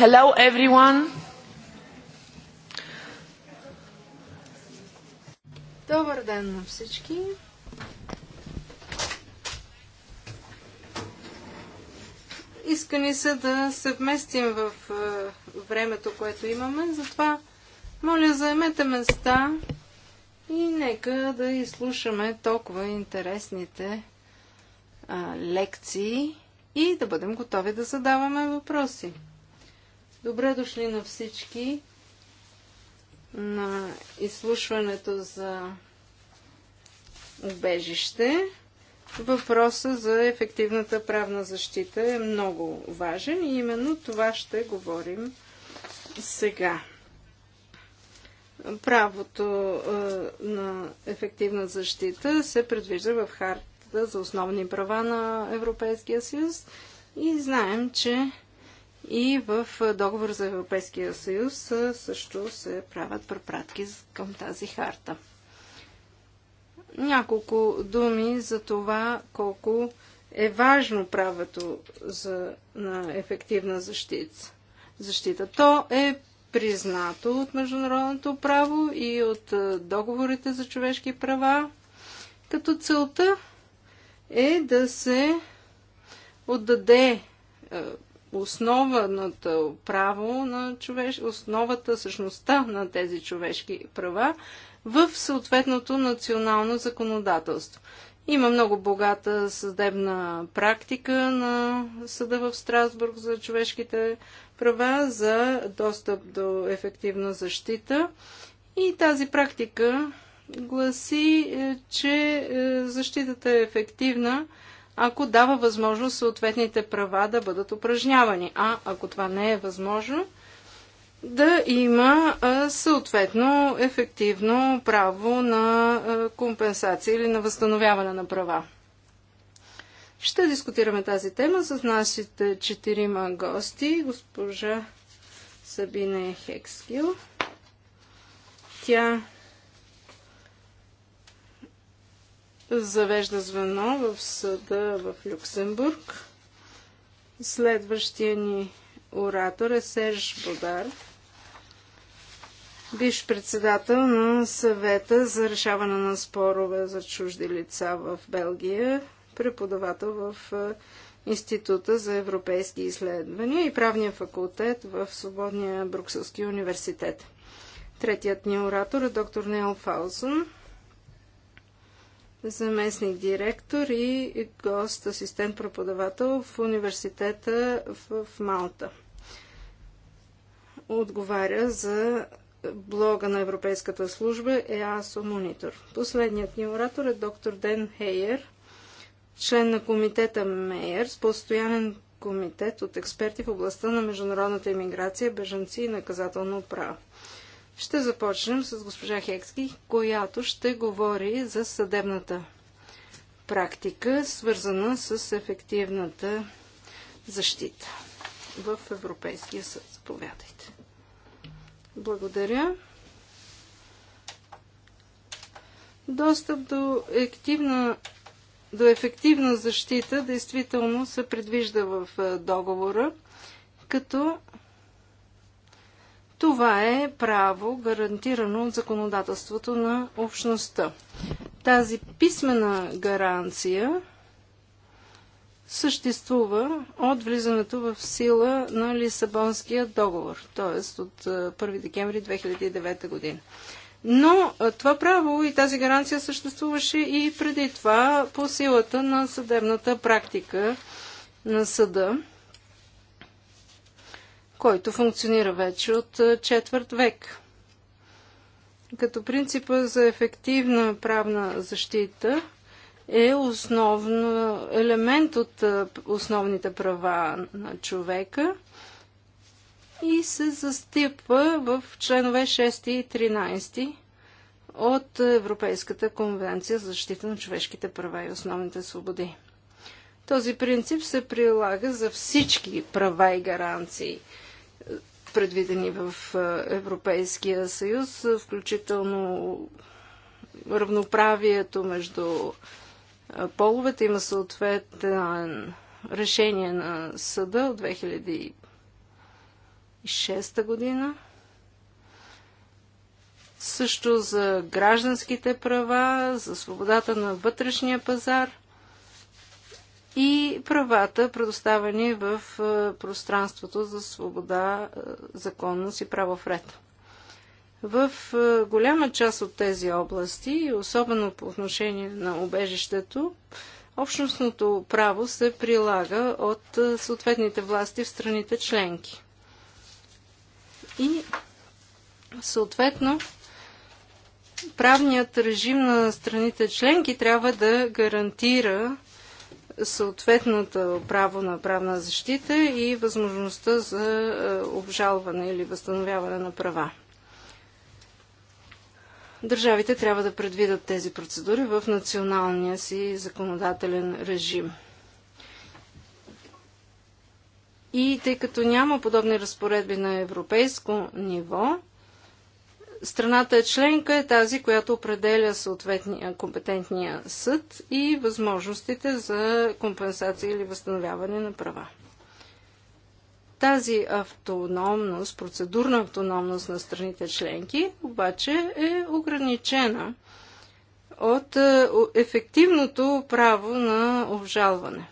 Hello, everyone. Добър ден на всички. Иска ни се да се вместим в е, времето, което имаме, затова моля заемете места и нека да изслушаме толкова интересните а, е, лекции и да бъдем готови да задаваме въпроси. Добре дошли на всички на изслушването за убежище. Въпроса за ефективната правна защита е много важен и именно това ще говорим сега. Правото е, на ефективна защита се предвижда в хартата за основни права на Европейския съюз и знаем, че и в договор за Европейския съюз също се правят препратки към тази харта. Няколко думи за това колко е важно правото за, на ефективна защита. защита. То е признато от международното право и от договорите за човешки права, като целта е да се отдаде Основаното право на човеш... основата, същността на тези човешки права в съответното национално законодателство. Има много богата съдебна практика на съда в Страсбург за човешките права, за достъп до ефективна защита. И тази практика гласи, е, че е, защитата е ефективна ако дава възможност съответните права да бъдат упражнявани. А ако това не е възможно, да има съответно ефективно право на компенсация или на възстановяване на права. Ще дискутираме тази тема с нашите четирима гости, госпожа Сабина Хекскил. Тя завежда звено в съда в Люксембург. Следващия ни оратор е Серж Бодар, бивш председател на съвета за решаване на спорове за чужди лица в Белгия, преподавател в е, Института за европейски изследвания и правния факултет в Свободния Брукселски университет. Третият ни оратор е доктор Нел Фаузен, заместник директор и гост, асистент преподавател в университета в Малта. Отговаря за блога на Европейската служба EASO Monitor. Последният ни оратор е доктор Ден Хейер, член на комитета Мейер с постоянен комитет от експерти в областта на международната иммиграция, бежанци и наказателно право. Ще започнем с госпожа Хекски, която ще говори за съдебната практика, свързана с ефективната защита в Европейския съд. Заповядайте. Благодаря. Достъп до ефективна, до ефективна защита действително се предвижда в е, договора, като това е право, гарантирано от законодателството на общността. Тази писмена гаранция съществува от влизането в сила на Лисабонския договор, т.е. от 1 декември 2009 година. Но това право и тази гаранция съществуваше и преди това по силата на съдебната практика на съда който функционира вече от четвърт век. Като принципа за ефективна правна защита е основно елемент от основните права на човека и се застъпва в членове 6 и 13 от Европейската конвенция за защита на човешките права и основните свободи. Този принцип се прилага за всички права и гаранции – предвидени в Европейския съюз, включително равноправието между половете. Има съответно решение на съда от 2006 година. Също за гражданските права, за свободата на вътрешния пазар – и правата, предоставени в е, пространството за свобода, е, законност и правовред. В е, голяма част от тези области, особено по отношение на убежището, общностното право се прилага от съответните власти в страните членки. И съответно правният режим на страните членки трябва да гарантира съответното право на правна защита и възможността за е, обжалване или възстановяване на права. Държавите трябва да предвидат тези процедури в националния си законодателен режим. И тъй като няма подобни разпоредби на европейско ниво, страната е членка е тази, която определя съответния компетентния съд и възможностите за компенсация или възстановяване на права. Тази автономност, процедурна автономност на страните членки, обаче е ограничена от е, ефективното право на обжалване.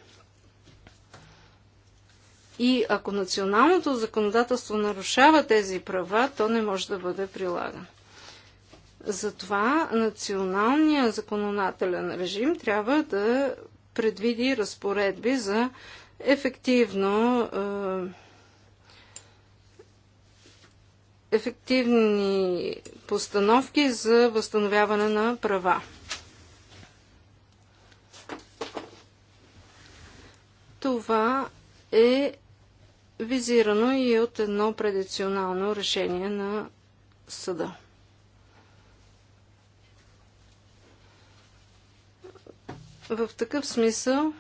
И ако националното законодателство нарушава тези права, то не може да бъде прилагано. Затова националният законодателен режим трябва да предвиди разпоредби за ефективно е, ефективни постановки за възстановяване на права. Това е визирано и от едно предиционално решение на съда. В такъв смисъл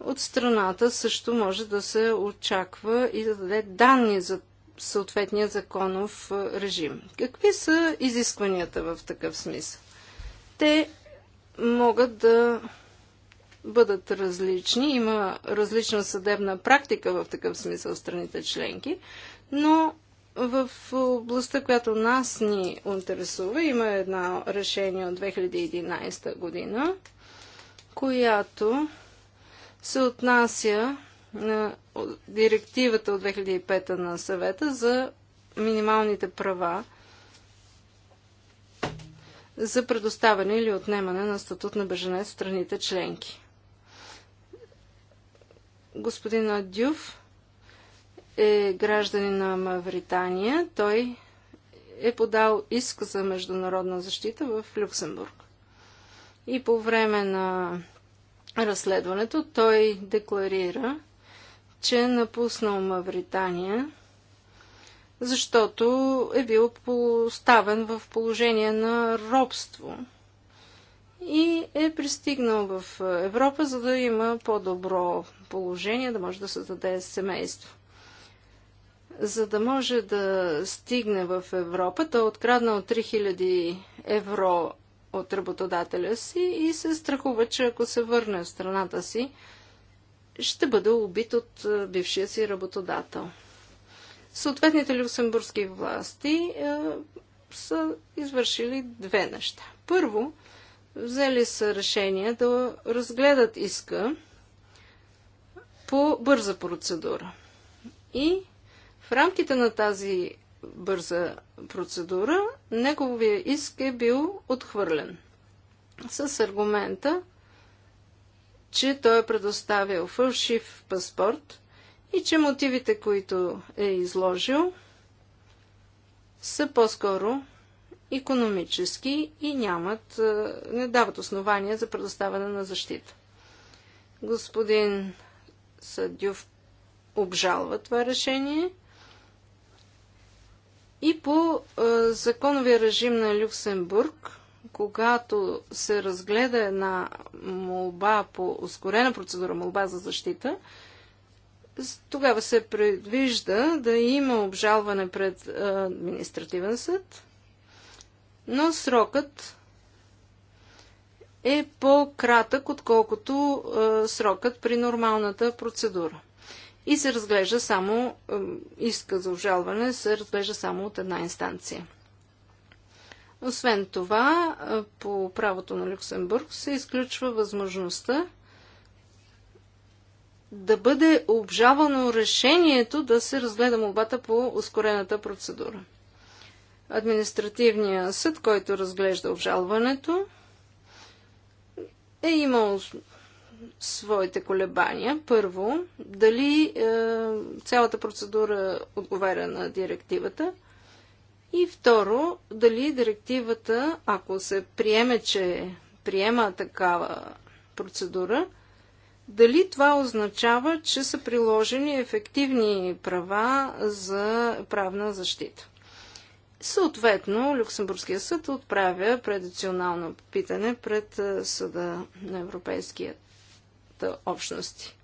от страната също може да се очаква и да даде данни за съответния законов режим. Какви са изискванията в такъв смисъл? Те могат да бъдат различни. Има различна съдебна практика в такъв смисъл страните членки, но в областта, която нас ни интересува, има едно решение от 2011 година, която се отнася на директивата от 2005 на съвета за минималните права за предоставяне или отнемане на статут на беженец в страните членки. Господин Адюв е гражданин на Мавритания. Той е подал иск за международна защита в Люксембург. И по време на разследването той декларира, че е напуснал Мавритания, защото е бил поставен в положение на робство – и е пристигнал в Европа, за да има по-добро положение, да може да създаде семейство. За да може да стигне в Европа, той е откраднал 3000 евро от работодателя си и се страхува, че ако се върне в страната си, ще бъде убит от бившия си работодател. Съответните люксембургски власти е, са извършили две неща. Първо, взели са решение да разгледат иска по бърза процедура. И в рамките на тази бърза процедура неговия иск е бил отхвърлен с аргумента, че той е предоставил фалшив паспорт и че мотивите, които е изложил, са по-скоро економически и нямат, е, не дават основания за предоставяне на защита. Господин Съдюв обжалва това решение и по е, законовия режим на Люксембург, когато се разгледа една молба по ускорена процедура, молба за защита, тогава се предвижда да има обжалване пред е, административен съд но срокът е по-кратък, отколкото е, срокът при нормалната процедура. И се разглежда само, е, иска за обжалване, се разглежда само от една инстанция. Освен това, е, по правото на Люксембург се изключва възможността да бъде обжавано решението да се разгледа молбата по ускорената процедура административния съд, който разглежда обжалването, е имал своите колебания. Първо, дали е, цялата процедура отговаря е на директивата. И второ, дали директивата, ако се приеме, че приема такава процедура, дали това означава, че са приложени ефективни права за правна защита. Съответно, Люксембургския съд отправя предиционално питане пред съда на Европейските общности.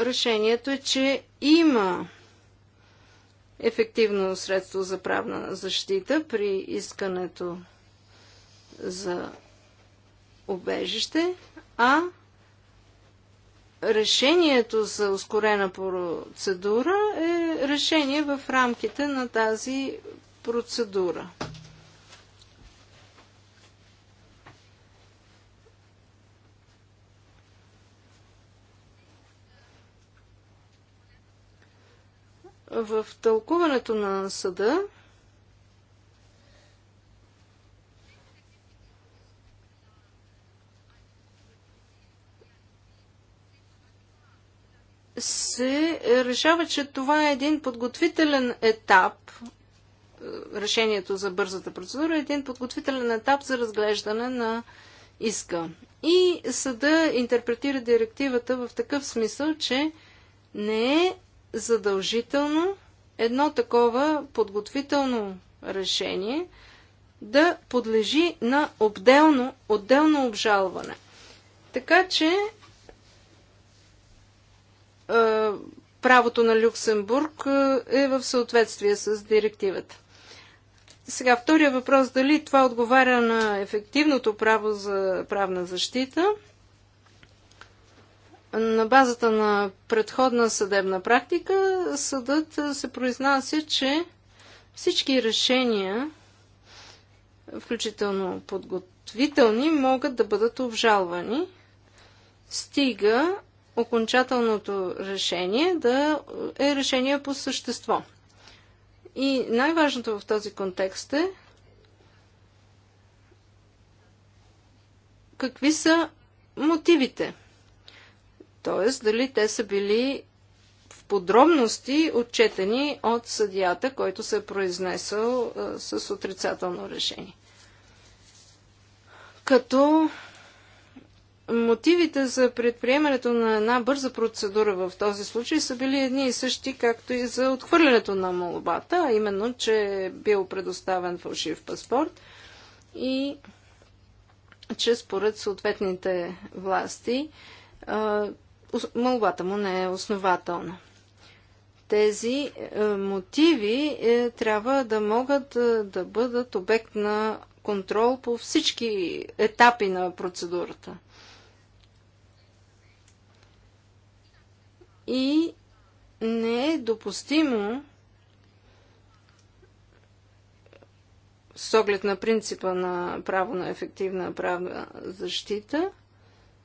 Решението е, че има ефективно средство за правна защита при искането за обежище, а решението за ускорена процедура е решение в рамките на тази процедура. В тълкуването на съда се решава, че това е един подготвителен етап, е, решението за бързата процедура е един подготвителен етап за разглеждане на иска. И съда интерпретира директивата в такъв смисъл, че не е задължително едно такова подготвително решение да подлежи на отделно, отделно обжалване. Така че е, правото на Люксембург е, е в съответствие с директивата. Сега, втория въпрос, дали това отговаря на ефективното право за правна защита? На базата на предходна съдебна практика, съдът се произнася, че всички решения, включително подготвителни, могат да бъдат обжалвани, стига окончателното решение да е решение по същество. И най-важното в този контекст е какви са мотивите. Тоест, дали те са били в подробности отчетени от съдията, който се е произнесъл а, с отрицателно решение. Като мотивите за предприемането на една бърза процедура в този случай са били едни и същи, както и за отхвърлянето на молбата, а именно, че е бил предоставен фалшив паспорт и че според съответните власти молбата му не е основателна. Тези е, мотиви е, трябва да могат е, да бъдат обект на контрол по всички етапи на процедурата. и не е допустимо с оглед на принципа на право на ефективна правна защита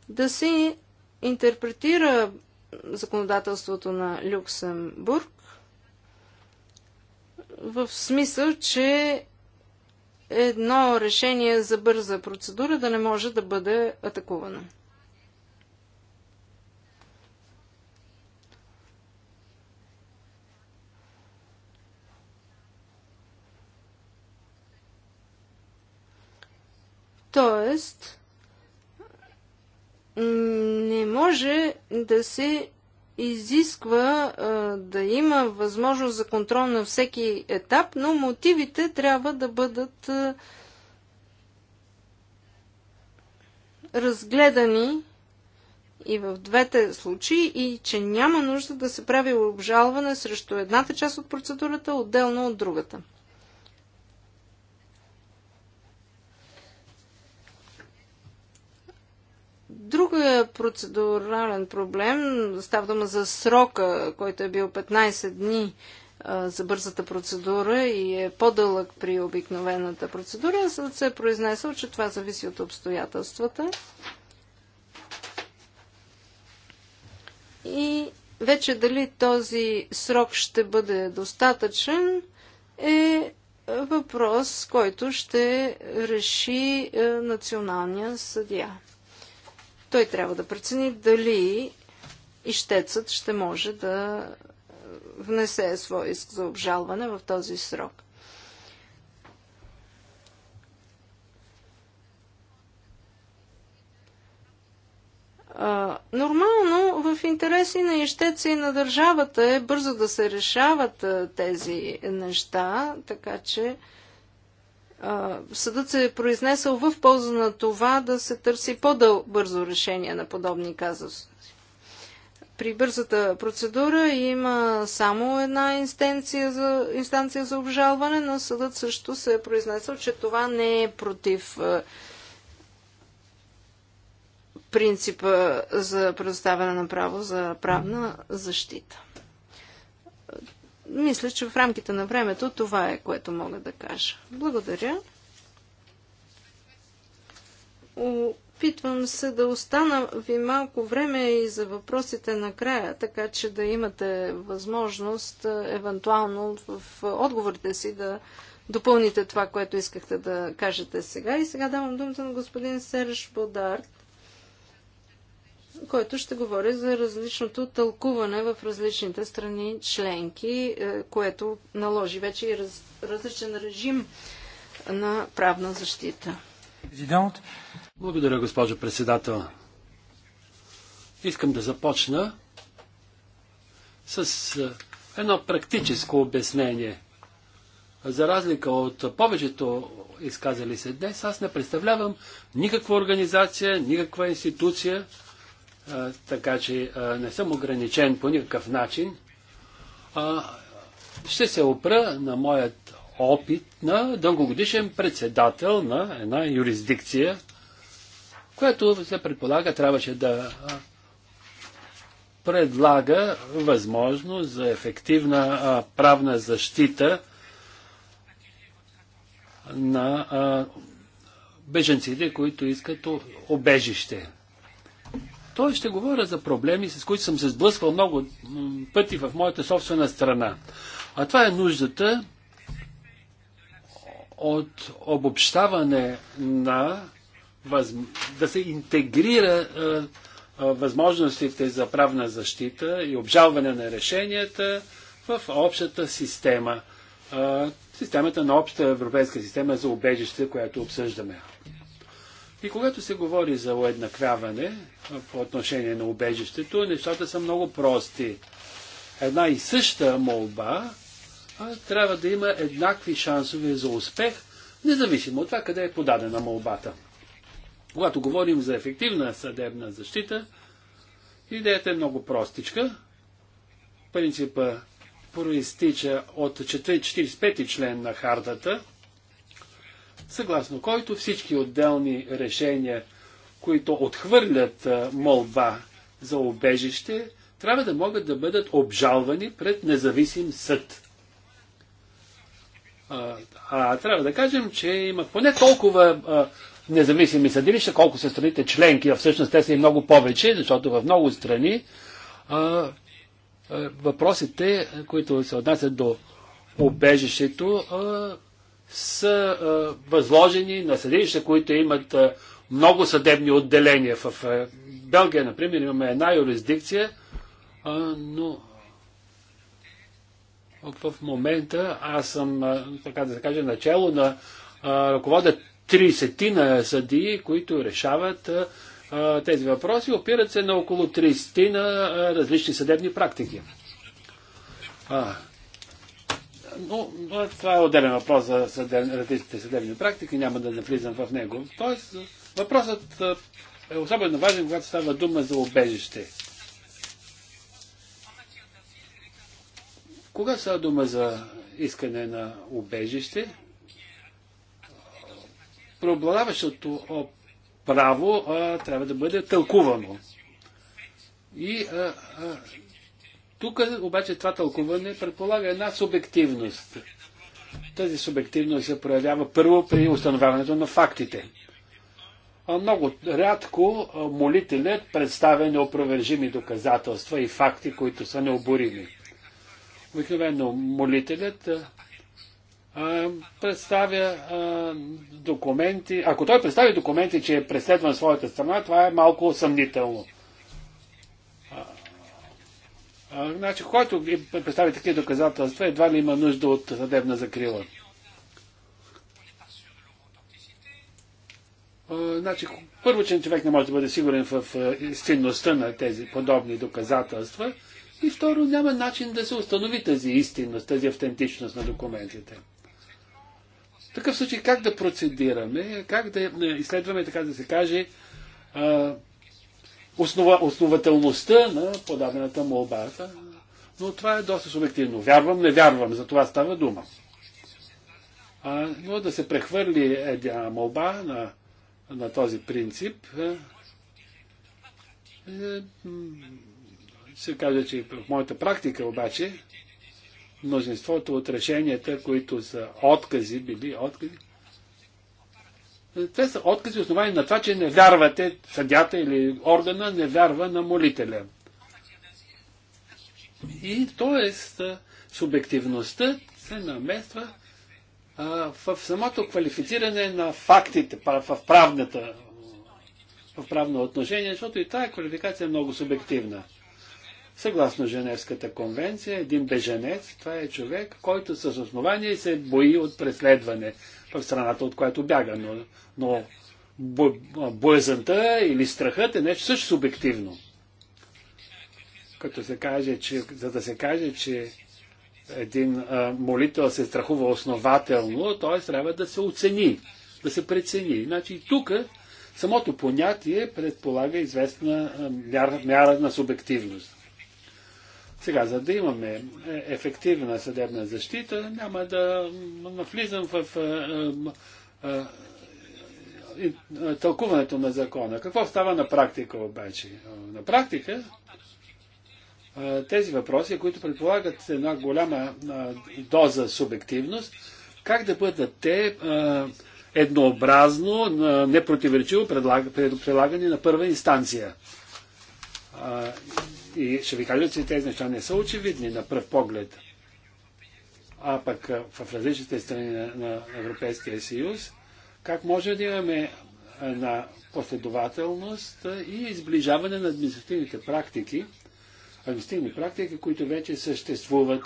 да се интерпретира законодателството на Люксембург в смисъл, че едно решение за бърза процедура да не може да бъде атакувано. Тоест, не може да се изисква а, да има възможност за контрол на всеки етап, но мотивите трябва да бъдат а, разгледани и в двете случаи и че няма нужда да се прави обжалване срещу едната част от процедурата, отделно от другата. Друга е процедурален проблем, става дума за срока, който е бил 15 дни за бързата процедура и е по-дълъг при обикновената процедура, съд се е произнесъл, че това зависи от обстоятелствата. И вече дали този срок ще бъде достатъчен е въпрос, който ще реши е, националния съдия. Той трябва да прецени дали ищецът ще може да внесе свой иск за обжалване в този срок. нормално в интереси на ищеца и на държавата е бързо да се решават тези неща, така че съдът се е произнесъл в полза на това да се търси по-бързо решение на подобни казуси. При бързата процедура има само една инстанция за, инстанция за обжалване, но съдът също се е произнесъл, че това не е против принципа за предоставяне на право за правна защита мисля, че в рамките на времето това е, което мога да кажа. Благодаря. Опитвам се да остана ви малко време и за въпросите накрая, така че да имате възможност, е, евентуално в отговорите си да допълните това, което искахте да кажете сега. И сега давам думата на господин Серж Бодар, който ще говори за различното тълкуване в различните страни членки, е, което наложи вече и раз, различен режим на правна защита. Благодаря, госпожо председател. Искам да започна с е, едно практическо обяснение. За разлика от повечето изказали се днес, аз не представлявам никаква организация, никаква институция, така че а, не съм ограничен по никакъв начин. А, ще се опра на моят опит на дългогодишен председател на една юрисдикция, което се предполага трябваше да предлага възможност за ефективна а, правна защита на а, беженците, които искат обежище. Той ще говоря за проблеми, с които съм се сблъсквал много пъти в моята собствена страна. А това е нуждата от обобщаване на въз... да се интегрира възможностите за правна защита и обжалване на решенията в общата система. системата на общата европейска система за убежище, която обсъждаме. И когато се говори за уеднаквяване по отношение на убежището, нещата са много прости. Една и съща молба а, трябва да има еднакви шансове за успех, независимо от това къде е подадена молбата. Когато говорим за ефективна съдебна защита, идеята е много простичка. Принципа проистича от 45 ти член на хартата – съгласно който всички отделни решения, които отхвърлят молба за обежище, трябва да могат да бъдат обжалвани пред независим съд. А, а трябва да кажем, че има поне толкова а, независими съдилища, колко са страните членки, а всъщност те са и много повече, защото в много страни а, а, въпросите, които се отнасят до обежището, а, са а, е, възложени на съдилища, които имат а, е, много съдебни отделения. В а, е, Белгия, например, имаме една юрисдикция, а, но в момента аз съм, а, така да се каже, начало на ръководя 30 на съдии, които решават а, а, тези въпроси, опират се на около 30 на а, различни съдебни практики. А, но, но това е отделен въпрос за съдеб... различните съдебни практики, няма да навлизам в него. Тоест, въпросът е, е особено важен, когато става дума за обежище. Кога става дума за искане на обежище, преобладаващото право а, трябва да бъде тълкувано. И а, а, тук обаче това тълкуване предполага една субективност. Тази субективност се проявява първо при установяването на фактите. А много рядко молителят представя неопровержими доказателства и факти, които са необорими. Обикновено молителят а, представя а, документи. Ако той представи документи, че е преследван своята страна, това е малко съмнително значи, който ги представи такива доказателства, едва ли има нужда от съдебна закрила. значи, първо, че човек не може да бъде сигурен в истинността на тези подобни доказателства. И второ, няма начин да се установи тази истинност, тази автентичност на документите. В такъв случай как да процедираме, как да изследваме, така да се каже, основа, основателността на подадената молба. Но това е доста субективно. Вярвам, не вярвам, за това става дума. А, но да се прехвърли една молба на, на този принцип, е, е се казва, че в моята практика обаче, множеството от решенията, които са откази, били откази, те са откази основани на това, че не вярвате, съдята или органа не вярва на молителя. И т.е. субективността се намества в самото квалифициране на фактите в правната в правно отношение, защото и тая квалификация е много субективна. Съгласно Женевската конвенция, един беженец, това е човек, който с основание се бои от преследване в страната, от която бяга. Но, но боязънта или страхът е нещо също субективно. Като се каже, че, за да се каже, че един а, молител се страхува основателно, т.е. трябва да се оцени, да се прецени. Значи и тук самото понятие предполага известна а, мяра, мяра на субективност. Сега, за да имаме е, ефективна съдебна защита, няма да навлизам в е, е, тълкуването на закона. Какво става на практика обаче? На практика тези въпроси, които предполагат една голяма доза субективност, как да бъдат те еднообразно, непротиворечиво предлагани на първа инстанция и ще ви кажа, че тези неща не са очевидни на пръв поглед. А пък в различните страни на, на Европейския съюз, как може да имаме на последователност и изближаване на административните практики, административни практики, които вече съществуват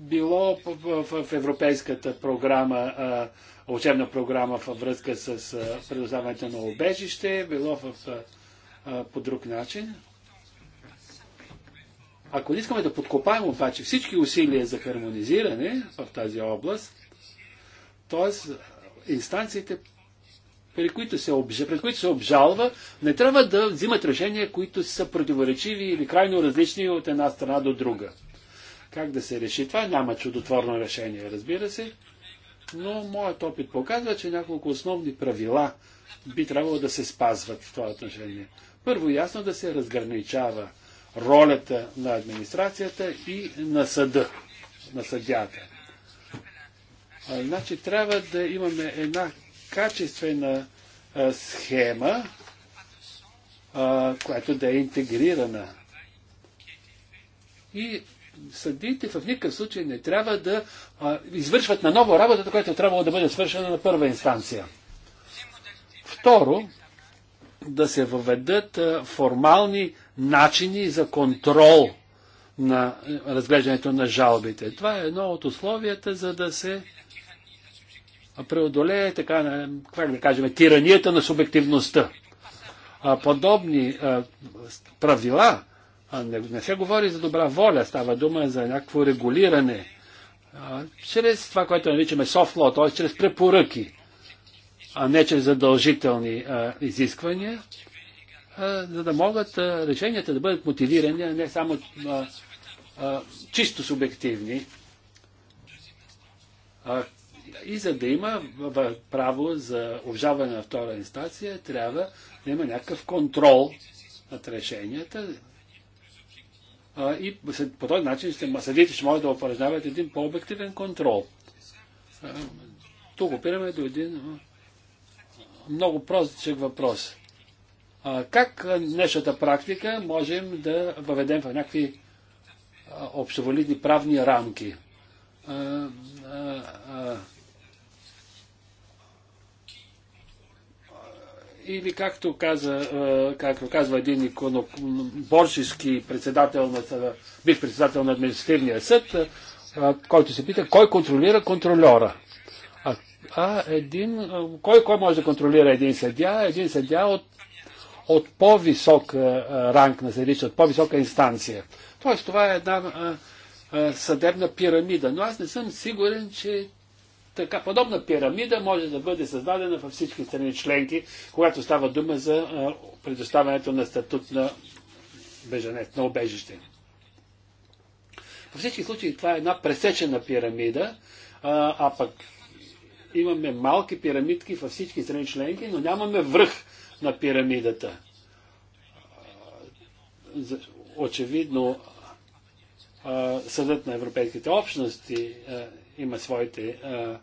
било в, в, в европейската програма а, учебна програма във връзка с предоставянето на обежище, било в, по друг начин. Ако не искаме да подкопаем обаче всички усилия за хармонизиране в тази област, т.е. инстанциите, при които се, обжалва, пред които се обжалва, не трябва да взимат решения, които са противоречиви или крайно различни от една страна до друга. Как да се реши това? Няма чудотворно решение, разбира се но моят опит показва, че няколко основни правила би трябвало да се спазват в това отношение. Първо, ясно да се разграничава ролята на администрацията и на съда, на съдята. А, значи трябва да имаме една качествена а, схема, а, която да е интегрирана. И съдиите в никакъв случай не трябва да а, извършват на ново работата, която е трябвало да бъде свършена на първа инстанция. Второ, да се въведат а, формални начини за контрол на разглеждането на жалбите. Това е едно от условията, за да се преодолее така, как да кажем, тиранията на субективността. А, подобни а, правила, не, се говори за добра воля, става дума за някакво регулиране, а, чрез това, което наричаме soft law, т.е. чрез препоръки, а не чрез задължителни а, изисквания, а, за да могат а, решенията да бъдат мотивирани, а не само а, а, чисто субективни. А, и за да има право за обжаване на втора инстанция, трябва да има някакъв контрол над решенията, а, и по този начин ще, съдите ще могат да упражняват един по-обективен контрол. А, тук опираме до един много простичък въпрос. А, как днешната практика можем да въведем в някакви общоволидни правни рамки? А, а, или както, каза, както казва един иконоборчески председател на, бив председател на административния съд, който се пита кой контролира контролера. А, а един, кой, кой може да контролира един съдя? Един съдя от, от по-висок ранг на съдилище, от по-висока инстанция. Тоест това е една съдебна пирамида. Но аз не съм сигурен, че така, подобна пирамида може да бъде създадена във всички страни членки, когато става дума за предоставянето на статут на беженец, на обежище. Във всички случаи това е една пресечена пирамида, а, а пък имаме малки пирамидки във всички страни членки, но нямаме връх на пирамидата. Очевидно, Съдът на европейските общности има своите а,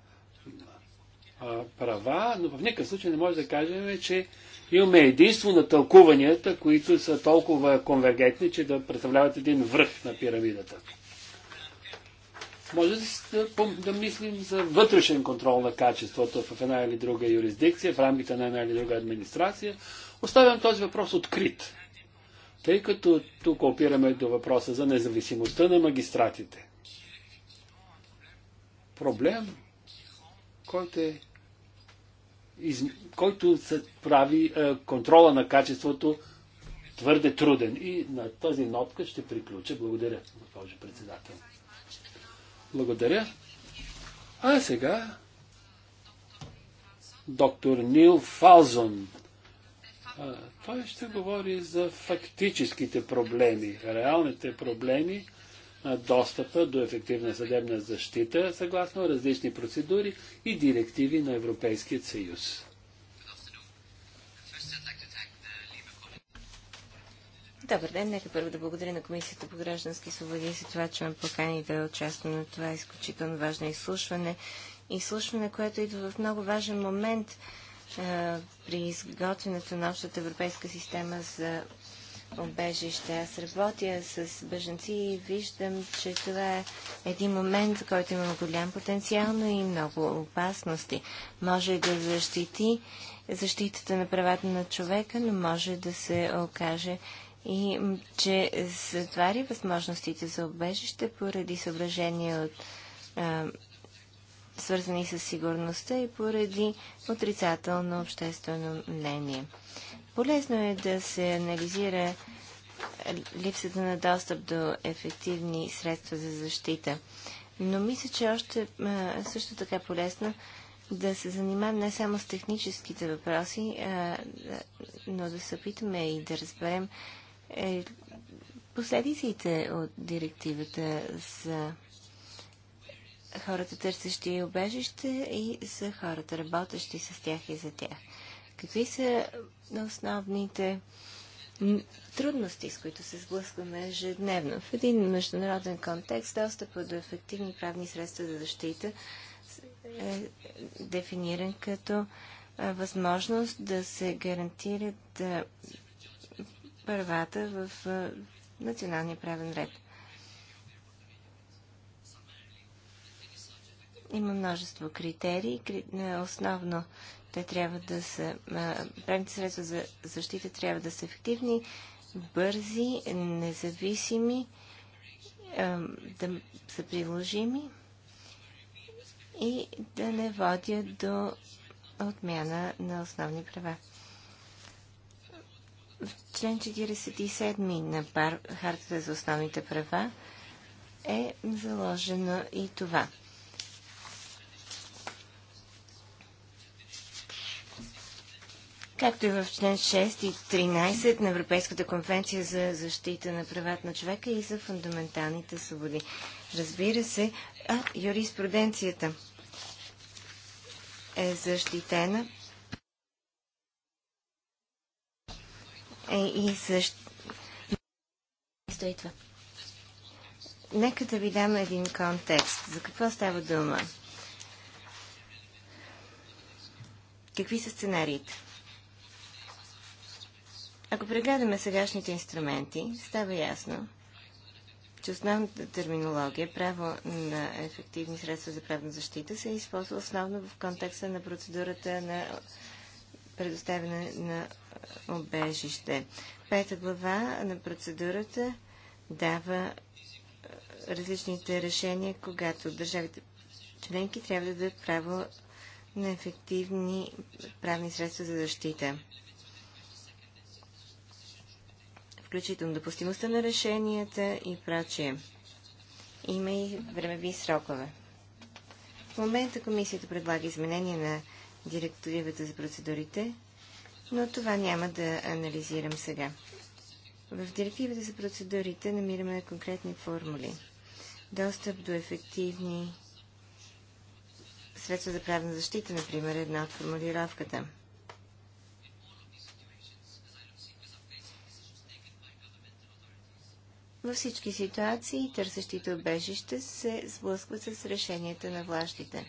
а, права, но в никакъв случай не може да кажем, че имаме единство на тълкуванията, които са толкова конвергентни, че да представляват един връх на пирамидата. Може да, да мислим за вътрешен контрол на качеството в една или друга юрисдикция, в рамките на една или друга администрация. Оставям този въпрос открит, тъй като тук опираме до въпроса за независимостта на магистратите проблем, който е из... който се прави е, контрола на качеството твърде труден. И на този нотка ще приключа. Благодаря, госпожо председател. Благодаря. А сега доктор Нил Фалзон. Той ще говори за фактическите проблеми, реалните проблеми достъпа до ефективна съдебна защита съгласно различни процедури и директиви на Европейския съюз. Добър ден, нека първо да благодаря на Комисията по граждански свободи за това, че ме покани да участвам на това изключително важно изслушване. Изслушване, което идва в много важен момент при изготвянето на общата европейска система за убежище. Аз работя с бежанци и виждам, че това е един момент, за който има голям потенциал, но и много опасности. Може да защити защитата на правата на човека, но може да се окаже и че затваря възможностите за обежище поради съображения от свързани с сигурността и поради отрицателно обществено мнение. Полезно е да се анализира липсата на достъп до ефективни средства за защита. Но мисля, че още също така е полезно да се занимаем не само с техническите въпроси, но да се опитаме и да разберем е, последиците от директивата за хората търсещи и обежище и за хората работещи с тях и за тях. Какви са основните трудности, с които се сблъскваме ежедневно? В един международен контекст достъпът до ефективни правни средства за защита е дефиниран като възможност да се гарантират правата в националния правен ред. Има множество критерии. Основно те трябва да са, правните средства за защита трябва да са ефективни, бързи, независими, да са приложими и да не водят до отмяна на основни права. В член 47 на Хартата за основните права е заложено и това – както и в член 6 и 13 на Европейската конвенция за защита на правата на човека и за фундаменталните свободи. Разбира се, а юриспруденцията е защитена е, и защ... Стои това. Нека да ви дам един контекст. За какво става дума? Какви са сценариите? Ако прегледаме сегашните инструменти, става ясно, че основната терминология право на ефективни средства за правна защита се използва основно в контекста на процедурата на предоставяне на обежище. Пета глава на процедурата дава е, различните решения, когато държавите членки трябва да дадат право на ефективни правни средства за защита. включително допустимостта на решенията и прочие. Има и времеви срокове. В момента комисията предлага изменение на директивата за процедурите, но това няма да анализирам сега. В директивата за процедурите намираме конкретни формули. Достъп до ефективни средства за правна защита, например, една от формулировката – Във всички ситуации търсещите обежище се сблъскват с решенията на властите.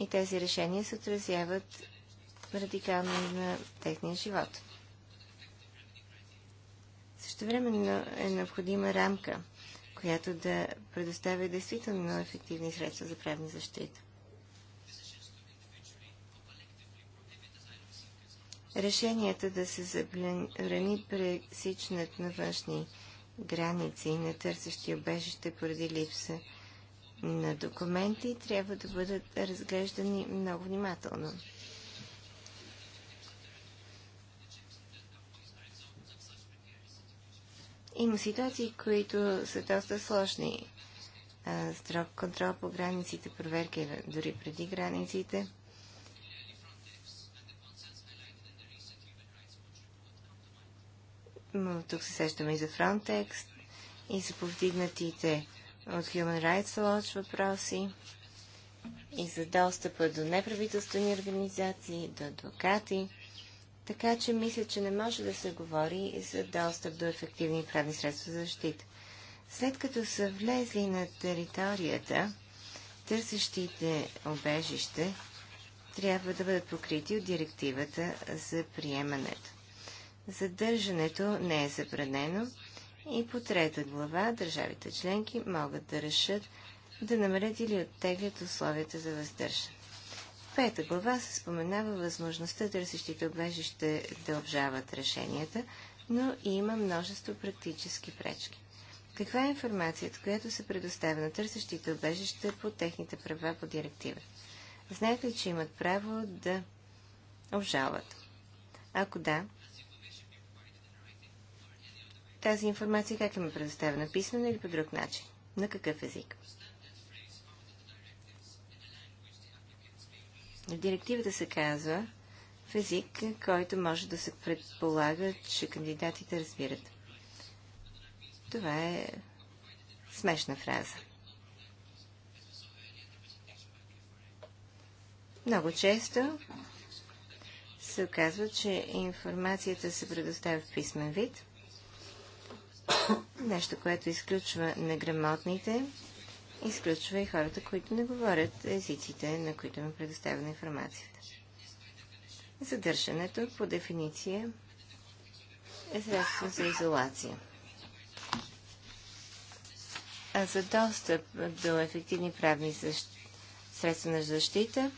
И тези решения се отразяват радикално на техния живот. Също време е необходима рамка, която да предоставя действително ефективни средства за правна защита. Решенията да се забрани пресичнат на външни граници на търсещи обежище поради липса на документи трябва да бъдат разглеждани много внимателно. Има ситуации, които са доста сложни. Строг контрол по границите, проверки дори преди границите – но тук се сещаме и за Frontex, и за повдигнатите от Human Rights Watch въпроси, и за достъпа до неправителствени организации, до адвокати. Така че мисля, че не може да се говори и за достъп до ефективни правни средства за защита. След като са влезли на територията, търсещите обежище трябва да бъдат покрити от директивата за приемането. Задържането не е забранено и по трета глава държавите членки могат да решат да намерят или оттеглят условията за въздържане. В пета глава се споменава възможността търсещите обежище да обжават решенията, но и има множество практически пречки. Каква е информацията, която се предоставя на търсещите обежище по техните права по директива? Знаете ли, че имат право да обжалват? Ако да, тази информация как им е предоставена? Писмено или по друг начин? На какъв език? В директивата се казва в език, който може да се предполага, че кандидатите разбират. Това е смешна фраза. Много често се оказва, че информацията се предоставя в писмен вид Нещо, което изключва неграмотните, изключва и хората, които не говорят езиците, на които ме предоставя информацията. Задържането по дефиниция е средство за изолация. А за достъп до ефективни правни средства на защита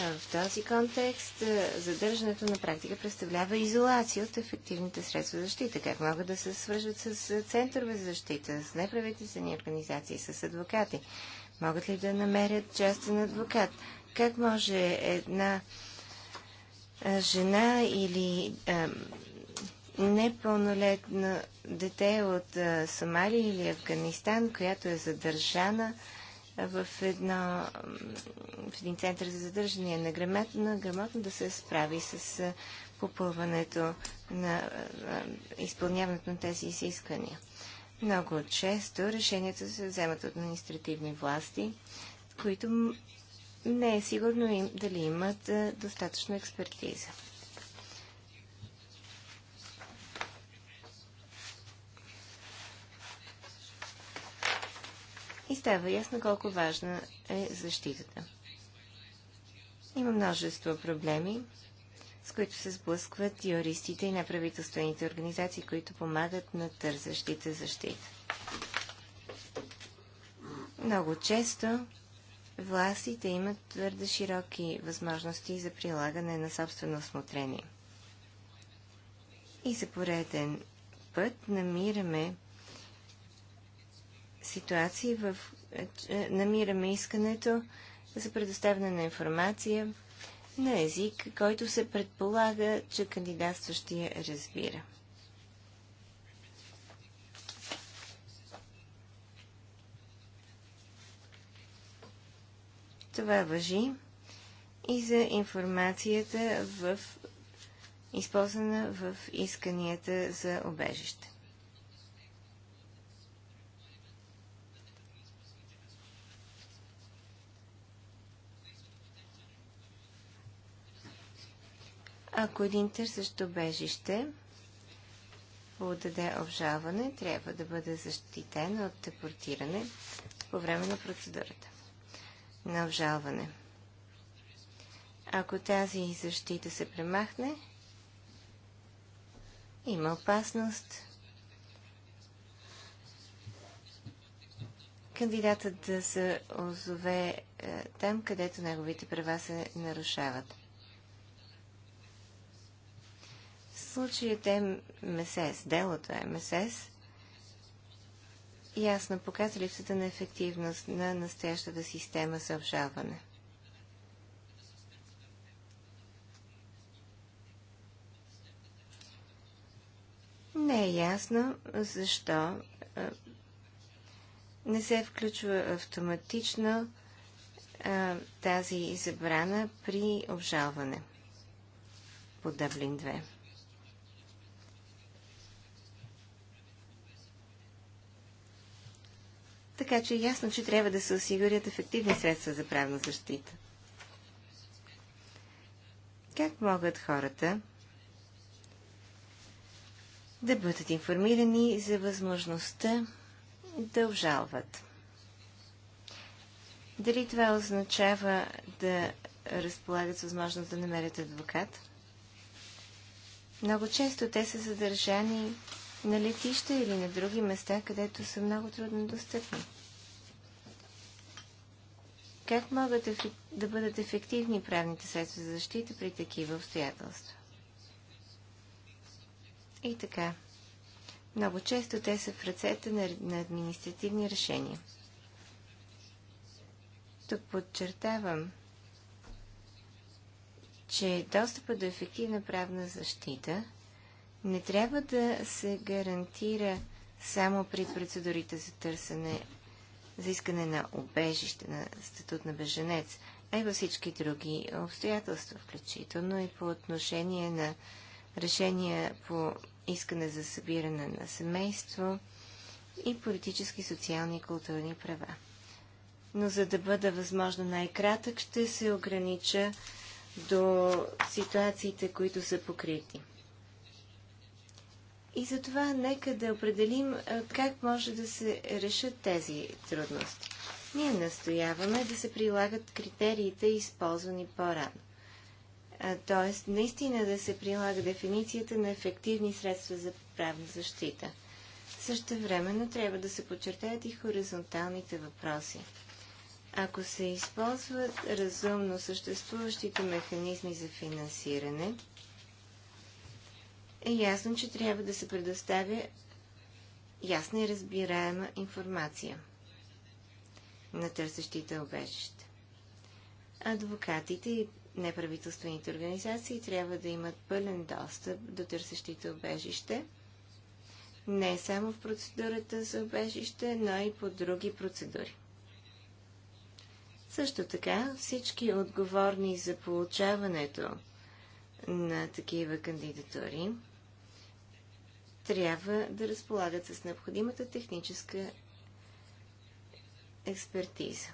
в този контекст задържането на практика представлява изолация от ефективните средства за защита. Как могат да се свържат с центрове за защита, с неправителствени организации, с адвокати? Могат ли да намерят частен адвокат? Как може една жена или а, непълнолетно дете от а, Сомалия или Афганистан, която е задържана, в, една, в един център за задържане на грамотно, грамотно да се справи с попълването на изпълняването на тези изисквания. Много често решенията се вземат от административни власти, които не е сигурно им, дали имат достатъчно експертиза. и става ясно колко важна е защитата. Има множество проблеми, с които се сблъскват юристите и неправителствените организации, които помагат на тързащите защита. Много често властите имат твърде широки възможности за прилагане на собствено осмотрение. И за пореден път намираме ситуации в, е, е, намираме искането за предоставяне на информация на език, който се предполага, че кандидатстващия разбира. Това въжи и за информацията в използвана в исканията за обежище. Ако един търсещ обежище подаде обжалване, трябва да бъде защитен от депортиране по време на процедурата на обжалване. Ако тази защита се премахне, има опасност кандидатът да се озове е, там, където неговите права се нарушават. Случаят МСС, делото МСС, ясно показва липсата на ефективност на настоящата система за обжалване. Не е ясно защо не се включва автоматично а, тази забрана при обжалване по Дъблин 2. Така че е ясно, че трябва да се осигурят ефективни средства за правна защита. Как могат хората да бъдат информирани за възможността да обжалват? Дали това означава да разполагат с възможност да намерят адвокат? Много често те са задържани на летища или на други места, където са много трудно достъпни. Как могат да бъдат ефективни правните средства за защита при такива обстоятелства? И така. Много често те са в ръцете на, на административни решения. Тук подчертавам, че достъпът до ефективна правна защита – не трябва да се гарантира само при процедурите за търсене, за искане на обежище, на статут на беженец, а и във всички други обстоятелства, включително и по отношение на решения по искане за събиране на семейство и политически, социални и културни права. Но за да бъда възможно най-кратък, ще се огранича до ситуациите, които са покрити. И затова нека да определим е, как може да се решат тези трудности. Ние настояваме да се прилагат критериите, използвани по-рано. Тоест, наистина да се прилага дефиницията на ефективни средства за правна защита. Също времено трябва да се подчертаят и хоризонталните въпроси. Ако се използват разумно съществуващите механизми за финансиране, е ясно, че трябва да се предоставя ясна и разбираема информация на търсещите обежище. Адвокатите и неправителствените организации трябва да имат пълен достъп до търсещите обежище, не само в процедурата за обежище, но и по други процедури. Също така всички отговорни за получаването на такива кандидатури трябва да разполагат с необходимата техническа експертиза.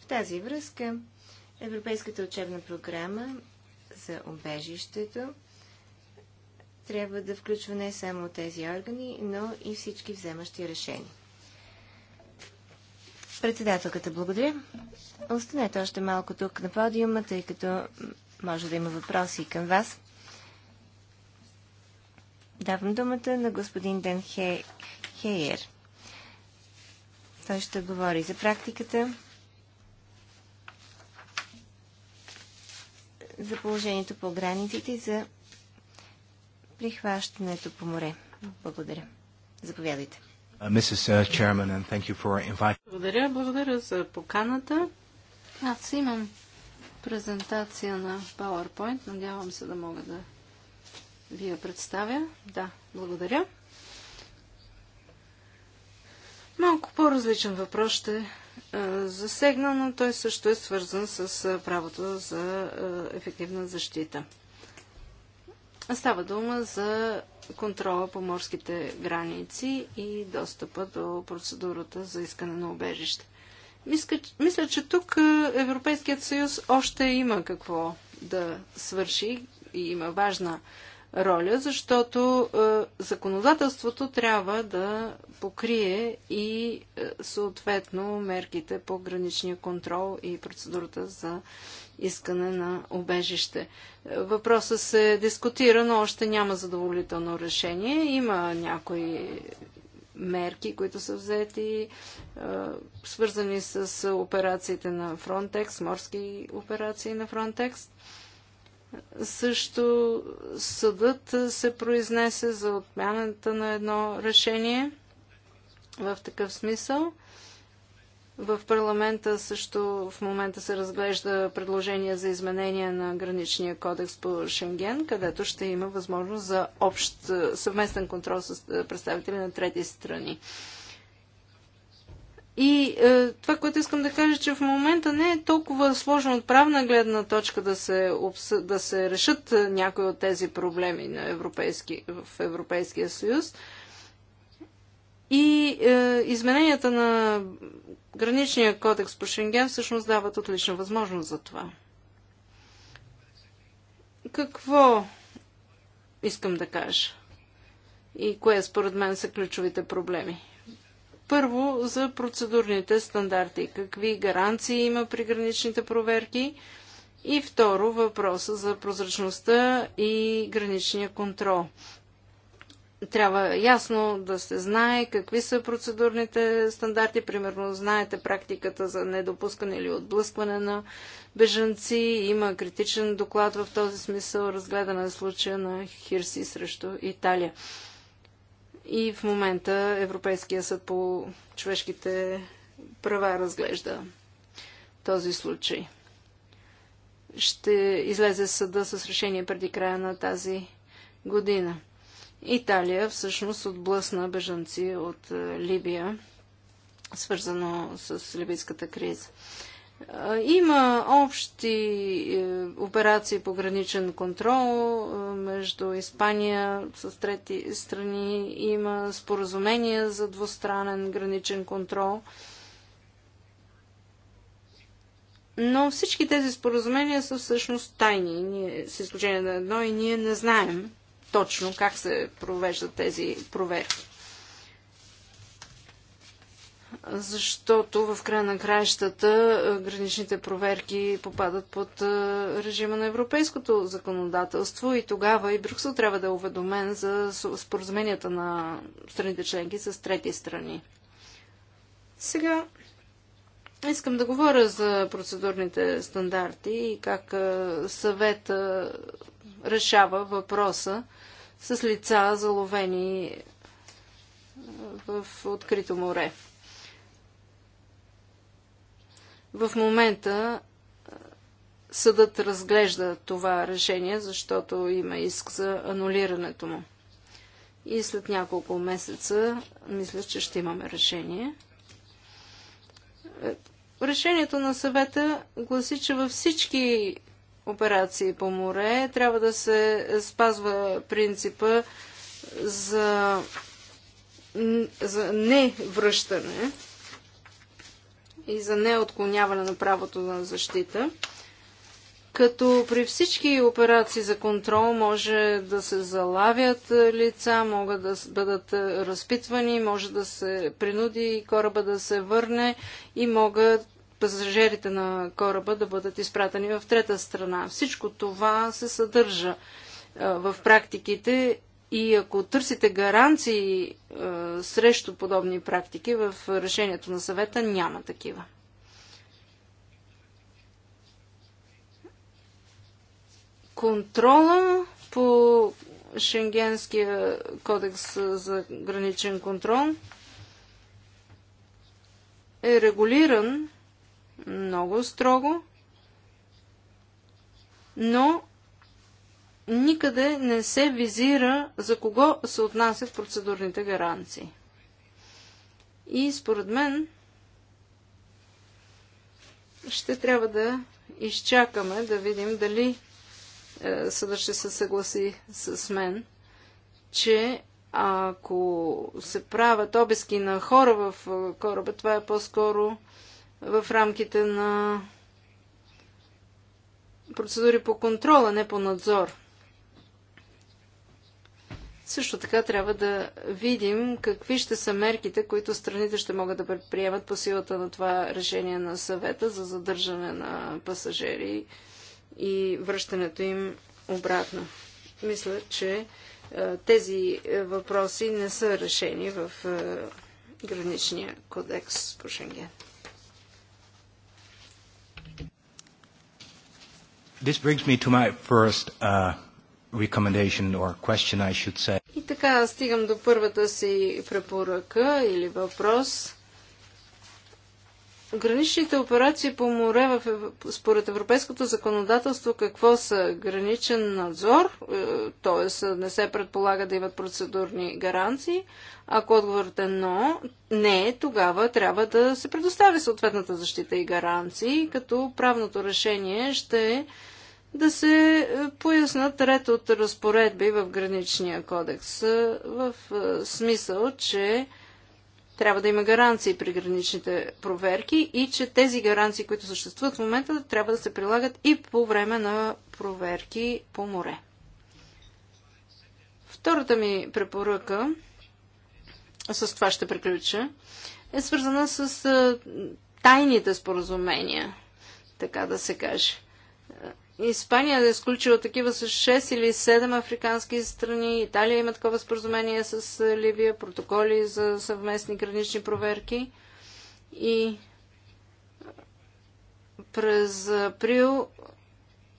В тази връзка Европейската учебна програма за обежището трябва да включва не само тези органи, но и всички вземащи решения. Председателката, благодаря. Останете още малко тук на подиума, тъй като може да има въпроси към вас. Давам думата на господин Ден Хе... Хейер. Той ще говори за практиката, за положението по границите и за прихващането по море. Благодаря. Заповядайте. Uh, uh, благодаря, благодаря за поканата. Аз имам презентация на PowerPoint. Надявам се да мога да ви я представя. Да, благодаря. Малко по-различен въпрос ще е, засегна, но той също е свързан с е, правото за е, ефективна защита. Става дума за контрола по морските граници и достъпа до процедурата за искане на убежище. Мисля, мисля, че тук Европейският съюз още има какво да свърши и има важна роля, защото е, законодателството трябва да покрие и е, съответно мерките по граничния контрол и процедурата за искане на обежище. Е, въпросът се дискутира, но още няма задоволително решение. Има някои мерки, които са взети, свързани с операциите на Frontex, морски операции на Frontex. Също съдът се произнесе за отмяната на едно решение в такъв смисъл. В парламента също в момента се разглежда предложение за изменение на граничния кодекс по Шенген, където ще има възможност за общ съвместен контрол с е, представители на трети страни. И е, това, което искам да кажа, че в момента не е толкова сложно от правна гледна точка да се, обсъ... да се решат е, някои от тези проблеми на европейски... в Европейския съюз. И е, измененията на граничния кодекс по Шенген всъщност дават отлична възможност за това. Какво искам да кажа? И кое според мен са ключовите проблеми? Първо, за процедурните стандарти. Какви гаранции има при граничните проверки? И второ, въпроса за прозрачността и граничния контрол. Трябва ясно да се знае какви са процедурните стандарти. Примерно, знаете практиката за недопускане или отблъскване на бежанци. Има критичен доклад в този смисъл, разгледана е случая на Хирси срещу Италия. И в момента Европейския съд по човешките права разглежда този случай. Ще излезе съда с решение преди края на тази година. Италия всъщност отблъсна бежанци от е, Либия, свързано с либийската криза. Има общи е, операции по граничен контрол е, между Испания с трети страни. Има споразумения за двустранен граничен контрол. Но всички тези споразумения са всъщност тайни, ние, с изключение на едно, и ние не знаем точно как се провеждат тези проверки защото в края на краищата граничните проверки попадат под режима на европейското законодателство и тогава и Брюксел трябва да е уведомен за споразуменията на страните членки с трети страни. Сега искам да говоря за процедурните стандарти и как съвет решава въпроса с лица заловени в открито море. В момента съдът разглежда това решение, защото има иск за анулирането му. И след няколко месеца мисля, че ще имаме решение. Е, решението на съвета гласи, че във всички операции по море трябва да се спазва принципа за, за невръщане и за неотклоняване на правото на защита. Като при всички операции за контрол може да се залавят лица, могат да бъдат разпитвани, може да се принуди кораба да се върне и могат пасажирите на кораба да бъдат изпратени в трета страна. Всичко това се съдържа в практиките и ако търсите гаранции а, е, срещу подобни практики, в решението на съвета няма такива. Контрола по Шенгенския кодекс за граничен контрол е регулиран много строго, но никъде не се визира за кого се отнасят процедурните гаранции. И според мен ще трябва да изчакаме да видим дали е, съда ще се съгласи с мен, че ако се правят обиски на хора в е, кораба, това е по-скоро в рамките на процедури по контрола, не по надзор. Също така трябва да видим какви ще са мерките, които страните ще могат да предприемат по силата на това решение на съвета за задържане на пасажери и връщането им обратно. Мисля, че е, тези е, въпроси не са решени в е, граничния кодекс по Шенген. This brings me to my first uh, recommendation or question, I should say. И така стигам до първата си препоръка или въпрос. Граничните операции по море в, според европейското законодателство какво са? Граничен надзор, т.е. не се предполага да имат процедурни гаранции. Ако отговорът е но, не, тогава трябва да се предостави съответната защита и гаранции, като правното решение ще е да се е, пояснат ред от разпоредби в граничния кодекс, е, в е, смисъл, че трябва да има гаранции при граничните проверки и че тези гаранции, които съществуват в момента, трябва да се прилагат и по време на проверки по море. Втората ми препоръка, с това ще приключа, е свързана с тайните споразумения, така да се каже. Испания е изключила такива с 6 или 7 африкански страни. Италия има такова споразумение с Ливия, протоколи за съвместни гранични проверки. И през април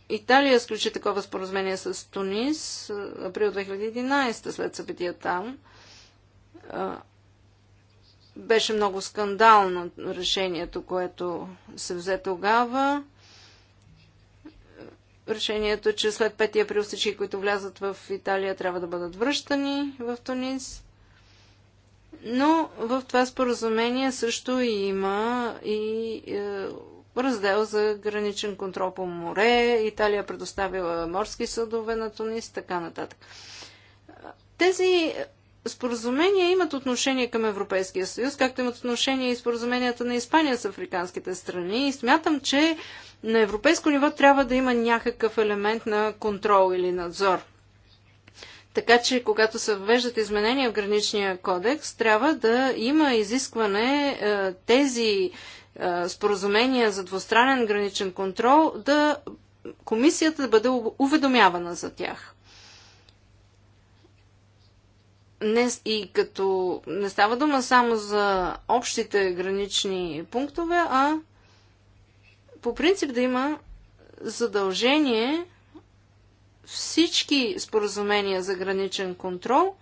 Италия сключи такова споразумение с Тунис, април 2011, след събития там. Беше много скандално решението, което се взе тогава решението, че след 5 април всички, които влязат в Италия, трябва да бъдат връщани в Тунис. Но в това споразумение също има и е, раздел за граничен контрол по море. Италия предоставила морски съдове на Тунис, така нататък. Тези споразумения имат отношение към Европейския съюз, както имат отношение и споразуменията на Испания с африканските страни. И смятам, че на европейско ниво трябва да има някакъв елемент на контрол или надзор. Така че, когато се въвеждат изменения в граничния кодекс, трябва да има изискване е, тези е, споразумения за двустранен граничен контрол да комисията да бъде уведомявана за тях не, и като не става дума само за общите гранични пунктове, а по принцип да има задължение всички споразумения за граничен контрол,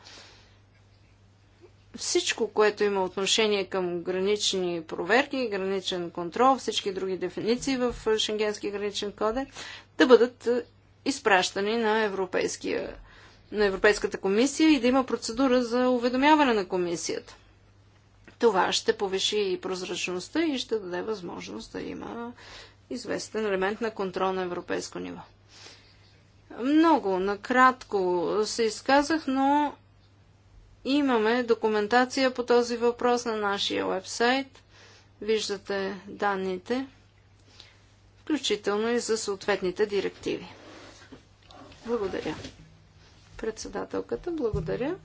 всичко, което има отношение към гранични проверки, граничен контрол, всички други дефиниции в Шенгенски граничен кодекс, да бъдат е, изпращани на Европейския на Европейската комисия и да има процедура за уведомяване на комисията. Това ще повиши и прозрачността и ще даде възможност да има известен елемент на контрол на европейско ниво. Много накратко се изказах, но имаме документация по този въпрос на нашия вебсайт. Виждате данните, включително и за съответните директиви. Благодаря. Председателката, благодаря.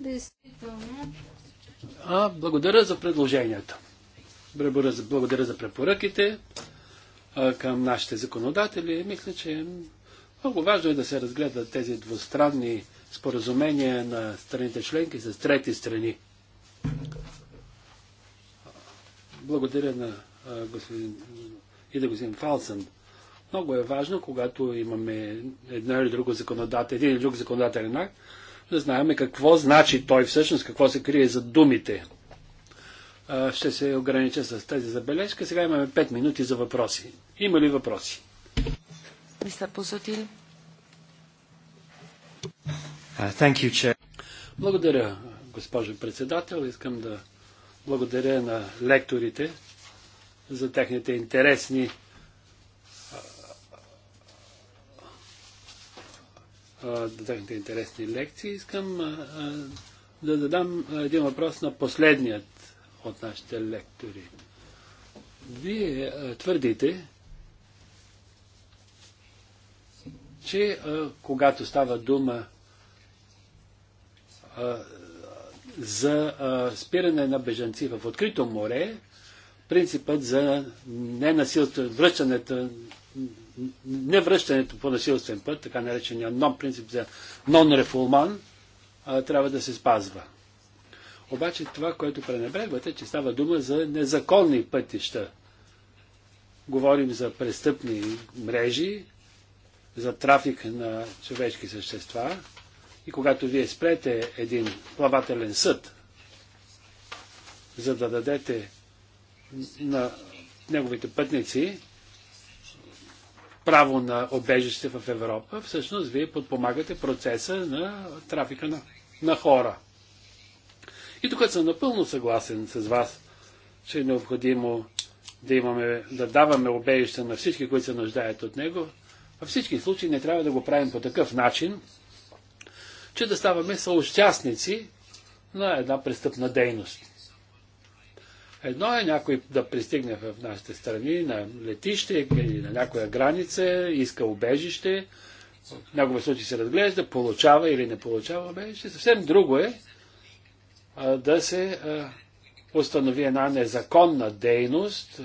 Действително. А, благодаря за предложенията. Благодаря за препоръките към нашите законодатели. Мисля, че много важно е да се разгледат тези двустранни споразумения на страните членки с трети страни. Благодаря на господин и да господин Фалсън много е важно, когато имаме едно или друго законодател, един или друг законодателен акт, да знаем какво значи той всъщност, какво се крие за думите. Ще се огранича с тази забележка. Сега имаме 5 минути за въпроси. Има ли въпроси? Мистер благодаря, госпожо председател. Искам да благодаря на лекторите за техните интересни за техните интересни лекции. Искам а, да задам един въпрос на последният от нашите лектори. Вие а, твърдите, че а, когато става дума за спиране на бежанци в открито море, принципът за ненасилство, връщането невръщането по насилствен път, така наречения нон принцип за нон-рефулман, трябва да се спазва. Обаче това, което пренебрегвате, че става дума за незаконни пътища. Говорим за престъпни мрежи, за трафик на човешки същества и когато вие спрете един плавателен съд, за да дадете на неговите пътници право на обежище в Европа, всъщност вие подпомагате процеса на трафика на, на хора. И тук съм напълно съгласен с вас, че е необходимо да, имаме, да даваме обежище на всички, които се нуждаят от него. Във всички случаи не трябва да го правим по такъв начин, че да ставаме съучастници на една престъпна дейност. Едно е някой да пристигне в нашите страни на летище или на някоя граница, иска убежище, в някои случаи се разглежда, получава или не получава убежище. Съвсем друго е а, да се а, установи една незаконна дейност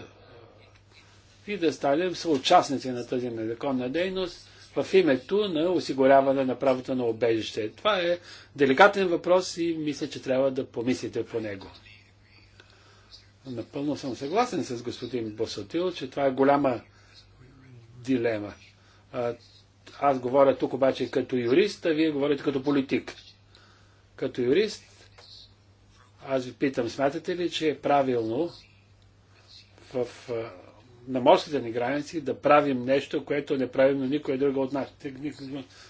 и да станем съучастници на тази незаконна дейност в името на осигуряване на правото на убежище. Това е деликатен въпрос и мисля, че трябва да помислите по него. Напълно съм съгласен с господин Босатил, че това е голяма дилема. Аз говоря тук обаче като юрист, а вие говорите като политик. Като юрист, аз ви питам, смятате ли, че е правилно в, на морските ни граници да правим нещо, което не правим на никой друг от нашите,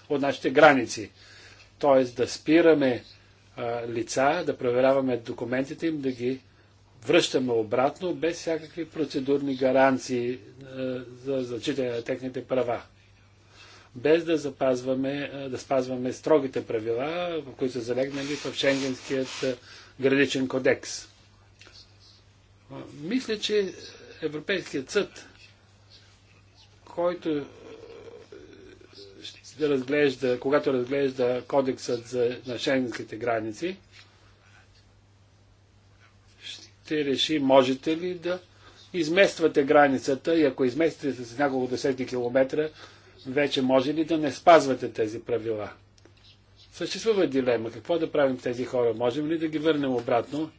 от нашите граници? Тоест да спираме а, лица, да проверяваме документите им, да ги връщаме обратно без всякакви процедурни гаранции е, за зачитане на техните права. Без да, запазваме, е, да спазваме строгите правила, в които са залегнали в Шенгенският е, градичен кодекс. Мисля, че Европейският съд, който разглежда, когато разглежда кодексът за, на шенгенските граници, ще реши можете ли да измествате границата и ако изместите с няколко десетки километра, вече може ли да не спазвате тези правила? Съществува дилема. Какво да правим тези хора? Можем ли да ги върнем обратно?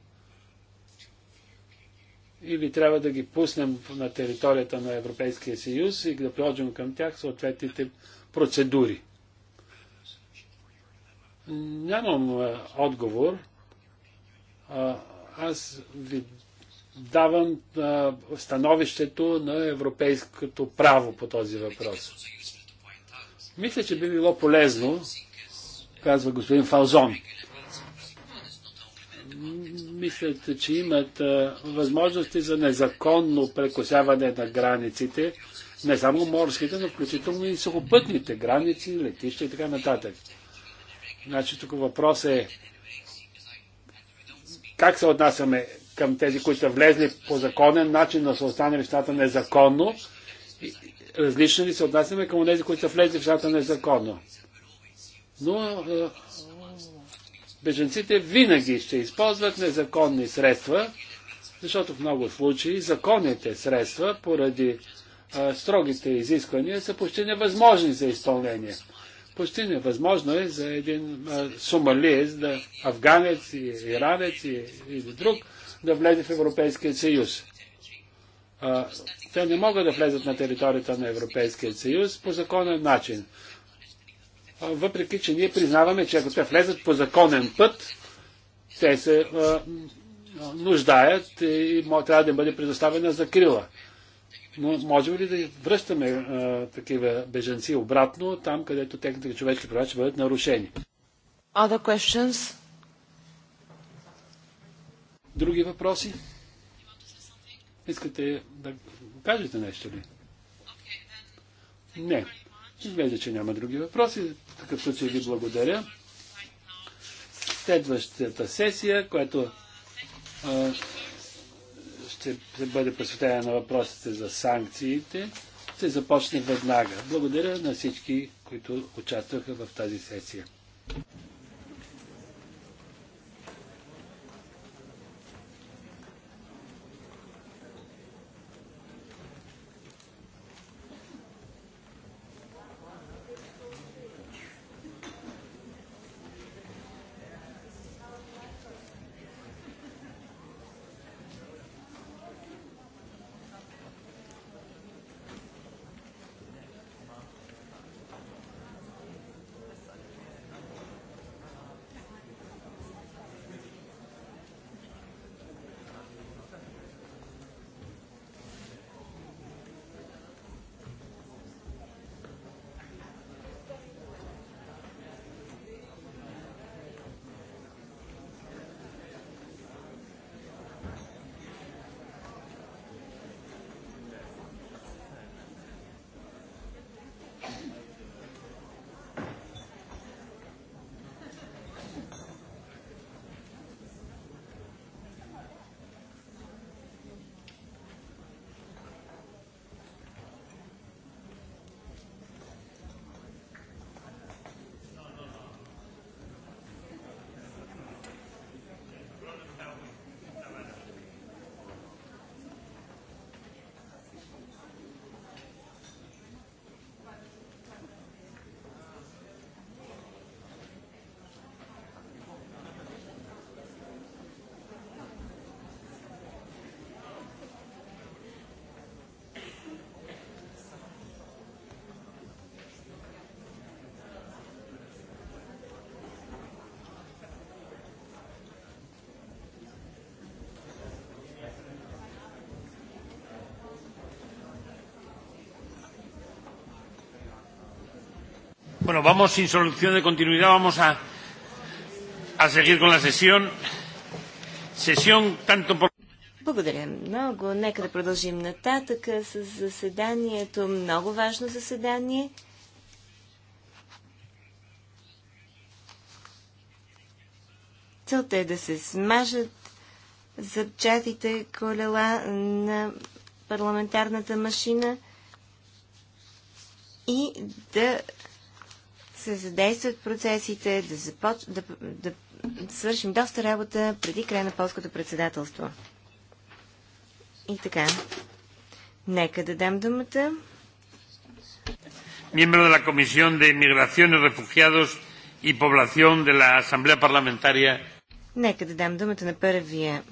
Или трябва да ги пуснем на територията на Европейския съюз и да приложим към тях съответните процедури? Нямам отговор аз ви давам а, становището на европейското право по този въпрос. Мисля, че би било полезно, казва господин Фалзон. Мислят, че имат а, възможности за незаконно прекосяване на границите, не само морските, но включително и сухопътните граници, летища и така нататък. Значи тук въпрос е как се отнасяме към тези, които са влезли по законен начин, но са останали в щата незаконно. Различно ли се отнасяме към тези, които са влезли в щата незаконно. Но беженците винаги ще използват незаконни средства, защото в много случаи законните средства, поради строгите изисквания, са почти невъзможни за изпълнение почти невъзможно е за един сомалиец, да, афганец, и иранец и, или друг да влезе в Европейския съюз. А, те не могат да влезат на територията на Европейския съюз по законен начин. А, въпреки, че ние признаваме, че ако те влезат по законен път, те се а, нуждаят и трябва да им бъде предоставена закрила. Но можем ли да връщаме а, такива беженци обратно, там където техните човешки права ще бъдат нарушени? Other questions? Други въпроси? Искате да кажете нещо ли? Не. Изглежда, че няма други въпроси. В такъв случай ви благодаря. Следващата сесия, която а, ще се бъде посветена на въпросите за санкциите, ще започне веднага. Благодаря на всички, които участваха в тази сесия. Bueno, vamos sin solución de continuidad, vamos a, a seguir con la sesión. Sesión tanto por... Благодаря много. Нека да продължим нататък с заседанието. Много важно заседание. Целта е да се смажат запчатите колела на парламентарната машина и да се задействат процесите, да, започ... да, да свършим доста работа преди края на полското председателство. И така, нека да дам думата. Мембро на комисион за de и Рефугиадос и Поблацион на асамблея парламентария. Нека да дам думата на първия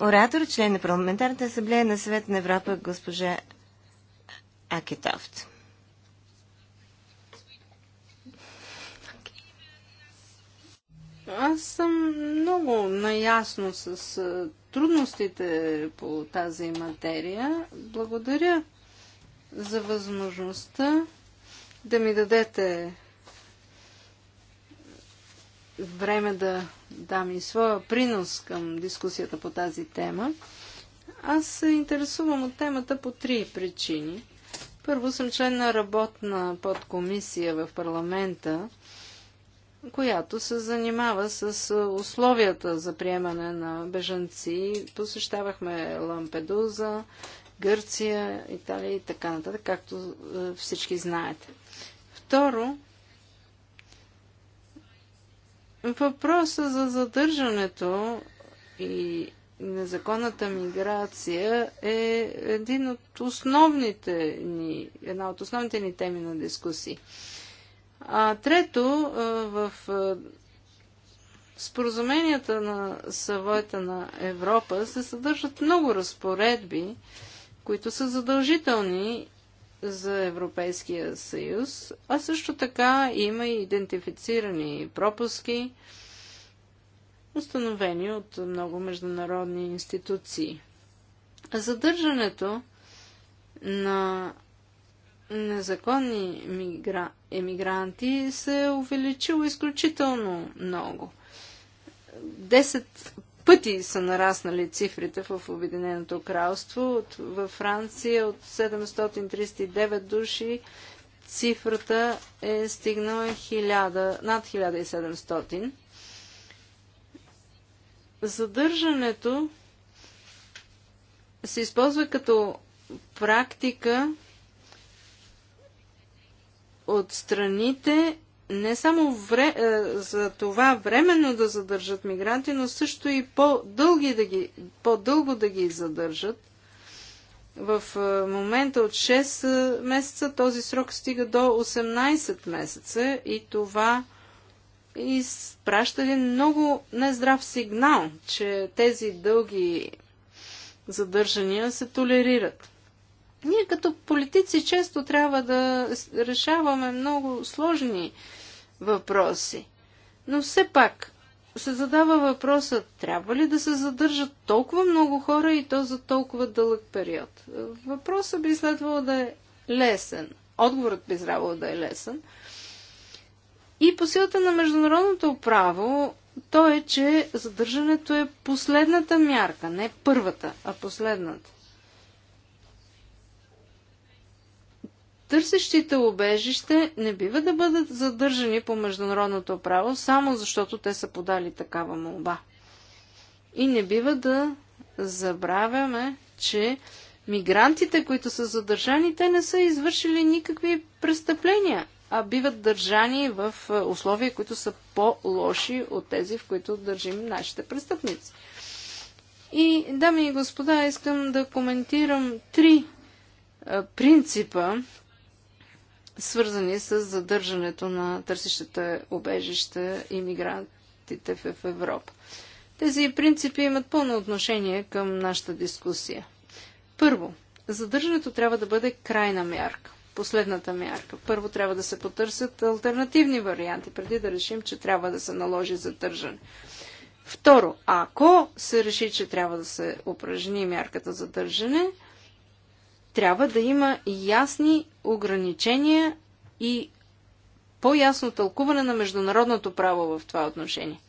оратор, член на Парламентарната асамблея на Съвет на Европа, госпожа Акетофт. Аз съм много наясно с трудностите по тази материя. Благодаря за възможността да ми дадете време да дам и своя принос към дискусията по тази тема. Аз се интересувам от темата по три причини. Първо съм член на работна подкомисия в парламента която се занимава с условията за приемане на бежанци. Посещавахме Лампедуза, Гърция, Италия и така нататък, както всички знаете. Второ, въпроса за задържането и незаконната миграция е един от основните ни, една от основните ни теми на дискусии. А трето, в споразуменията на съвета на Европа се съдържат много разпоредби, които са задължителни за Европейския съюз, а също така има и идентифицирани пропуски, установени от много международни институции. Задържането на незаконни мигра... емигранти се е увеличило изключително много. Десет пъти са нараснали цифрите в Обединеното кралство. От, във Франция от 739 души цифрата е стигнала 1000, над 1700. Задържането се използва като практика от страните не само вре, е, за това временно да задържат мигранти, но също и по-дълги да ги, по-дълго да ги задържат. В е, момента от 6 е, месеца този срок стига до 18 месеца и това изпраща един много нездрав сигнал, че тези дълги задържания се толерират. Ние като политици често трябва да решаваме много сложни въпроси. Но все пак се задава въпроса, трябва ли да се задържат толкова много хора и то за толкова дълъг период? Въпросът би следвало да е лесен. Отговорът би трябвало да е лесен. И по силата на международното право, то е, че задържането е последната мярка, не първата, а последната. Търсещите убежище не бива да бъдат задържани по международното право, само защото те са подали такава молба. И не бива да забравяме, че мигрантите, които са задържани, те не са извършили никакви престъпления, а биват държани в е, условия, които са по-лоши от тези, в които държим нашите престъпници. И, дами и господа, искам да коментирам три е, принципа, свързани с задържането на търсещите обежище и мигрантите в Европа. Тези принципи имат пълно отношение към нашата дискусия. Първо, задържането трябва да бъде крайна мярка, последната мярка. Първо трябва да се потърсят альтернативни варианти, преди да решим, че трябва да се наложи задържане. Второ, ако се реши, че трябва да се упражни мярката задържане, трябва да има ясни ограничения и по-ясно тълкуване на международното право в това отношение.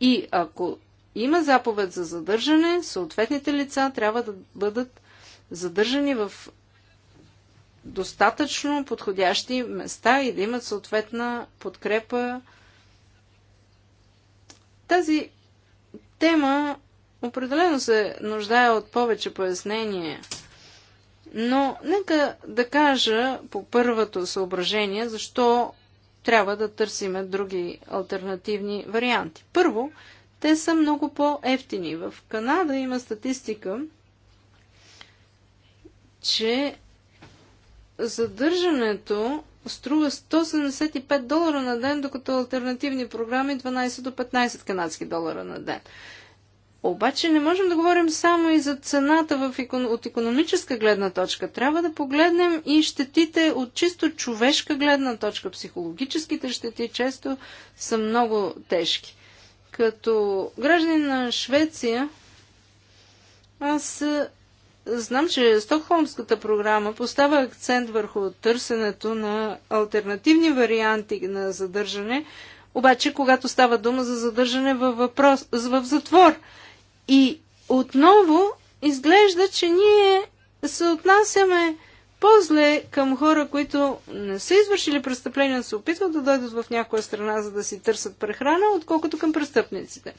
И ако има заповед за задържане, съответните лица трябва да бъдат задържани в достатъчно подходящи места и да имат съответна подкрепа. Тази тема определено се нуждае от повече пояснение. Но нека да кажа по първото съображение, защо трябва да търсиме други альтернативни варианти. Първо, те са много по-ефтини. В Канада има статистика, че задържането струва 175 долара на ден, докато альтернативни програми 12 до 15 канадски долара на ден. Обаче не можем да говорим само и за цената в, от економическа гледна точка. Трябва да погледнем и щетите от чисто човешка гледна точка. Психологическите щети често са много тежки. Като гражданин на Швеция, аз е, знам, че Стокхолмската програма поставя акцент върху търсенето на альтернативни варианти на задържане, обаче когато става дума за задържане във въпрос, в затвор – и отново изглежда, че ние се отнасяме по-зле към хора, които не са извършили престъпления, но се опитват да дойдат в някоя страна, за да си търсят прехрана, отколкото към престъпниците.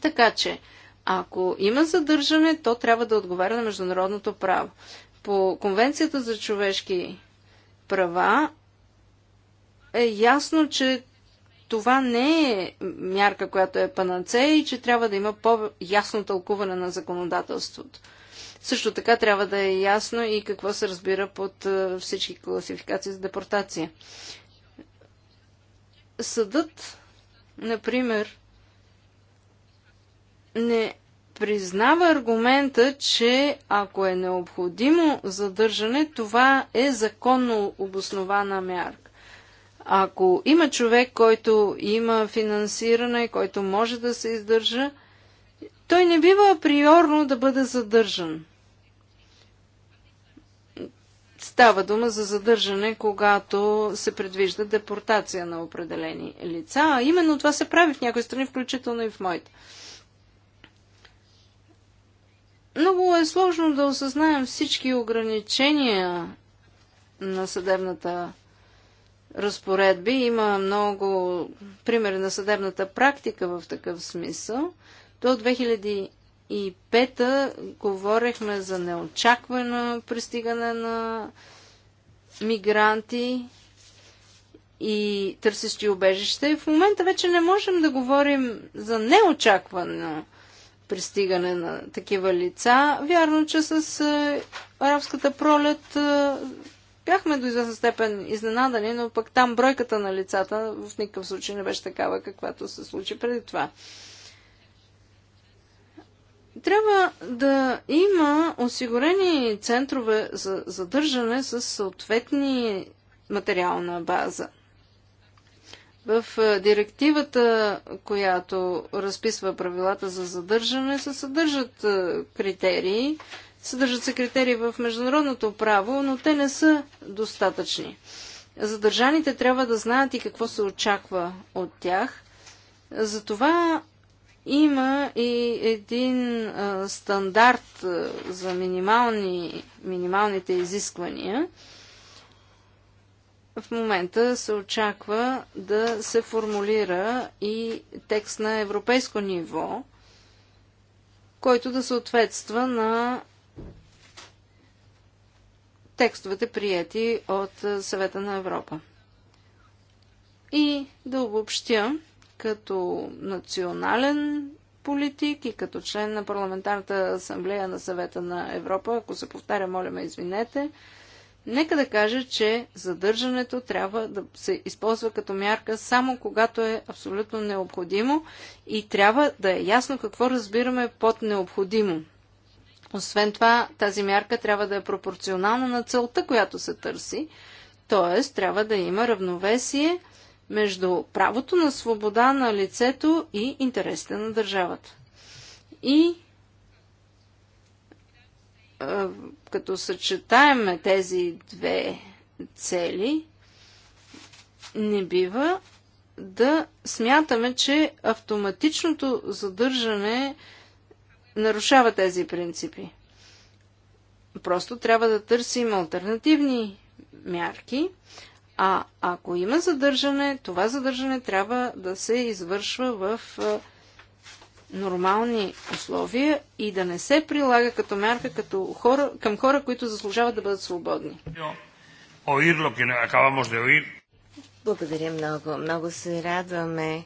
Така че, ако има задържане, то трябва да отговаря на международното право. По Конвенцията за човешки права е ясно, че това не е мярка, която е панацея и че трябва да има по-ясно тълкуване на законодателството. Също така трябва да е ясно и какво се разбира под всички класификации за депортация. Съдът, например, не признава аргумента, че ако е необходимо задържане, това е законно обоснована мярка. Ако има човек, който има финансиране, който може да се издържа, той не бива априорно да бъде задържан. Става дума за задържане, когато се предвижда депортация на определени лица. А именно това се прави в някои страни, включително и в моите. Много е сложно да осъзнаем всички ограничения на съдебната разпоредби. Има много примери на съдебната практика в такъв смисъл. До 2005 говорехме за неочаквано пристигане на мигранти и търсещи убежище. В момента вече не можем да говорим за неочаквано пристигане на такива лица. Вярно, че с е, арабската пролет е, Бяхме до известна степен изненадани, но пък там бройката на лицата в никакъв случай не беше такава, каквато се случи преди това. Трябва да има осигурени центрове за задържане с съответни материална база. В е, директивата, която разписва правилата за задържане, се съдържат е, критерии Съдържат се критерии в международното право, но те не са достатъчни. Задържаните трябва да знаят и какво се очаква от тях. Затова има и един а, стандарт а, за минимални, минималните изисквания. В момента се очаква да се формулира и текст на европейско ниво, който да съответства на текстовете прияти от Съвета на Европа. И да обобщя, като национален политик и като член на Парламентарната асамблея на съвета на Европа, ако се повтаря, моля ме извинете, нека да кажа, че задържането трябва да се използва като мярка само когато е абсолютно необходимо и трябва да е ясно какво разбираме под необходимо. Освен това, тази мярка трябва да е пропорционална на целта, която се търси. Т.е. трябва да има равновесие между правото на свобода на лицето и интересите на държавата. И като съчетаем тези две цели, не бива да смятаме, че автоматичното задържане нарушава тези принципи. Просто трябва да търсим альтернативни мярки, а ако има задържане, това задържане трябва да се извършва в нормални условия и да не се прилага като мярка като хора, към хора, които заслужават да бъдат свободни. Благодаря много. Много се радваме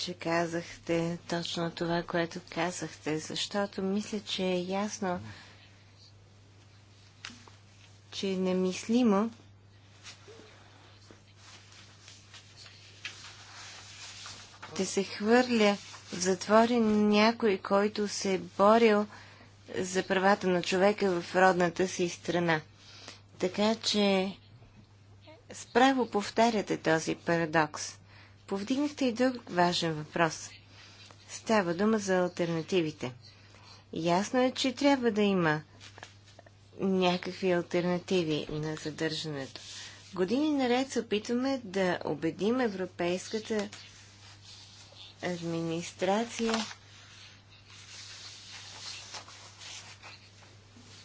че казахте точно това, което казахте, защото мисля, че е ясно, че е немислимо да се хвърля в затвори някой, който се е борил за правата на човека в родната си страна. Така че справо повтаряте този парадокс. Повдигнахте и друг важен въпрос. Става дума за альтернативите. Ясно е, че трябва да има някакви альтернативи на задържането. Години наред се опитваме да убедим европейската администрация,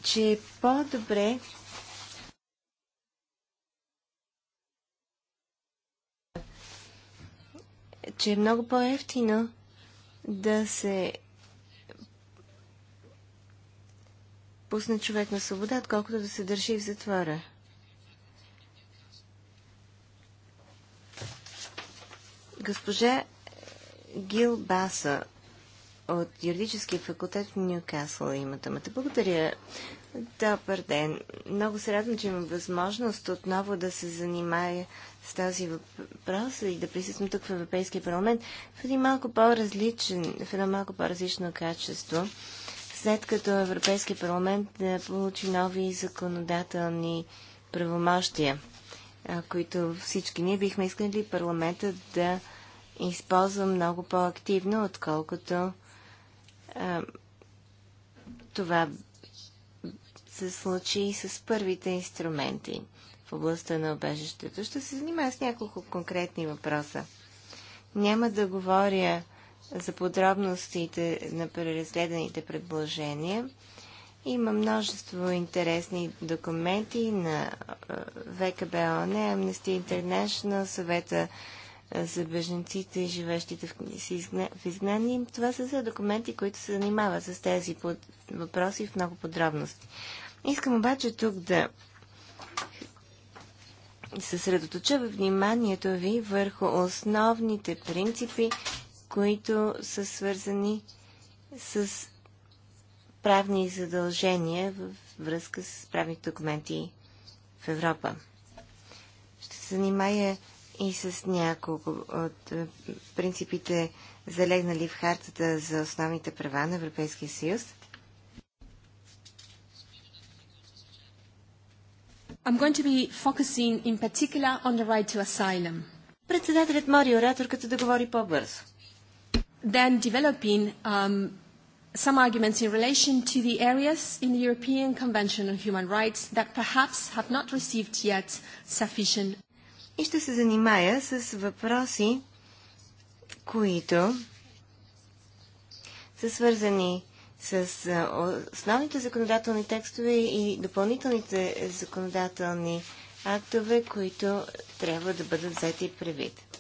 че е по-добре че е много по-ефтино да се пусне човек на свобода, отколкото да се държи в затвора. Госпожа Гил Баса от юридическия факултет в Ньюкасъл има думата. Благодаря, Добър ден. Много се радвам, че имам възможност отново да се занимая с този въпрос и да присъствам тук в Европейския парламент в един малко по-различен, в едно малко по-различно качество, след като Европейския парламент да получи нови законодателни правомощия, които всички ние бихме искали парламента да използва много по-активно, отколкото а, това се случи и с първите инструменти в областта на обежището. Ще се занимая с няколко конкретни въпроса. Няма да говоря за подробностите на преразгледаните предложения. Има множество интересни документи на ВКБ ООН, Amnesty International, съвета за беженците и живещите в изгнание. Това са за документи, които се занимават с тези въпроси в много подробности. Искам обаче тук да съсредоточа вниманието ви върху основните принципи, които са свързани с правни задължения във връзка с правни документи в Европа. Ще се занимая и с няколко от е, принципите, залегнали в хартата за основните права на Европейския съюз, I'm going to be focusing in particular on the right to asylum. Председателят мори ораторката да говори по-бързо. Then developing um, some arguments in relation to the areas in the European Convention on Human Rights that perhaps have not received yet sufficient. И ще се занимая с въпроси, които са свързани с с основните законодателни текстове и допълнителните законодателни актове, които трябва да бъдат взети предвид.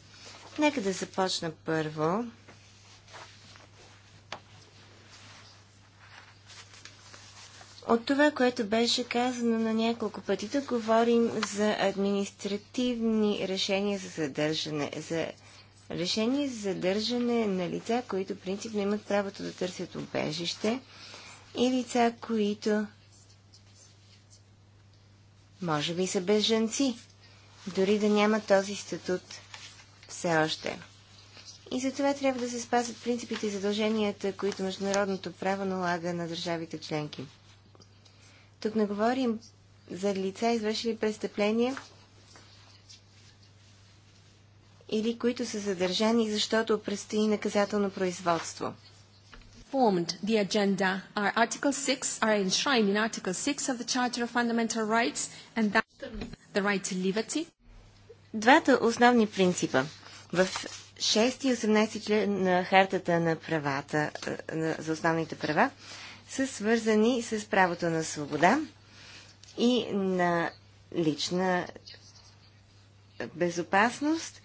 Нека да започна първо От това, което беше казано на няколко пъти, да говорим за административни решения за задържане, за решение за задържане на лица, които принципно имат правото да търсят убежище и лица, които може би са бежанци, дори да няма този статут все още. И за това трябва да се спазват принципите и задълженията, които международното право налага на държавите членки. Тук не говорим за лица, извършили престъпления, или които са задържани, защото предстои наказателно производство. Formed the agenda Article 6 are enshrined in Article 6 of the Charter of Fundamental Rights and that the right to liberty. Двата основни принципа в 6 и 18 член на Хартата на правата, е, за основните права са свързани с правото на свобода и на лична безопасност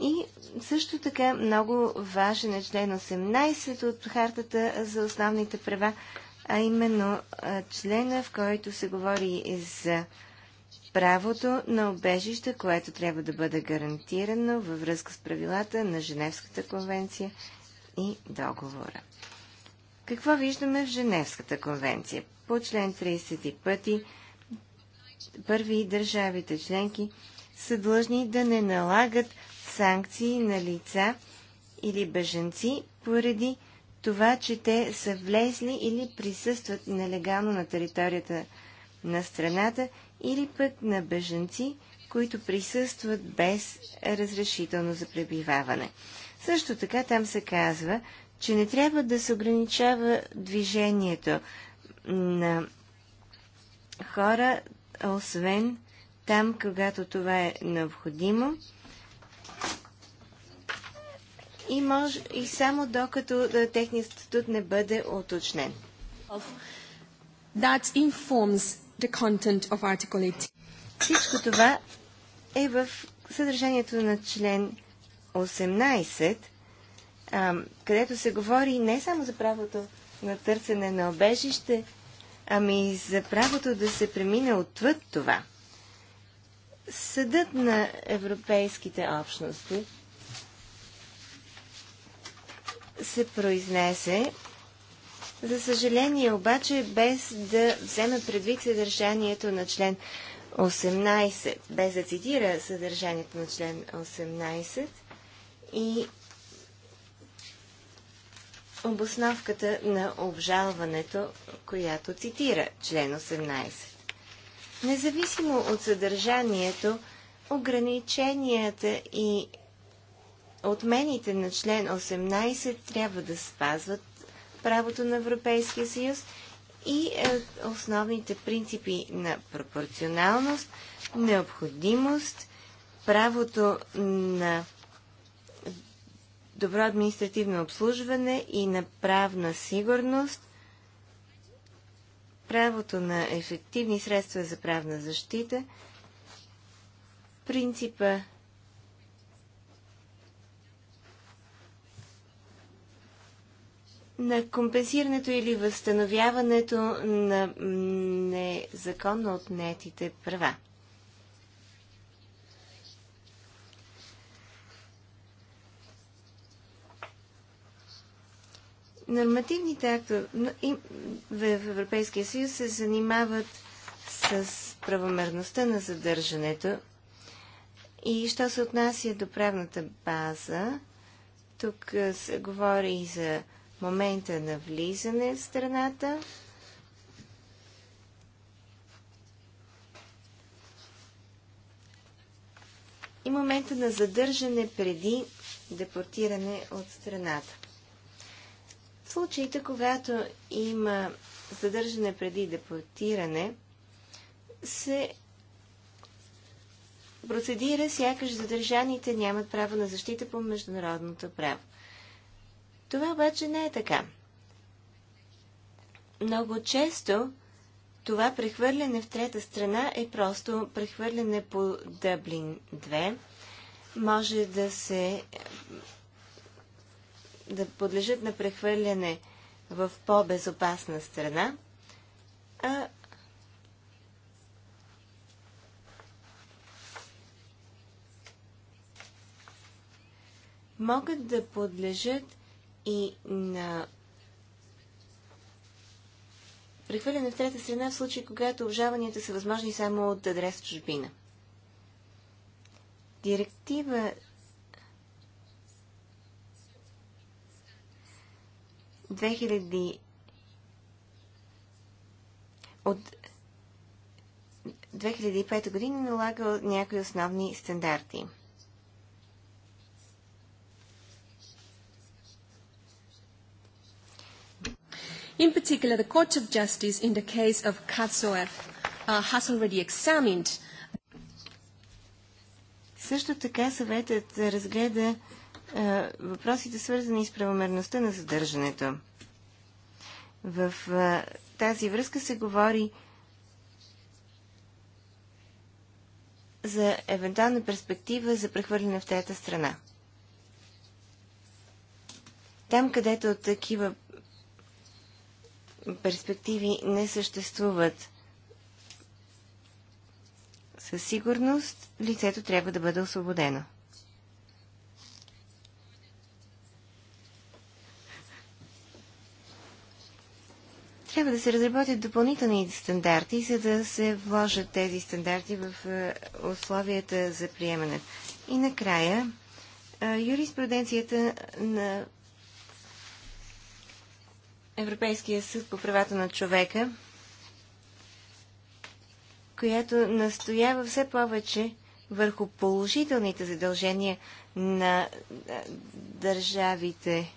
и също така много важен е член 18 от Хартата за основните права, а именно члена, в който се говори за правото на обежище, което трябва да бъде гарантирано във връзка с правилата на Женевската конвенция и договора. Какво виждаме в Женевската конвенция? По член 30 пъти първи държавите членки са длъжни да не налагат санкции на лица или беженци поради това, че те са влезли или присъстват нелегално на територията на страната или пък на беженци, които присъстват без разрешително за пребиваване. Също така там се казва, че не трябва да се ограничава движението на хора, освен там, когато това е необходимо и, мож, и само докато да, е, техният статут не бъде уточнен. That informs the content of Article Всичко това е в съдържанието на член 18, където се говори не само за правото на търсене на обежище, ами и за правото да се премине отвъд това. Съдът на европейските общности се произнесе. За съжаление обаче, без да вземе предвид съдържанието на член 18, без да цитира съдържанието на член 18 и обосновката на обжалването, която цитира член 18. Независимо от съдържанието, ограниченията и отмените на член 18 трябва да спазват правото на Европейския съюз и е, основните принципи на пропорционалност, необходимост, правото на добро административно обслужване и на правна сигурност, правото на ефективни средства за правна защита, принципа на компенсирането или възстановяването на незаконно отнетите права. Нормативните актове в Европейския съюз се занимават с правомерността на задържането и що се отнася до правната база, тук се говори и за момента на влизане в страната. и момента на задържане преди депортиране от страната. В случаите, когато има задържане преди депортиране, се процедира, сякаш задържаните нямат право на защита по международното право. Това обаче не е така. Много често това прехвърляне в трета страна е просто прехвърляне по Дъблин 2. Може да се да подлежат на прехвърляне в по-безопасна страна, а могат да подлежат и на прехвърляне в трета страна в случай, когато обжаванията са възможни само от адрес в чужбина. Директива от 2005 година налага някои основни стандарти – In particular, the Court of Justice in the case of Katsoev uh, has already examined също така съветът разгледа е, въпросите свързани с правомерността на задържането. В е, тази връзка се говори за евентуална перспектива за прехвърляне в трета страна. Там, където такива перспективи не съществуват. Със сигурност лицето трябва да бъде освободено. Трябва да се разработят допълнителни стандарти, за да се вложат тези стандарти в е, условията за приемане. И накрая, е, юриспруденцията на Европейския съд по правата на човека, която настоява все повече върху положителните задължения на държавите,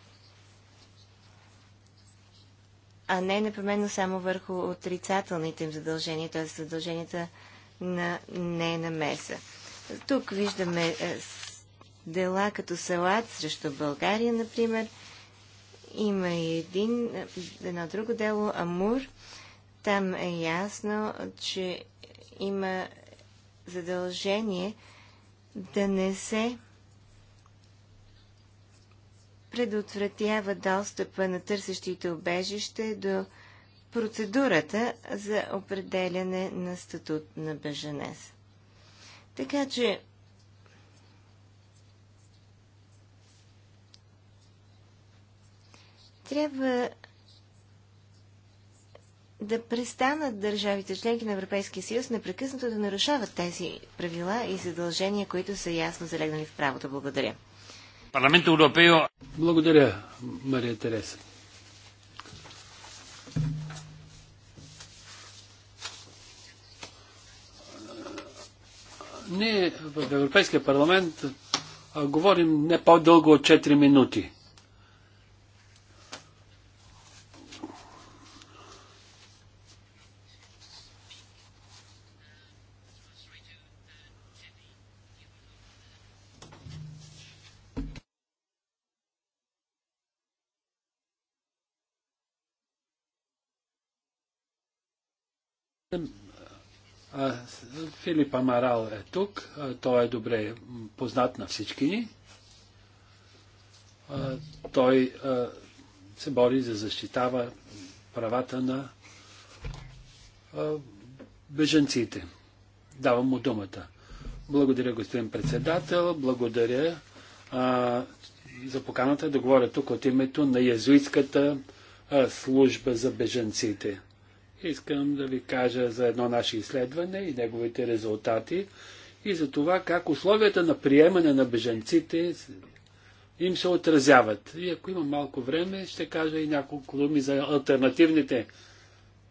а не непременно само върху отрицателните им задължения, т.е. задълженията на ненамеса. Тук виждаме дела като Салат срещу България, например – има и един, едно друго дело, Амур. Там е ясно, че има задължение да не се предотвратява достъпа на търсещите обежище до процедурата за определяне на статут на беженец. Така че трябва да престанат държавите членки на Европейския съюз непрекъснато да нарушават тези правила и задължения, които са ясно залегнали в правото. Благодаря. Парламент Европейо. Благодаря, Мария Тереса. Ние в Европейския парламент говорим не по-дълго от 4 минути. Филип Амарал е тук. Той е добре познат на всички ни. Той се бори за защитава правата на беженците. Давам му думата. Благодаря, господин председател. Благодаря за поканата да говоря тук от името на Язуитската служба за беженците. Искам да ви кажа за едно наше изследване и неговите резултати и за това как условията на приемане на беженците им се отразяват. И ако има малко време, ще кажа и няколко думи за альтернативните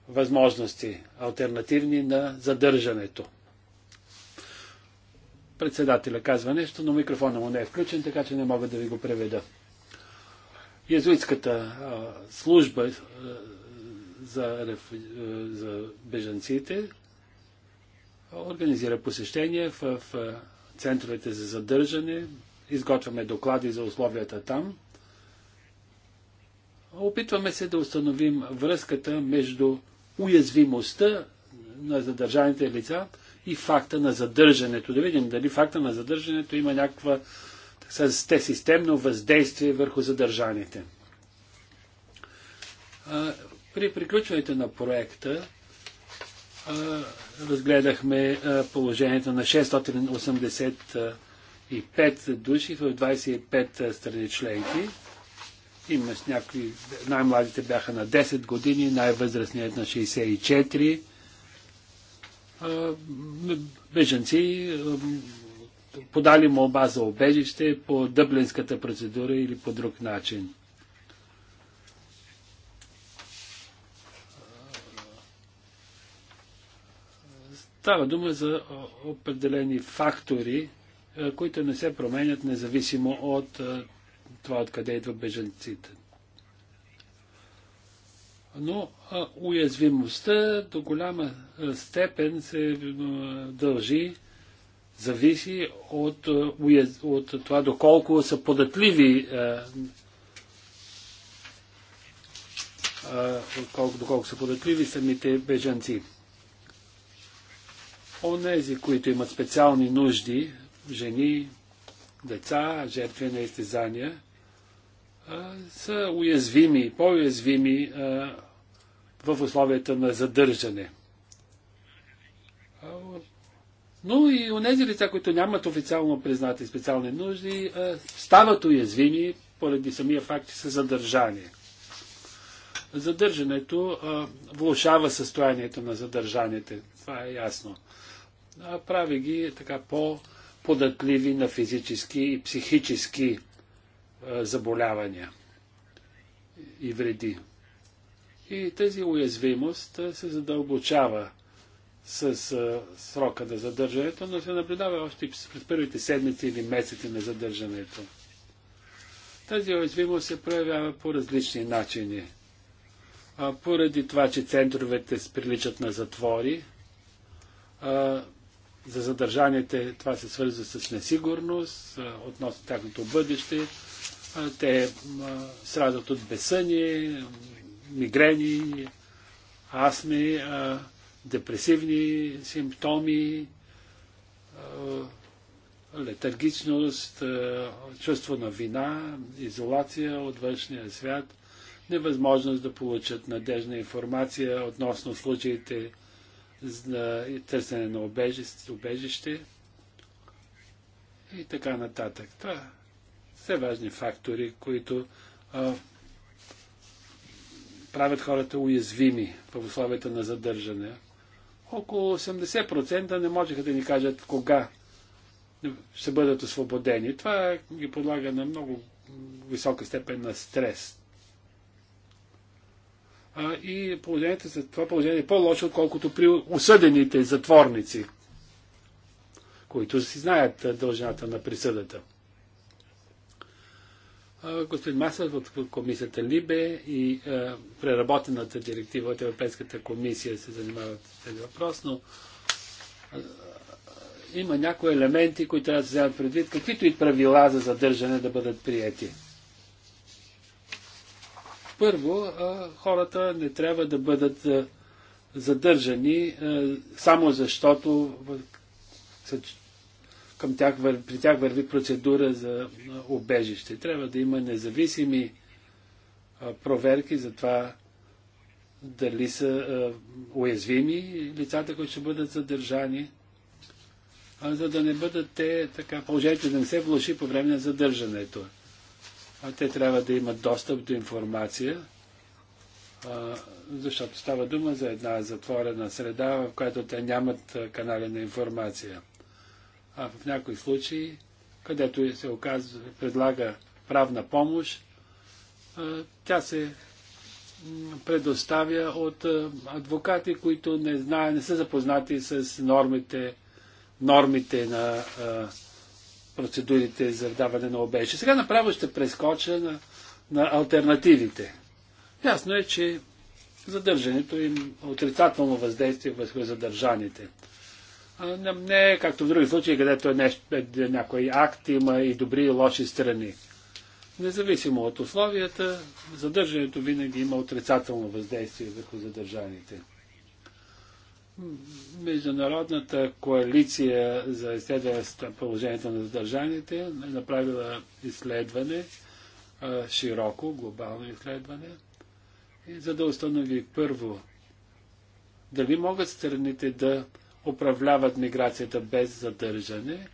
възможности, альтернативни на задържането. Председателя казва нещо, но микрофона му не е включен, така че не мога да ви го преведа. Язуитската служба за, е, за бежанците организира посещение в, в центровете за задържане, изготвяме доклади за условията там. Опитваме се да установим връзката между уязвимостта на задържаните лица и факта на задържането. Да видим дали факта на задържането има някаква те системно въздействие върху задържаните. При приключването на проекта а, разгледахме а, положението на 685 души в 25 страни членки. Има с някои, най-младите бяха на 10 години, най-възрастният на 64. беженци подали молба за обежище по дъблинската процедура или по друг начин. Става дума за определени фактори, които не се променят независимо от това откъде идва беженците. Но а, уязвимостта до голяма степен се дължи, зависи от, уяз... от това доколко са податливи, а, а, доколко, доколко са податливи самите бежанци онези, които имат специални нужди, жени, деца, жертви на изтезания, са уязвими, по-уязвими в условията на задържане. Но и у нези лица, които нямат официално признати специални нужди, стават уязвими поради самия факт, че са задържани. Задържането влушава състоянието на задържаните. Това е ясно прави ги така по-податливи на физически и психически заболявания и вреди. И тази уязвимост се задълбочава с срока на задържането, но се наблюдава още през първите седмици или месеци на задържането. Тази уязвимост се проявява по различни начини. поради това, че центровете приличат на затвори, за задържаните това се свързва с несигурност относно тяхното бъдеще. Те страдат от бесъни, мигрени, астми, депресивни симптоми, летаргичност, чувство на вина, изолация от външния свят, невъзможност да получат надежна информация относно случаите за търсене на убежище, и така нататък. Това все важни фактори, които а, правят хората уязвими в условията на задържане. Около 80% не можеха да ни кажат кога ще бъдат освободени. Това ги подлага на много висока степен на стрес а, и положението, за това положение е по-лошо, отколкото при осъдените затворници, които си знаят дължината на присъдата. А, господин Масър от комисията Либе и а, преработената директива от Европейската комисия се занимават с тези въпрос, но има някои елементи, които трябва да се вземат предвид, каквито и правила за задържане да бъдат приети. Първо, хората не трябва да бъдат задържани само защото към тях, при тях върви процедура за обежище. Трябва да има независими проверки за това дали са уязвими лицата, които ще бъдат задържани, за да не бъдат те така, положението да не се влуши по време на задържането. Те трябва да имат достъп до информация, защото става дума за една затворена среда, в която те нямат канали на информация. А в някои случаи, където се оказва, предлага правна помощ, тя се предоставя от адвокати, които не знаят, не са запознати с нормите, нормите на процедурите за даване на обещи. Сега направо ще прескоча на, на альтернативите. Ясно е, че задържането им отрицателно въздействие върху задържаните. А, не, е както в други случаи, където е нещо, е, е, някой акт, има и добри и лоши страни. Независимо от условията, задържането винаги има отрицателно въздействие върху задържаните. Международната коалиция за изследване положението на задържаните е направила изследване, широко, глобално изследване, за да установи първо дали могат страните да управляват миграцията без задържане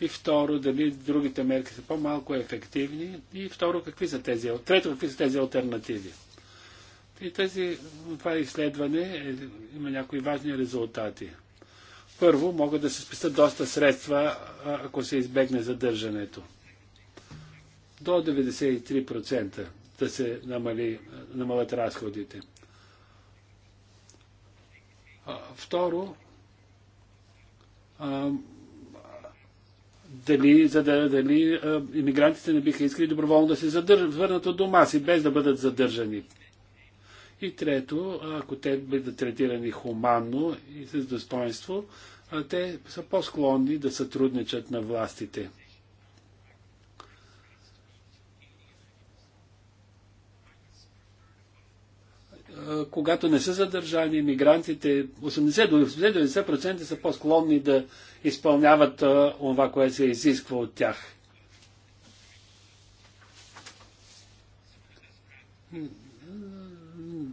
и второ, дали другите мерки са по-малко ефективни и второ, какви са тези, трето, какви са тези альтернативи. И тези, това изследване е, има някои важни резултати. Първо, могат да се спестят доста средства, ако се избегне задържането. До 93% да се намали, намалят разходите. второ, дали, за да, дали иммигрантите не биха искали доброволно да се задържат, върнат от дома си, без да бъдат задържани. И трето, ако те бъдат третирани хуманно и с достоинство, те са по-склонни да сътрудничат на властите. когато не са задържани, мигрантите 80-90% са по-склонни да изпълняват това, което се изисква от тях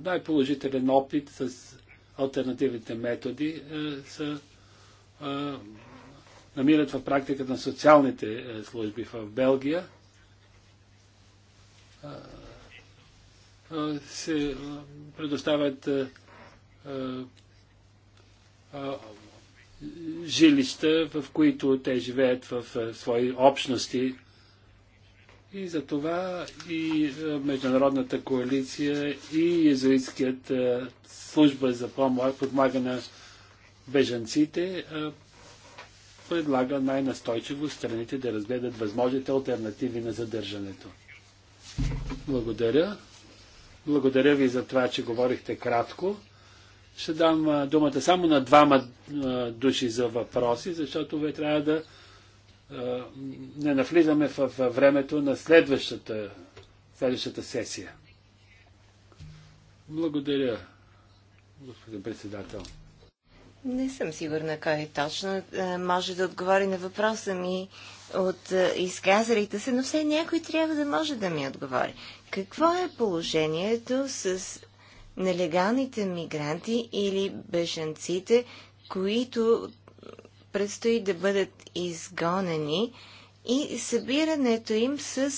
най-положителен опит с альтернативните методи е, са, е, намират в практиката на социалните е, служби в Белгия. Се предоставят жилища, в които те живеят в свои общности, и за това и е, Международната коалиция, и Езуитският е, служба за подмагане на бежанците е, предлага най-настойчиво страните да разгледат възможните альтернативи на задържането. Благодаря. Благодаря ви за това, че говорихте кратко. Ще дам думата само на двама души за въпроси, защото вие трябва да не навлизаме в времето на следващата, следващата сесия. Благодаря, господин председател. Не съм сигурна кой точно може да отговори на въпроса ми от изказалите се, но все някой трябва да може да ми отговори. Какво е положението с нелегалните мигранти или бежанците, които предстои да бъдат изгонени и събирането им с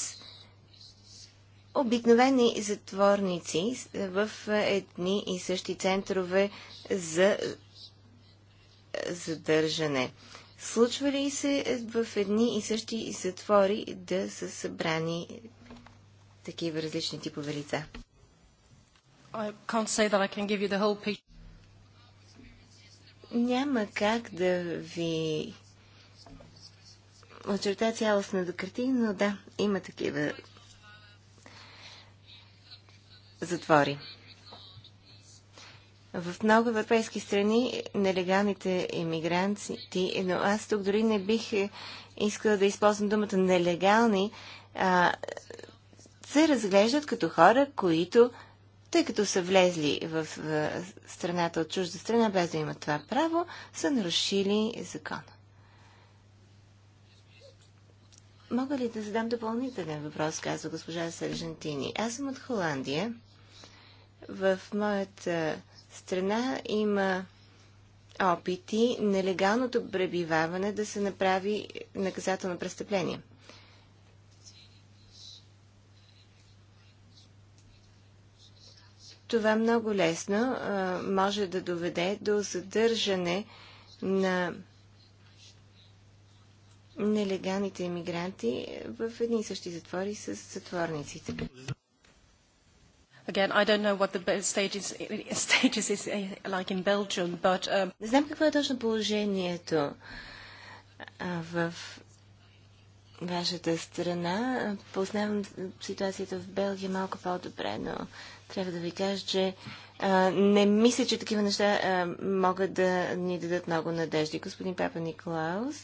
обикновени затворници в едни и същи центрове за задържане. Случва ли се в едни и същи затвори да са събрани такива различни типове лица? няма как да ви очерта цялостната картина, но да, има такива затвори. В много европейски страни нелегалните иммигранти, но аз тук дори не бих е, искала да използвам думата нелегални, а, се разглеждат като хора, които тъй като са влезли в страната от чужда страна, без да имат това право, са нарушили закона. Мога ли да задам допълнителен въпрос, казва госпожа Сержантини. Аз съм от Холандия. В моята страна има опити нелегалното пребиваване да се направи наказателно престъпление. това е много лесно а, може да доведе до задържане на нелегалните иммигранти в едни и същи затвори с затворниците. Again, I don't know what the is eh, like in Belgium, but... Um, Не знам какво е точно положението в вашата страна. Познавам ситуацията в Белгия малко по-добре, но трябва да ви кажа, че а, не мисля, че такива неща а, могат да ни дадат много надежди. Господин Папа Николаус,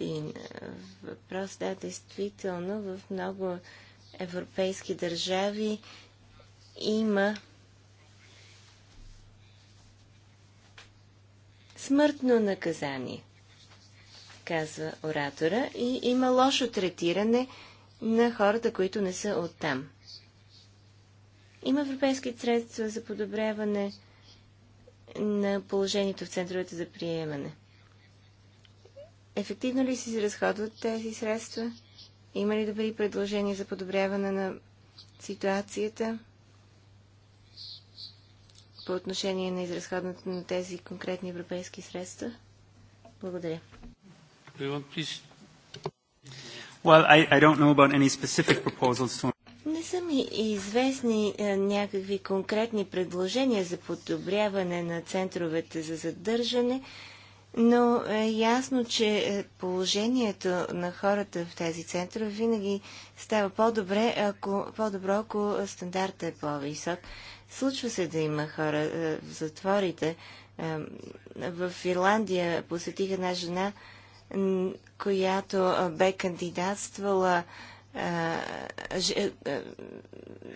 един въпрос. Да, действително, в много европейски държави има смъртно наказание, казва оратора, и има лошо третиране на хората, които не са оттам. Има европейски средства за подобряване на положението в центровете за приемане. Ефективно ли се изразходват тези средства? Има ли добри предложения за подобряване на ситуацията по отношение на изразходването на тези конкретни европейски средства? Благодаря. Well, I, I don't know about any specific proposals to не са ми известни е, някакви конкретни предложения за подобряване на центровете за задържане, но е ясно, че е, положението на хората в тези центрове винаги става по-добре, ако, по-добро, ако стандарта е по-висок. Случва се да има хора е, в затворите. в Ирландия посетих една жена, която бе кандидатствала е,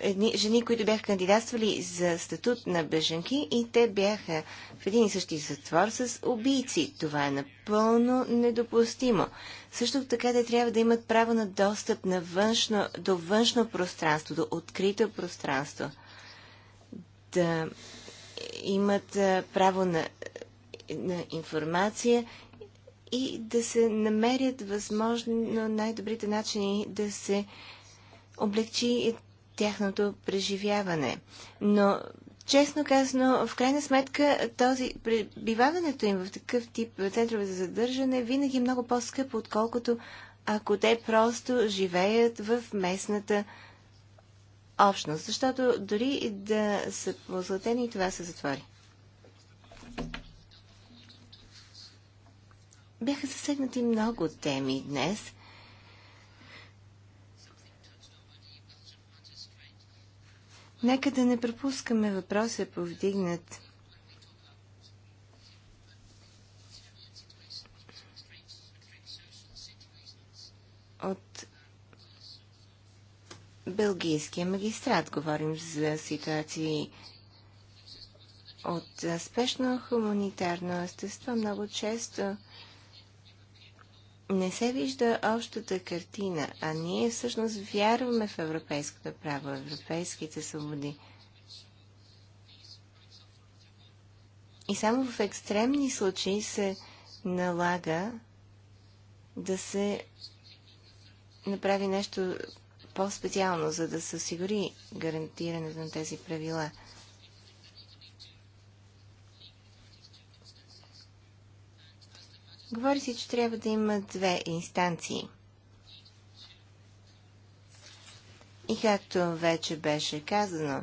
е, жени, които бяха кандидатствали за статут на бежанки и те бяха в един и същи затвор с убийци. Това е напълно недопустимо. Също така те трябва да имат право на достъп на външно, до външно пространство, до открито пространство. Да имат право на, на информация и да се намерят възможно най-добрите начини да се облегчи тяхното преживяване. Но, честно казано, в крайна сметка, този, пребиваването им в такъв тип центрове за задържане е винаги е много по-скъпо, отколкото ако те просто живеят в местната общност. Защото дори да са позлатени, това се затвори. Бяха засегнати много теми днес. Нека да не пропускаме въпроса повдигнат от бългийския магистрат. Говорим за ситуации от спешно хуманитарно естество. Много често не се вижда общата картина, а ние всъщност вярваме в европейското право, европейските свободи. И само в екстремни случаи се налага да се направи нещо по-специално, за да се осигури гарантирането на тези правила – Говори се, че трябва да има две инстанции. И както вече беше казано,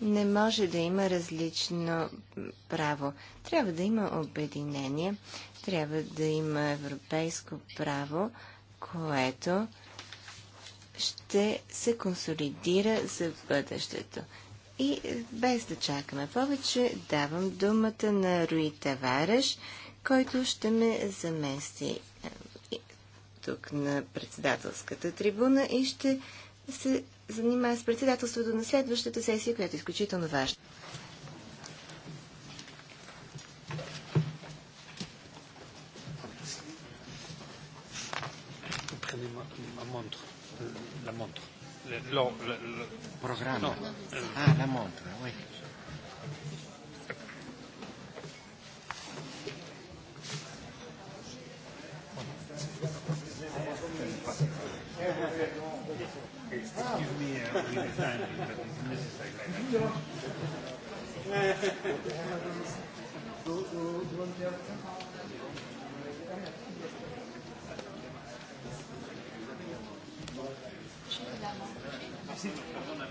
не може да има различно право. Трябва да има обединение, трябва да има европейско право, което ще се консолидира за бъдещето. И без да чакаме повече, давам думата на Руи Тавареш, който ще ме замести е, тук на председателската трибуна и ще се занимава с председателството на следващата сесия, която е изключително важна. Euh, la montre lo, lo, lo, programma. No, ah, la montra, oui. we designed it, but it's necessary like that. you Perdona,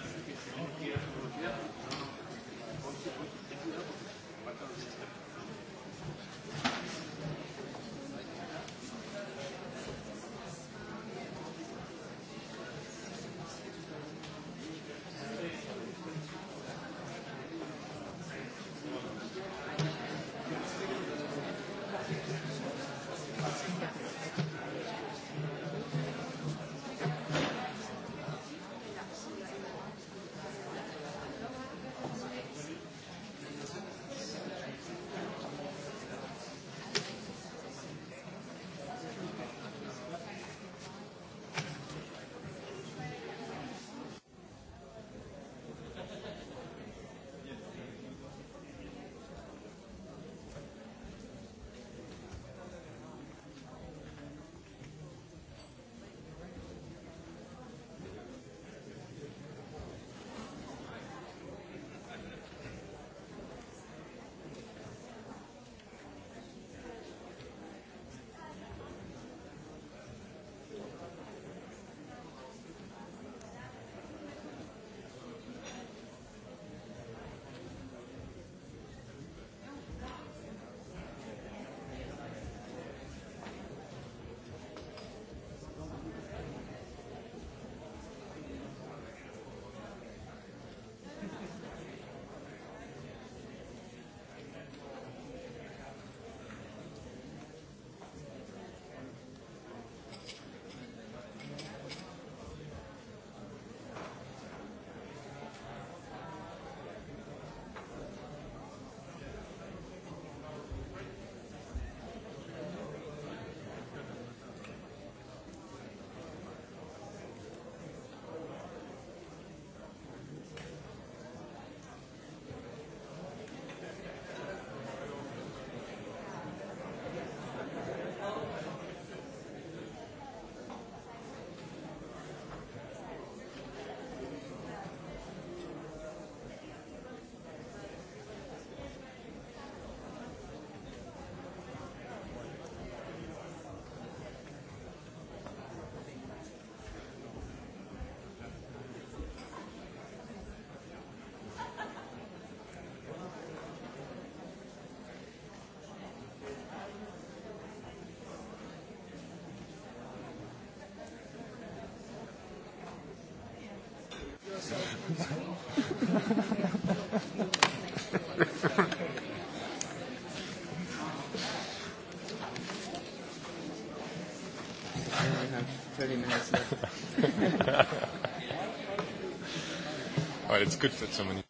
Well, it's good that many-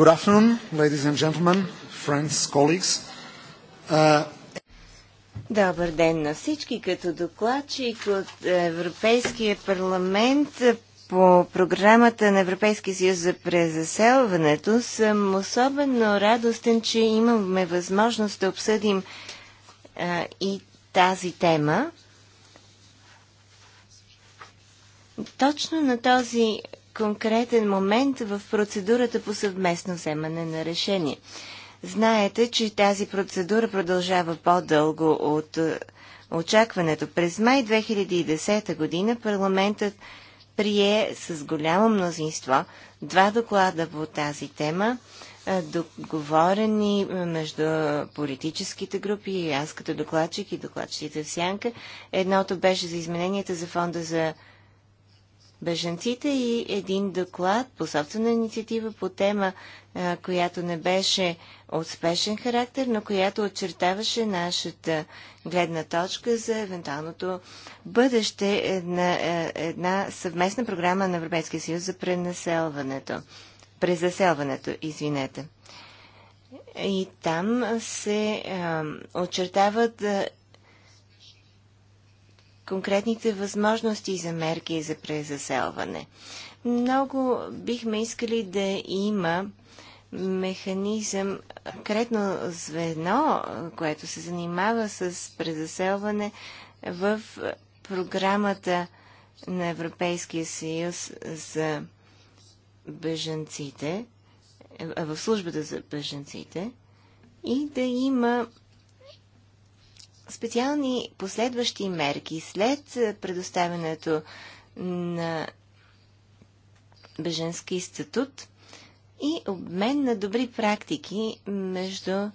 Good afternoon, ladies and gentlemen, friends, colleagues. Uh, Добър ден на всички. Като докладчик от Европейския парламент по програмата на Европейския съюз за презаселването съм особено радостен, че имаме възможност да обсъдим а, и тази тема. Точно на този конкретен момент в процедурата по съвместно вземане на решение. Знаете, че тази процедура продължава по-дълго от е, очакването. През май 2010 година парламентът прие с голямо мнозинство два доклада по тази тема, е, договорени е, между политическите групи, и аз като докладчик и докладчиците в Сянка. Едното беше за измененията за фонда за беженците и един доклад по собствена инициатива по тема, която не беше от спешен характер, но която очертаваше нашата гледна точка за евентуалното бъдеще на една съвместна програма на Европейския съюз за пренаселването. Презаселването, извинете. И там се а, очертават а, конкретните възможности за мерки за презаселване. Много бихме искали да има механизъм, конкретно звено, което се занимава с презаселване в програмата на Европейския съюз за бежанците, в службата за бежанците и да има специални последващи мерки след е, предоставянето на беженски статут и обмен на добри практики между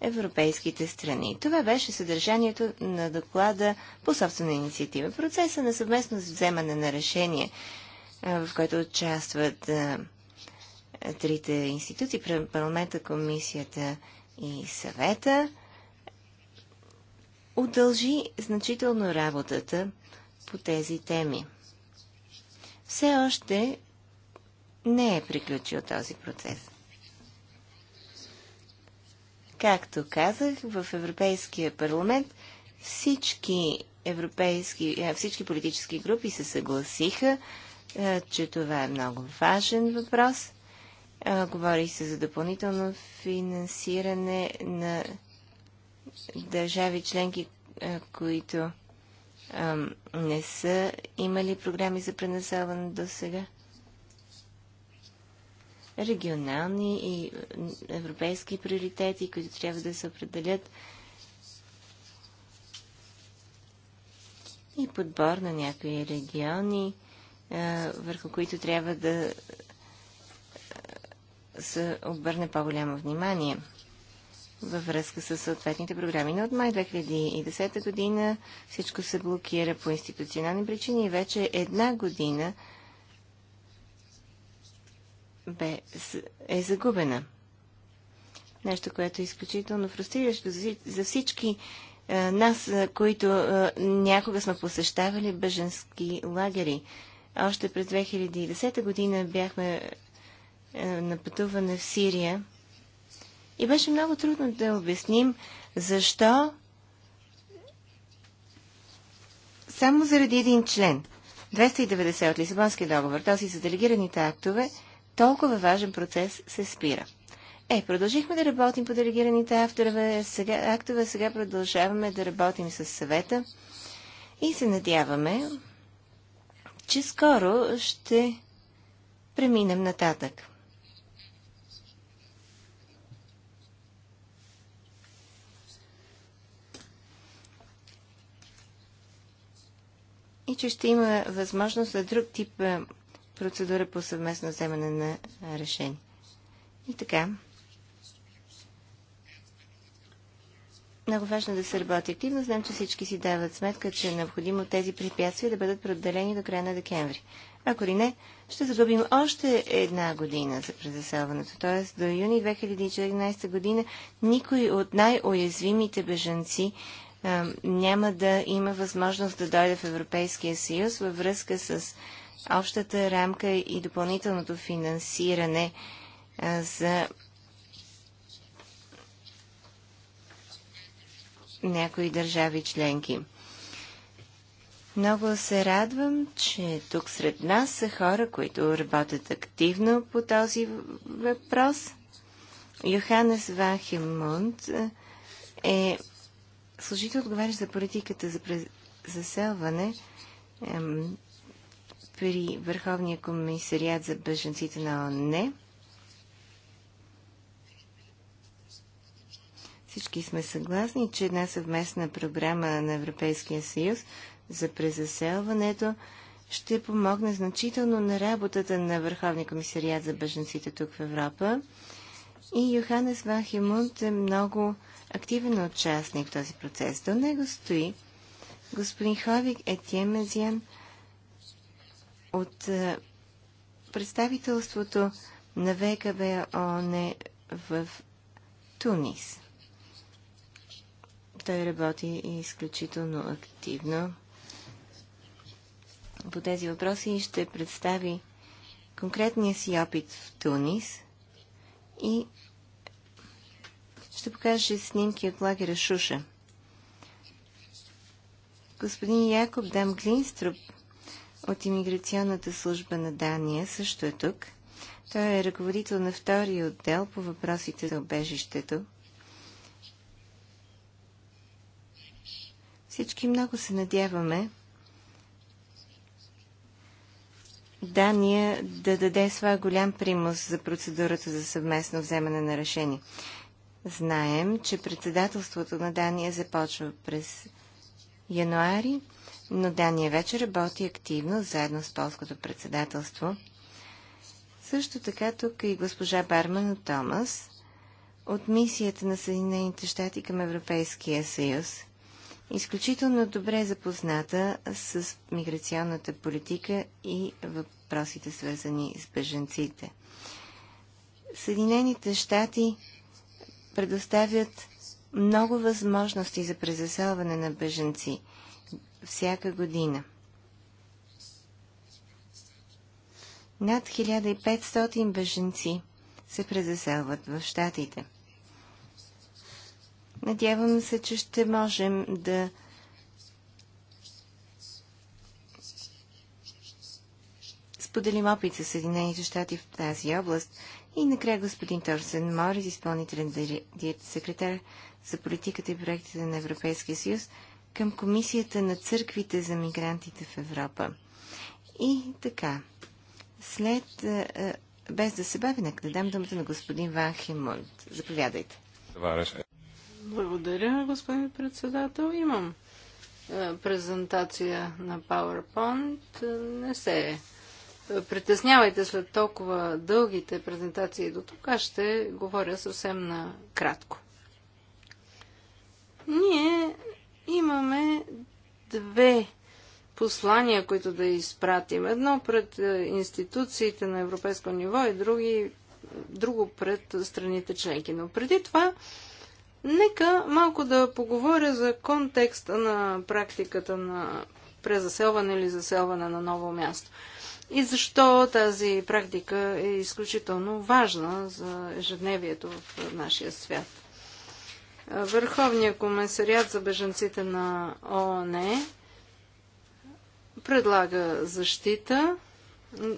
европейските страни. Това беше съдържанието на доклада по собствена инициатива. Процеса на съвместно вземане на решение, е, в който участват е, трите институции, парламента, комисията и съвета, удължи значително работата по тези теми. Все още не е приключил този процес. Както казах, в Европейския парламент всички, европейски, всички политически групи се съгласиха, че това е много важен въпрос. Говори се за допълнително финансиране на държави членки, които не са имали програми за пренасяване до сега? Регионални и европейски приоритети, които трябва да се определят и подбор на някои региони, върху които трябва да се обърне по-голямо внимание във връзка с съответните програми. Но от май 2010 година всичко се блокира по институционални причини и вече една година бе, е загубена. Нещо, което е изключително фрустриращо за всички е, нас, е, които е, някога сме посещавали бъженски лагери. Още през 2010 година бяхме е, на пътуване в Сирия и беше много трудно да обясним защо само заради един член, 290 от Лисабонския договор, този за делегираните актове, толкова важен процес се спира. Е, продължихме да работим по делегираните авторове, сега, актове, сега продължаваме да работим с съвета и се надяваме, че скоро ще преминем нататък. и че ще има възможност за друг тип е, процедура по съвместно вземане на е, решение. И така. Много важно е да се работи активно. Знам, че всички си дават сметка, че е необходимо тези препятствия да бъдат преодолени до края на декември. Ако ли не, ще загубим още една година за презаселването. Т.е. до юни 2014 година никой от най-уязвимите бежанци няма да има възможност да дойде в Европейския съюз във връзка с общата рамка и допълнителното финансиране за някои държави членки. Много се радвам, че тук сред нас са хора, които работят активно по този въпрос. Йоханес Вахимунд е служител, отговаря за политиката за заселване ем, при Върховния комисариат за беженците на ОНЕ. Всички сме съгласни, че една съвместна програма на Европейския съюз за презаселването ще помогне значително на работата на Върховния комисариат за беженците тук в Европа. И Йоханес Вахимунд е много активен участник в този процес. До него стои господин Ховик Етиемезиан Мезиан от е, представителството на ВКБ ООН в Тунис. Той работи изключително активно по тези въпроси и ще представи конкретния си опит в Тунис и ще покаже снимки от лагера Шуша. Господин Якоб Дамглинструп от Имиграционната служба на Дания също е тук. Той е ръководител на втория отдел по въпросите за обежището. Всички много се надяваме Дания да даде своя голям примус за процедурата за съвместно вземане на решение. Знаем, че председателството на Дания започва през януари, но Дания вече работи активно заедно с полското председателство. Също така тук и госпожа Барман Томас от мисията на Съединените щати към Европейския съюз. Изключително добре запозната с миграционната политика и въпросите свързани с беженците. Съединените щати предоставят много възможности за презаселване на беженци всяка година. Над 1500 беженци се презаселват в Штатите. Надявам се, че ще можем да споделим опит с Съединените щати в тази област и накрая господин Торсен Морис, изпълнителен секретар за политиката и проектите на Европейския съюз към Комисията на църквите за мигрантите в Европа. И така, след, без да се бави, нека да дам думата на господин Ван Хемунд. Заповядайте. Благодаря, господин председател. Имам презентация на PowerPoint. Не се е притеснявайте след толкова дългите презентации до тук, аз ще говоря съвсем на кратко. Ние имаме две послания, които да изпратим. Едно пред е, институциите на европейско ниво и други, друго пред страните членки. Но преди това, нека малко да поговоря за контекста на практиката на презаселване или заселване на ново място и защо тази практика е изключително важна за ежедневието в нашия свят. Върховният комисариат за беженците на ООН предлага защита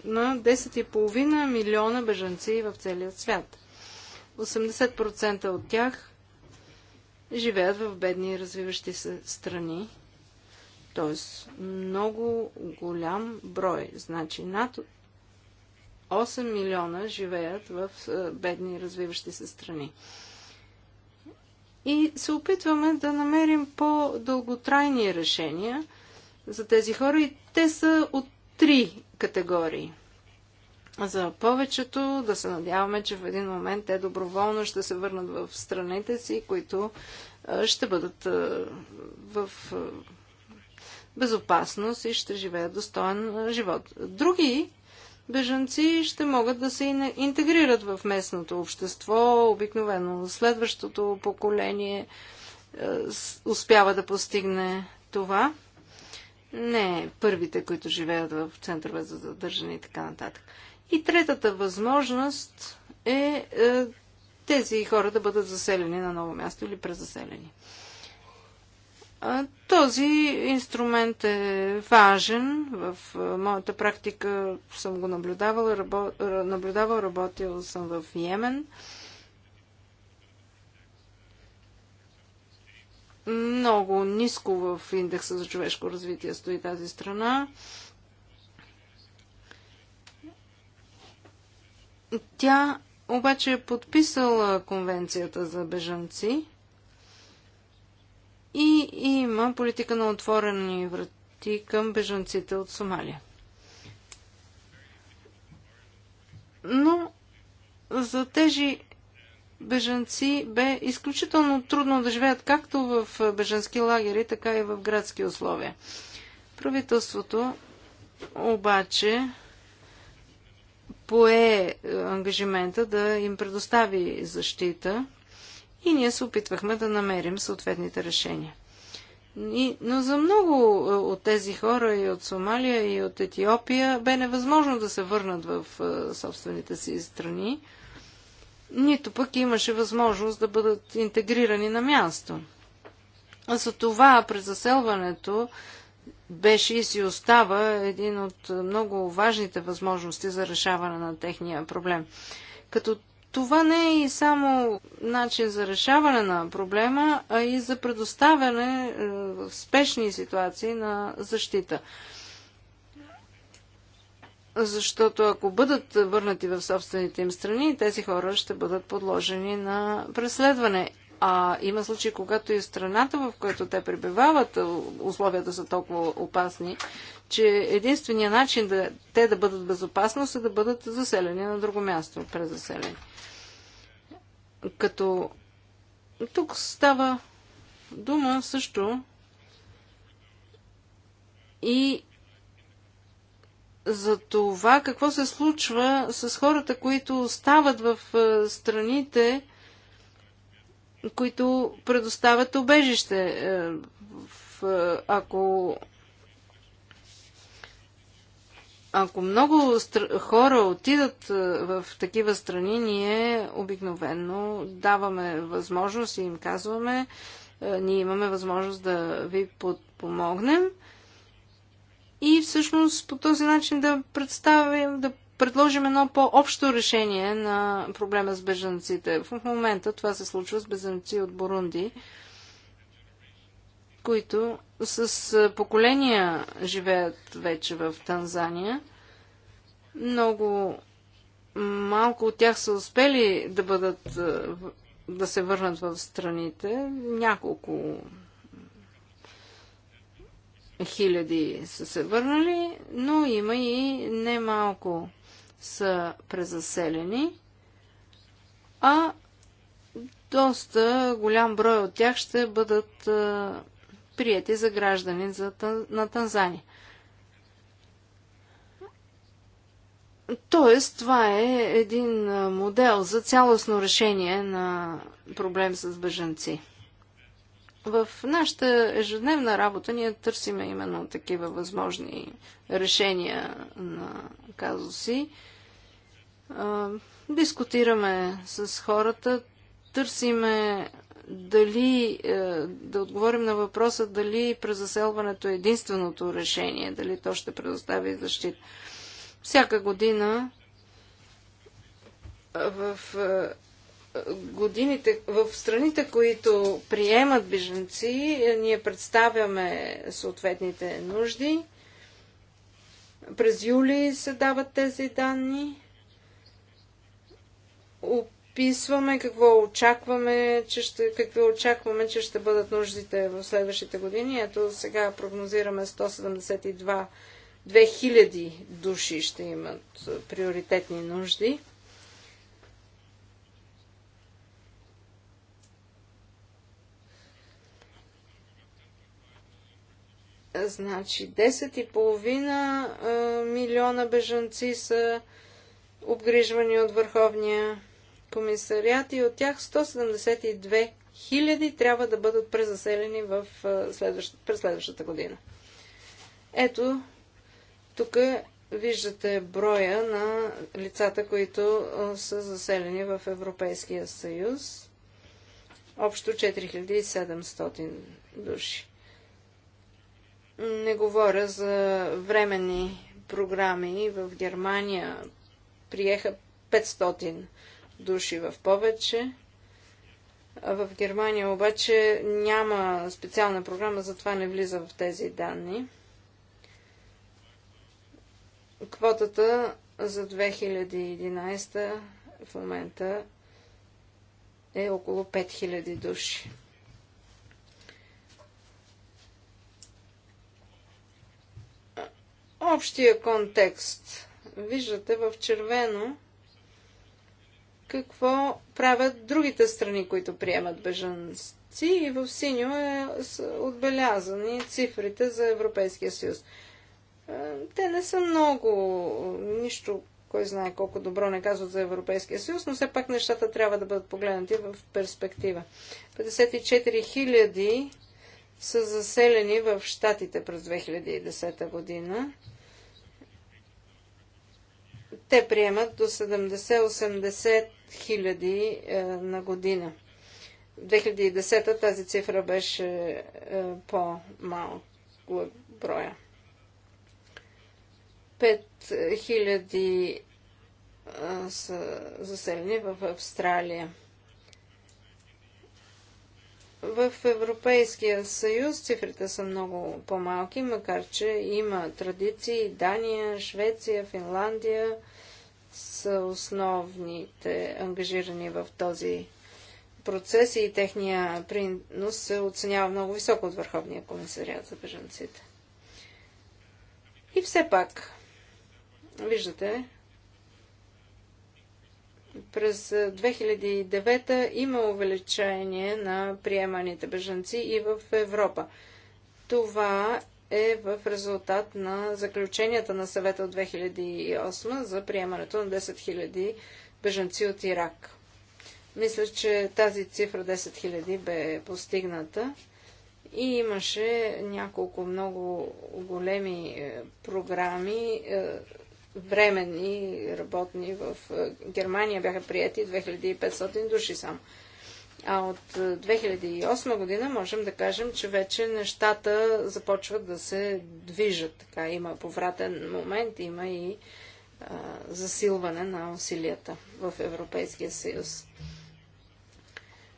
на 10,5 милиона беженци в целия свят. 80% от тях живеят в бедни и развиващи се страни т.е. много голям брой. Значи над 8 милиона живеят в е, бедни развиващи се страни. И се опитваме да намерим по-дълготрайни решения за тези хора и те са от три категории. За повечето да се надяваме, че в един момент те доброволно ще се върнат в страните си, които е, ще бъдат е, в безопасност и ще живеят достоен живот. Други бежанци ще могат да се интегрират в местното общество, обикновено следващото поколение успява да постигне това. Не първите, които живеят в центрове за задържане и така нататък. И третата възможност е, е тези хора да бъдат заселени на ново място или презаселени. Този инструмент е важен. В моята практика съм го наблюдавал, работ... наблюдавал работил съм в Йемен. Много ниско в индекса за човешко развитие стои тази страна. Тя обаче е подписала конвенцията за бежанци и има политика на отворени врати към бежанците от Сомалия. Но за тези бежанци бе изключително трудно да живеят както в бежански лагери, така и в градски условия. Правителството обаче пое ангажимента да им предостави защита – и ние се опитвахме да намерим съответните решения. И, но за много е, от тези хора и от Сомалия и от Етиопия бе невъзможно да се върнат в е, собствените си страни, нито пък имаше възможност да бъдат интегрирани на място. А за това презаселването беше и си остава един от много важните възможности за решаване на техния проблем. Като това не е и само начин за решаване на проблема, а и за предоставяне е, в спешни ситуации на защита. Защото ако бъдат върнати в собствените им страни, тези хора ще бъдат подложени на преследване. А има случаи, когато и страната, в която те пребивават, е, условията са толкова опасни, че единственият начин да те да бъдат безопасност е да бъдат заселени на друго място, презаселени. Като тук става дума също и за това какво се случва с хората, които остават в е, страните, които предоставят обежище. Е, е, ако ако много хора отидат е, в такива страни, ние обикновенно даваме възможност и им казваме, е, ние имаме възможност да ви подпомогнем и всъщност по този начин да представим, да предложим едно по-общо решение на проблема с бежанците. В момента това се случва с бежанци от Бурунди които с поколения живеят вече в Танзания. Много малко от тях са успели да бъдат да се върнат в страните. Няколко хиляди са се върнали, но има и немалко са презаселени, а доста голям брой от тях ще бъдат прияти за граждани на Танзания. Тоест, това е един модел за цялостно решение на проблем с бежанци. В нашата ежедневна работа ние търсиме именно такива възможни решения на казуси. Дискутираме с хората, търсиме дали е, да отговорим на въпроса дали презаселването е единственото решение, дали то ще предостави защита. Всяка година в е, годините, в страните, които приемат беженци, е, ние представяме съответните нужди. През юли се дават тези данни описваме какво очакваме, че ще, какви очакваме, че ще бъдат нуждите в следващите години. Ето сега прогнозираме 172 2000 души ще имат приоритетни нужди. Значи 10,5 милиона бежанци са обгрижвани от Върховния комисариати и от тях 172 хиляди трябва да бъдат презаселени в следващ, през следващата година. Ето, тук виждате броя на лицата, които са заселени в Европейския съюз. Общо 4700 души. Не говоря за временни програми. В Германия приеха 500 души в повече. В Германия обаче няма специална програма, затова не влиза в тези данни. Квотата за 2011 в момента е около 5000 души. Общия контекст. Виждате в червено какво правят другите страни, които приемат бежанци. И в синьо е отбелязани цифрите за Европейския съюз. Е, те не са много, нищо, кой знае колко добро не казват за Европейския съюз, но все пак нещата трябва да бъдат погледнати в перспектива. 54 000 са заселени в Штатите през 2010 година те приемат до 70-80 хиляди е, на година. 2010 тази цифра беше е, по-малко броя. 5 хиляди е, са заселени в Австралия. В Европейския съюз цифрите са много по-малки, макар че има традиции Дания, Швеция, Финландия – са основните ангажирани в този процес и техния принос се оценява много високо от Върховния комисариат за бежанците. И все пак, виждате, през 2009 има увеличение на приеманите бежанци и в Европа. Това е в резултат на заключенията на съвета от 2008 за приемането на 10 000 бежанци от Ирак. Мисля, че тази цифра 10 000 бе постигната и имаше няколко много големи е, програми, е, временни работни в е, Германия бяха прияти 2500 души само. А от 2008 е, година можем да кажем, че вече нещата започват да се движат. Така има повратен момент, има и а, засилване на усилията в Европейския съюз.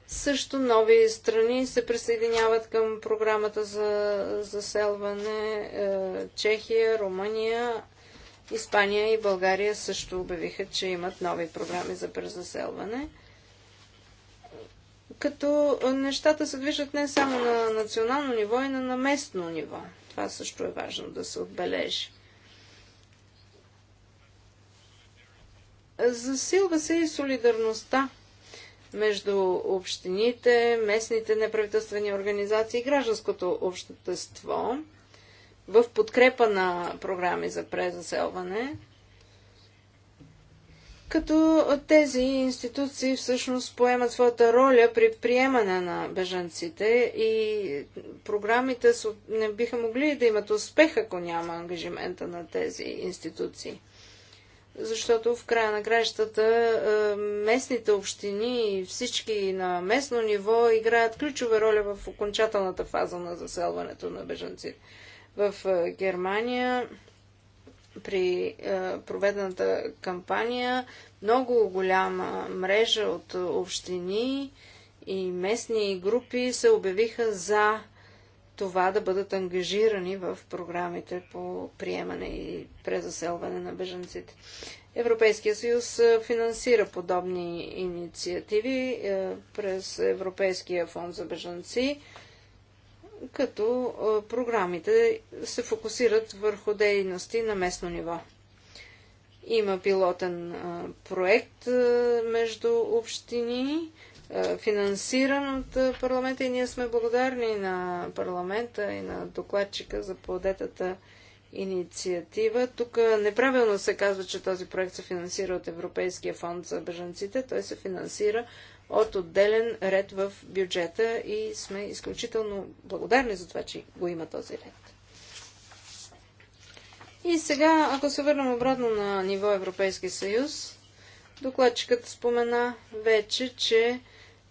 Също нови страни се присъединяват към програмата за заселване. Е, Чехия, Румъния, Испания и България също обявиха, че имат нови програми за презаселване като нещата се движат не само на национално ниво, и на, на местно ниво. Това също е важно да се отбележи. Засилва се и солидарността между общините, местните неправителствени организации и гражданското общество в подкрепа на програми за презаселване като тези институции всъщност поемат своята роля при приемане на бежанците и програмите не биха могли да имат успех, ако няма ангажимента на тези институции. Защото в края на краищата е, местните общини и всички на местно ниво играят ключова роля в окончателната фаза на заселването на бежанците. В е, Германия при е, проведената кампания много голяма мрежа от общини и местни групи се обявиха за това да бъдат ангажирани в програмите по приемане и презаселване на бежанците. Европейския съюз е, финансира подобни инициативи е, през Европейския фонд за бежанци като програмите се фокусират върху дейности на местно ниво. Има пилотен проект между общини, финансиран от парламента и ние сме благодарни на парламента и на докладчика за подетата инициатива. Тук неправилно се казва, че този проект се финансира от Европейския фонд за бежанците. Той се финансира от отделен ред в бюджета и сме изключително благодарни за това, че го има този ред. И сега, ако се върнем обратно на ниво Европейски съюз, докладчикът спомена вече, че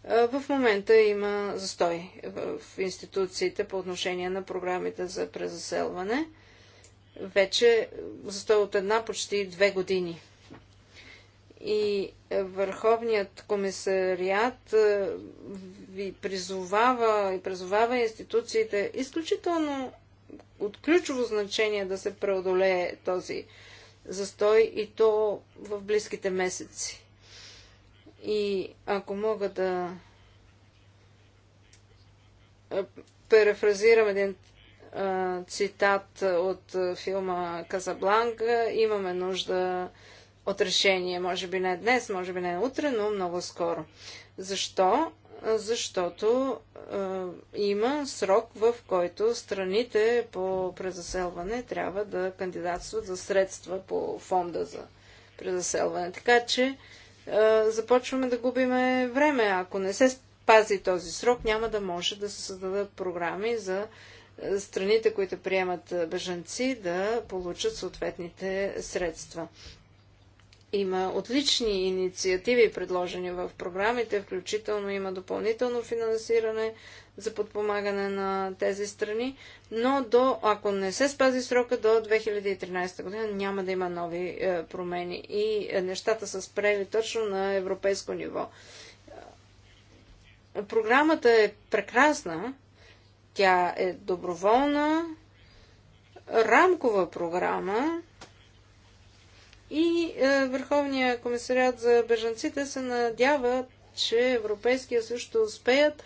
в момента има застой в институциите по отношение на програмите за презаселване. Вече застой от една почти две години и Върховният комисариат е, ви призовава и призовава институциите изключително от ключово значение да се преодолее този застой и то в близките месеци. И ако мога да е, Перефразирам един е, цитат от филма Казабланка, имаме нужда от решение. Може би не днес, може би не утре, но много скоро. Защо? Защото е, има срок, в който страните по презаселване трябва да кандидатстват за средства по фонда за презаселване. Така че е, започваме да губиме време. Ако не се пази този срок, няма да може да се създадат програми за страните, които приемат бежанци, да получат съответните средства. Има отлични инициативи, предложени в програмите, включително има допълнително финансиране за подпомагане на тези страни, но до, ако не се спази срока до 2013 година, няма да има нови е, промени и е, нещата са спрели точно на европейско ниво. Програмата е прекрасна, тя е доброволна, рамкова програма, и е, Върховния комисариат за бежанците се надява, че Европейския съюз ще успеят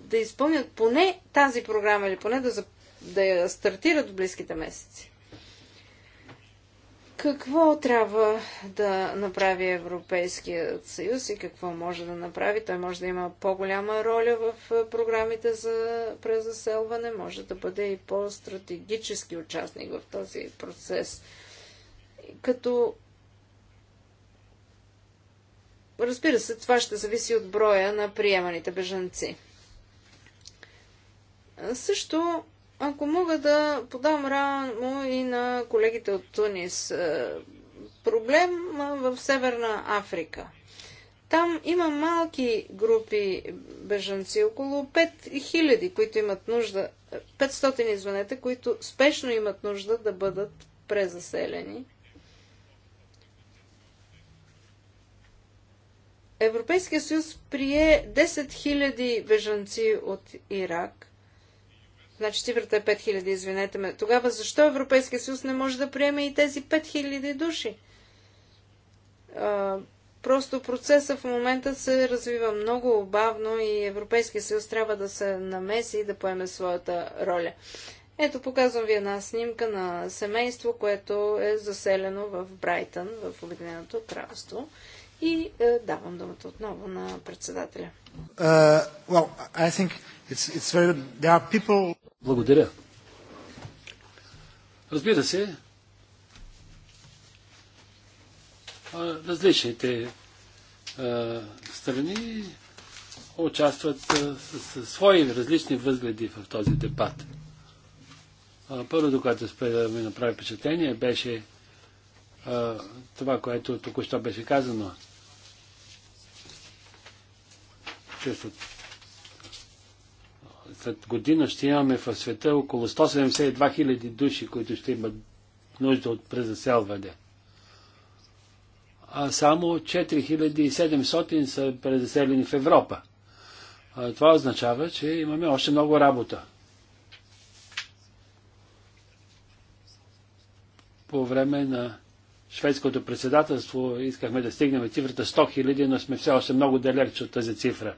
да изпълнят поне тази програма или поне да, за, да я стартират в близките месеци. Какво трябва да направи Европейският съюз и какво може да направи? Той може да има по-голяма роля в е, програмите за презаселване, може да бъде и по-стратегически участник в този процес като Разбира се, това ще зависи от броя на приеманите бежанци. Също, ако мога да подам рамо и на колегите от Тунис, проблем в Северна Африка. Там има малки групи бежанци, около 5000, които имат нужда, 500 извънете, които спешно имат нужда да бъдат презаселени – Европейския съюз прие 10 000 бежанци от Ирак. Значи цифрата е 000, извинете ме. Тогава защо Европейския съюз не може да приеме и тези 5000 души? А, просто процесът в момента се развива много бавно и Европейския съюз трябва да се намеси и да поеме своята роля. Ето, показвам ви една снимка на семейство, което е заселено в Брайтън, в Обединеното кралство. И е, давам думата отново на председателя. Uh, well, I think it's, it's very... There are people... Благодаря. Разбира се, различните а, страни участват със свои различни възгледи в този дебат. А, първото, което спе да ми направи впечатление, беше а, това, което току-що беше казано – че след, след година ще имаме в света около 172 000 души, които ще имат нужда от презаселване. А само 4700 са презаселени в Европа. А това означава, че имаме още много работа. По време на шведското председателство искахме да стигнем цифрата 100 000, но сме все още много далеч от тази цифра.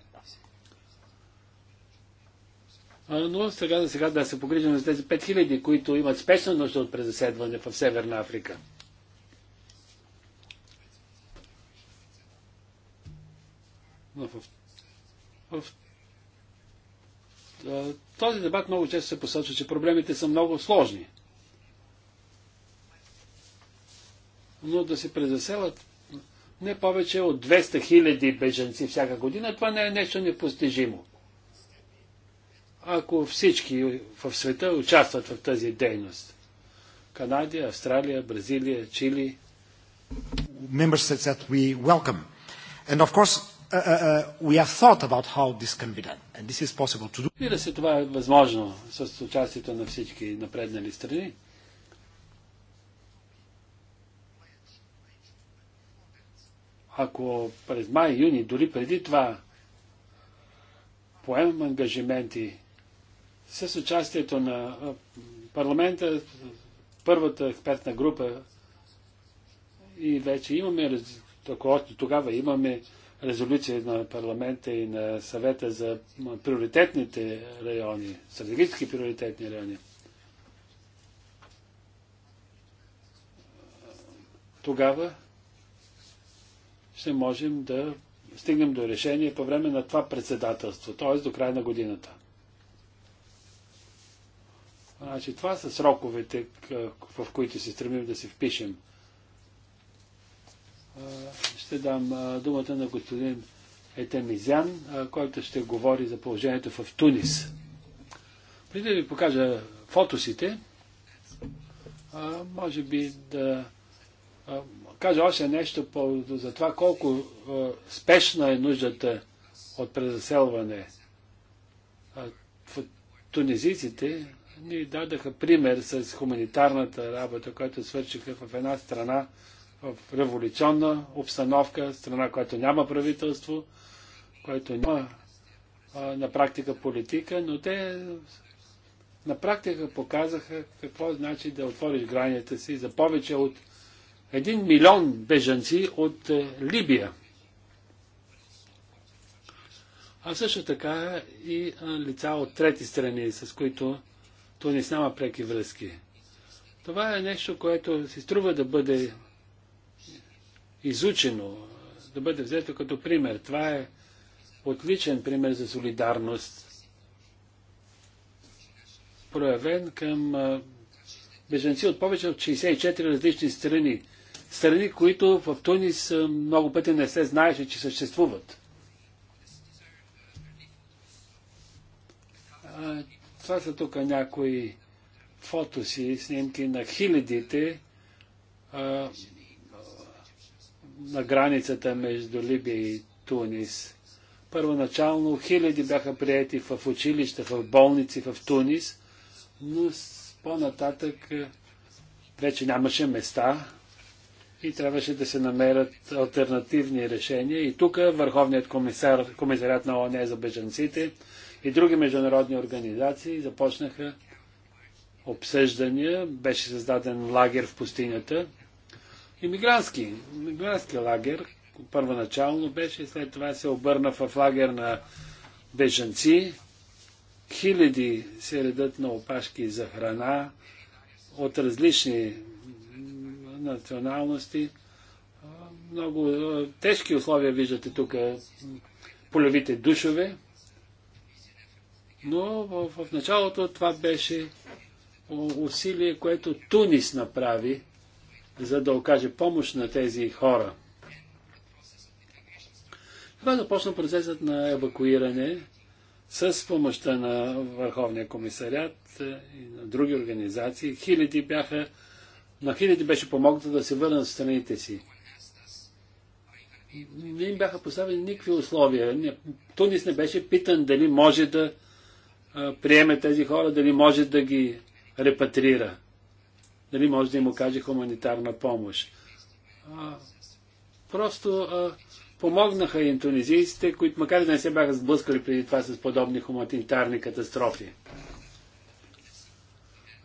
Но сега да, сега да се погрижим за тези 5000, които имат спешна нужда от презаседване в Северна Африка. Но в, в, в този дебат много често се посочва, че проблемите са много сложни. Но да се презаселят не повече от 200 000 беженци всяка година, това не е нещо непостижимо ако всички в света участват в тази дейност. Канадия, Австралия, Бразилия, Чили. Member states that we welcome. And of course, uh, uh, uh, we have thought about how this can be done. And this is possible to do. Разбира се, това е възможно с участието на всички напреднали страни. Ако през май-юни, дори преди това, поемам ангажименти с участието на парламента, първата експертна група и вече имаме, тогава имаме резолюция на парламента и на съвета за приоритетните райони, стратегически приоритетни райони. Тогава ще можем да стигнем до решение по време на това председателство, т.е. до края на годината. Значи, това са сроковете, в които се стремим да се впишем. Ще дам думата на господин Етемизян, който ще говори за положението в Тунис. Преди да ви покажа фотосите, може би да кажа още нещо по, за това колко спешна е нуждата от презаселване. Тунизиците ни дадаха пример с хуманитарната работа, която свършиха в една страна в революционна обстановка, страна, която няма правителство, която няма а, на практика политика, но те на практика показаха какво значи да отвориш границата си за повече от един милион бежанци от е, Либия. А също така и лица от трети страни, с които не снима преки връзки. Това е нещо, което си струва да бъде изучено, да бъде взето като пример. Това е отличен пример за солидарност, проявен към беженци от повече от 64 различни страни. Страни, които в Тунис много пъти не се знаеше, че съществуват. Това са тук някои фотоси, снимки на хилядите а, на границата между Либия и Тунис. Първоначално хиляди бяха приети в училища, в болници в Тунис, но по-нататък вече нямаше места и трябваше да се намерят альтернативни решения. И тук Върховният комисар, комисарят на ОНЕ за бежанците и други международни организации започнаха обсъждания. Беше създаден лагер в пустинята. Имигрантски, имигрантски лагер. Първоначално беше, след това се обърна в лагер на бежанци. Хиляди се редат на опашки за храна от различни националности. Много тежки условия виждате тук полевите душове. Но в, в началото това беше усилие, което Тунис направи, за да окаже помощ на тези хора. Това започна процесът на евакуиране с помощта на Върховния комисарят е, и на други организации. Хиляди бяха, на хиляди беше помогнато да се върнат в страните си. Не им бяха поставени никакви условия. Тунис не беше питан дали може да приеме тези хора, дали може да ги репатрира, дали може да им окаже хуманитарна помощ. А, просто а, помогнаха и които макар и да не се бяха сблъскали преди това с подобни хуманитарни катастрофи.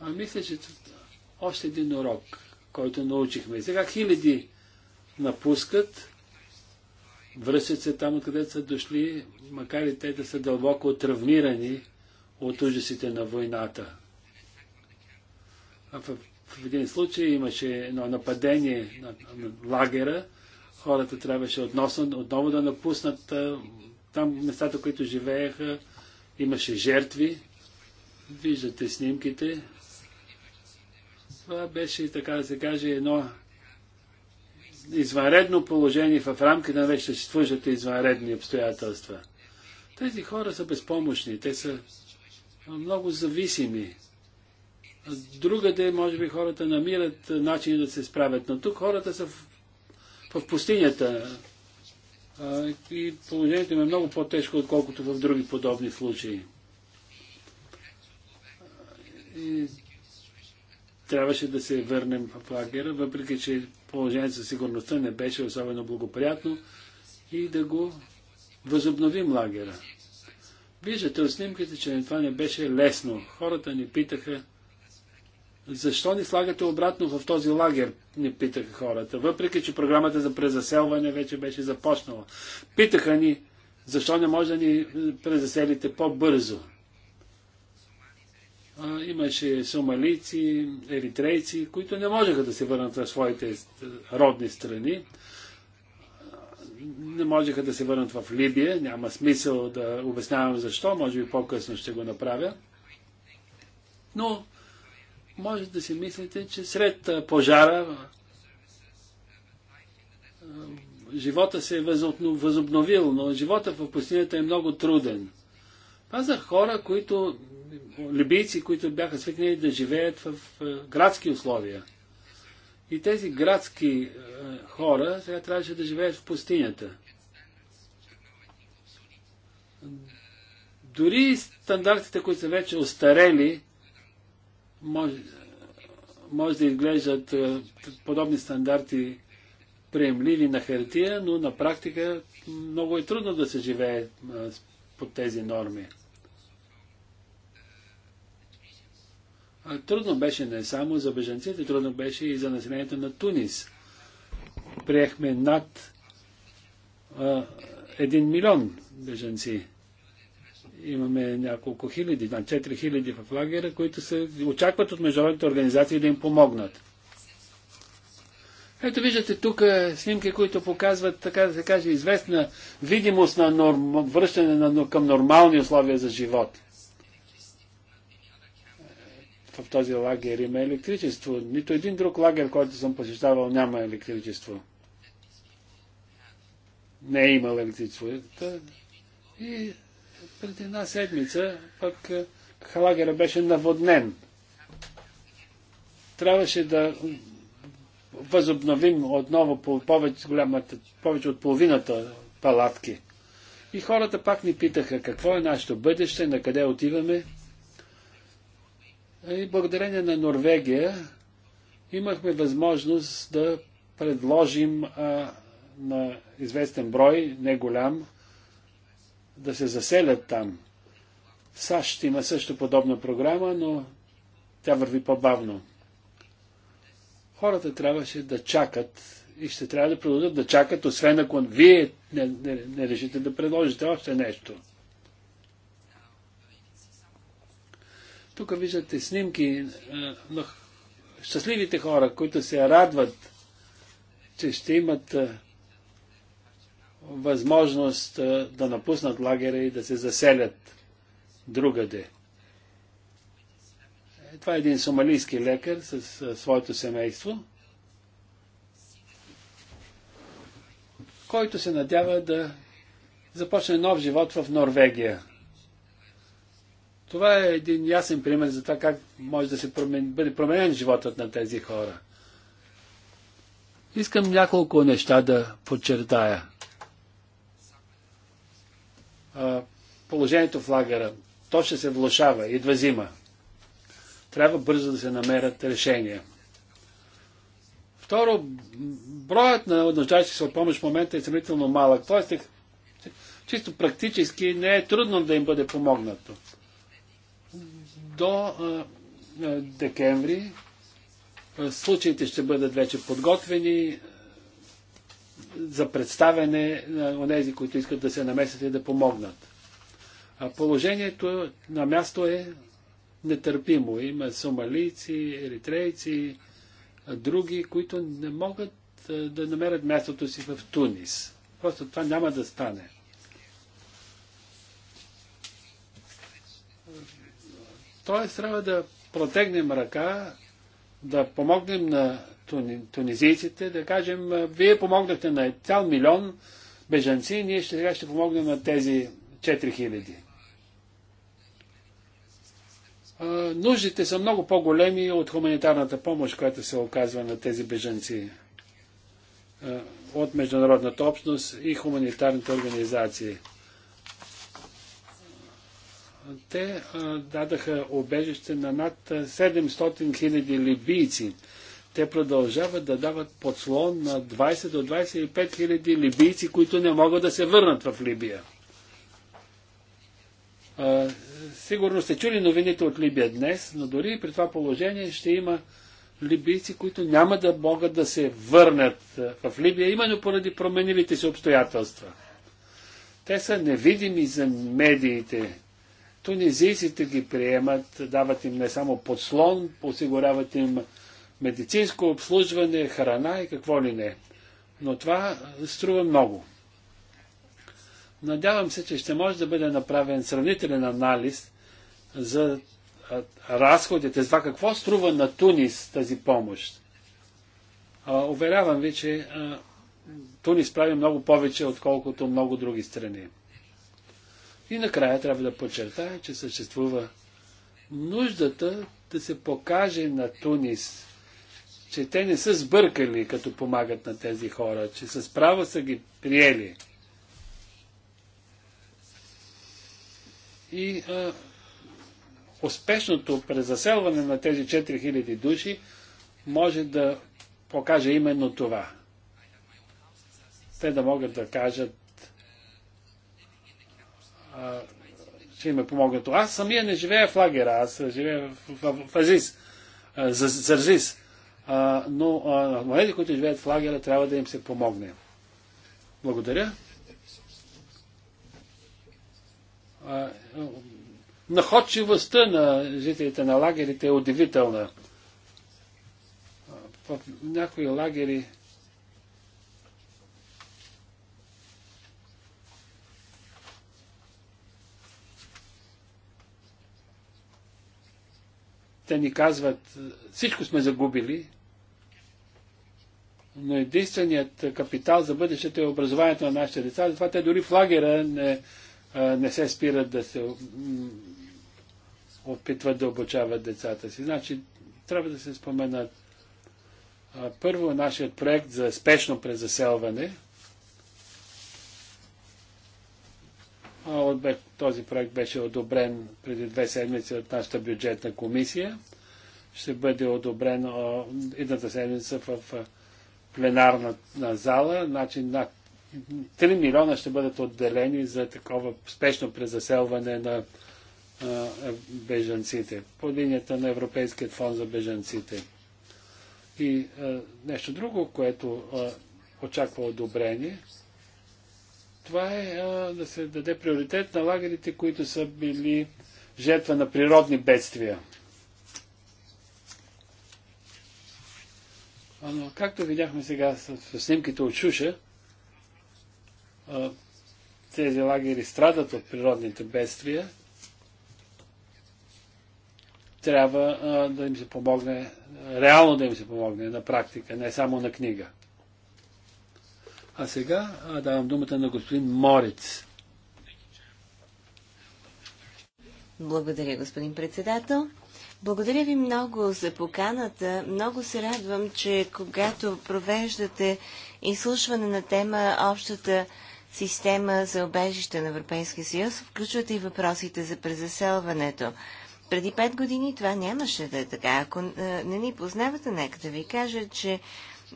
А, мисля, че още един урок, който научихме. Сега хиляди напускат, връщат се там, откъдето са дошли, макар и те да са дълбоко травмирани от ужасите на войната. В, в един случай имаше едно нападение на, на лагера, хората трябваше относно, отново да напуснат там местата, които живееха, имаше жертви. Виждате снимките. Това беше, така да се каже, едно извънредно положение в рамките на вече съществуващите извънредни обстоятелства. Тези хора са безпомощни, те са много зависими. Другаде, може би, хората намират начин да се справят, но тук хората са в, в пустинята а, и положението им е много по-тежко, отколкото в други подобни случаи. И трябваше да се върнем в лагера, въпреки че положението за сигурността не беше особено благоприятно и да го възобновим лагера. Виждате от снимките, че това не беше лесно. Хората ни питаха, защо ни слагате обратно в този лагер, ни питаха хората, въпреки че програмата за презаселване вече беше започнала. Питаха ни, защо не може да ни презаселите по-бързо. имаше сомалийци, еритрейци, които не можеха да се върнат в своите е, родни страни не можеха да се върнат в Либия. Няма смисъл да обяснявам защо, може би по-късно ще го направя. Но може да си мислите, че сред пожара живота се е възобновил, но живота в пустинята е много труден. Това са хора, които, либийци, които бяха свикнали да живеят в градски условия. И тези градски е, хора сега трябваше да живеят в пустинята. Дори стандартите, които са вече устарели, може, може да изглеждат е, подобни стандарти приемливи на хартия, но на практика много е трудно да се живее е, под тези норми. Трудно беше не само за беженците, трудно беше и за населението на Тунис. Приехме над а, 1 милион беженци. Имаме няколко хиляди, над 4 хиляди в лагера, които се очакват от международните организации да им помогнат. Ето виждате тук е снимки, които показват, така да се каже, известна видимост на норм... връщане на... към нормални условия за живот в този лагер има електричество. Нито един друг лагер, който съм посещавал, няма електричество. Не е имал електричество. И преди една седмица пък е, лагера беше наводнен. Трябваше да възобновим отново по повече, голямата, повече от половината палатки. И хората пак ни питаха какво е нашето бъдеще, на къде отиваме. И благодарение на Норвегия имахме възможност да предложим а, на известен брой, не голям, да се заселят там. САЩ има също подобна програма, но тя върви по-бавно. Хората трябваше да чакат и ще трябва да продължат да чакат, освен ако вие не, не, не решите да предложите още нещо. Тук виждате снимки е, на щастливите хора, които се радват, че ще имат е, възможност е, да напуснат лагера и да се заселят другаде. Това е един сомалийски лекар с своето семейство, който се надява да започне нов живот в Норвегия. Това е един ясен пример за това как може да се промен... бъде променен животът на тези хора. Искам няколко неща да подчертая. А, положението в лагера. То ще се влушава. Идва зима. Трябва бързо да се намерят решения. Второ, броят на нуждащи се от помощ в момента е сравнително малък. Тоест, е, чисто практически не е трудно да им бъде помогнато до декември случаите ще бъдат вече подготвени за представяне на тези, които искат да се намесят и да помогнат. А Положението на място е нетърпимо. Има сомалийци, еритрейци, други, които не могат да намерят мястото си в Тунис. Просто това няма да стане. Тоест трябва да протегнем ръка, да помогнем на тунизийците, да кажем, вие помогнахте на цял милион бежанци, ние ще, сега ще помогнем на тези 4000. нуждите са много по-големи от хуманитарната помощ, която се оказва на тези бежанци от международната общност и хуманитарните организации те дадаха обежище на над 700 000 либийци. Те продължават да дават подслон на 20 до 25 хиляди либийци, които не могат да се върнат в Либия. А, сигурно сте чули новините от Либия днес, но дори при това положение ще има либийци, които няма да могат да се върнат в Либия, именно поради променилите се обстоятелства. Те са невидими за медиите. Тунизийците ги приемат, дават им не само подслон, осигуряват им медицинско обслужване, храна и какво ли не. Но това струва много. Надявам се, че ще може да бъде направен сравнителен анализ за разходите, за това какво струва на Тунис тази помощ. А, уверявам ви, че а, Тунис прави много повече, отколкото много други страни. И накрая трябва да подчертая, че съществува нуждата да се покаже на Тунис, че те не са сбъркали, като помагат на тези хора, че с право са ги приели. И а, успешното презаселване на тези 4000 души може да покаже именно това. Те да могат да кажат, ще ме им е това. Аз самия не живея в лагера, аз живея в, в, в, Азис, а, А, но а, моите, които живеят в лагера, трябва да им се помогне. Благодаря. А, находчивостта на жителите на лагерите е удивителна. В някои лагери те ни казват, всичко сме загубили, но единственият капитал за бъдещето е образованието на нашите деца, затова те дори в лагера не, не се спират да се опитват да обучават децата си. Значи, трябва да се споменат първо нашият проект за спешно презаселване – Този проект беше одобрен преди две седмици от нашата бюджетна комисия. Ще бъде одобрен едната седмица в пленарната зала. Значи над 3 милиона ще бъдат отделени за такова спешно презаселване на е, бежанците по линията на Европейският фонд за бежанците. И нещо друго, което очаква одобрение – това е а, да се даде приоритет на лагерите, които са били жертва на природни бедствия. А, но както видяхме сега с, с снимките от Шуша, а, тези лагери страдат от природните бедствия. Трябва а, да им се помогне, реално да им се помогне на практика, не само на книга. А сега давам думата на господин Морец. Благодаря, господин председател. Благодаря ви много за поканата. Много се радвам, че когато провеждате изслушване на тема общата система за обежище на Европейския съюз, включвате и въпросите за презаселването. Преди пет години това нямаше да е така. Ако не ни познавате, нека да ви кажа, че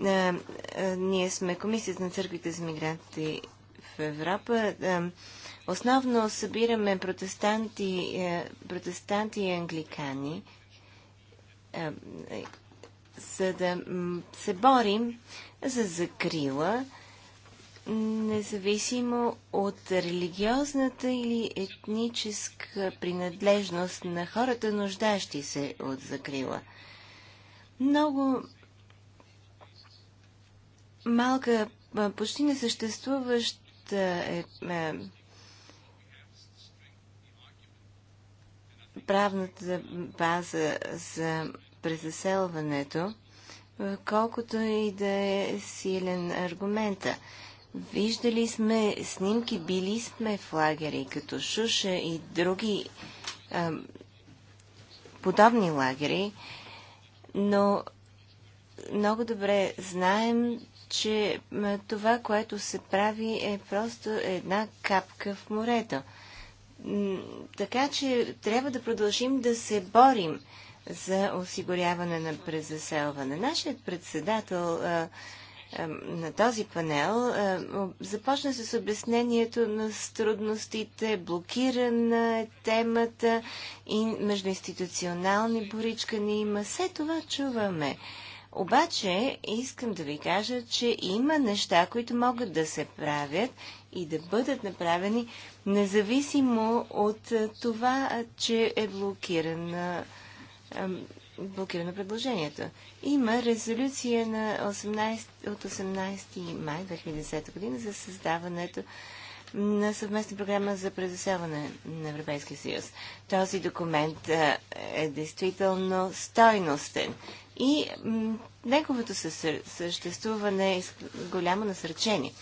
а, а, ние сме Комисията на църквите за мигранти в Европа. А, основно събираме протестанти, а, протестанти и англикани, а, за да се борим за закрила, независимо от религиозната или етническа принадлежност на хората, нуждащи се от закрила. Много малка, почти несъществуваща е, е, правната база за презаселването, колкото и да е силен аргумента. Виждали сме снимки, били сме в лагери, като Шуша и други е, подобни лагери, но много добре знаем, че това, което се прави, е просто една капка в морето. Така че трябва да продължим да се борим за осигуряване на презаселване. Нашият председател на този панел започна с обяснението на трудностите, блокирана е темата и междуинституционални боричкани има. Все това чуваме. Обаче искам да ви кажа, че има неща, които могат да се правят и да бъдат направени, независимо от това, че е блокирана, блокирано предложението. Има резолюция на 18, от 18 май 2010 година за създаването на съвместна програма за предоставяне на Европейския съюз. Този документ е действително стойностен и неговото съществуване е голямо насърчение.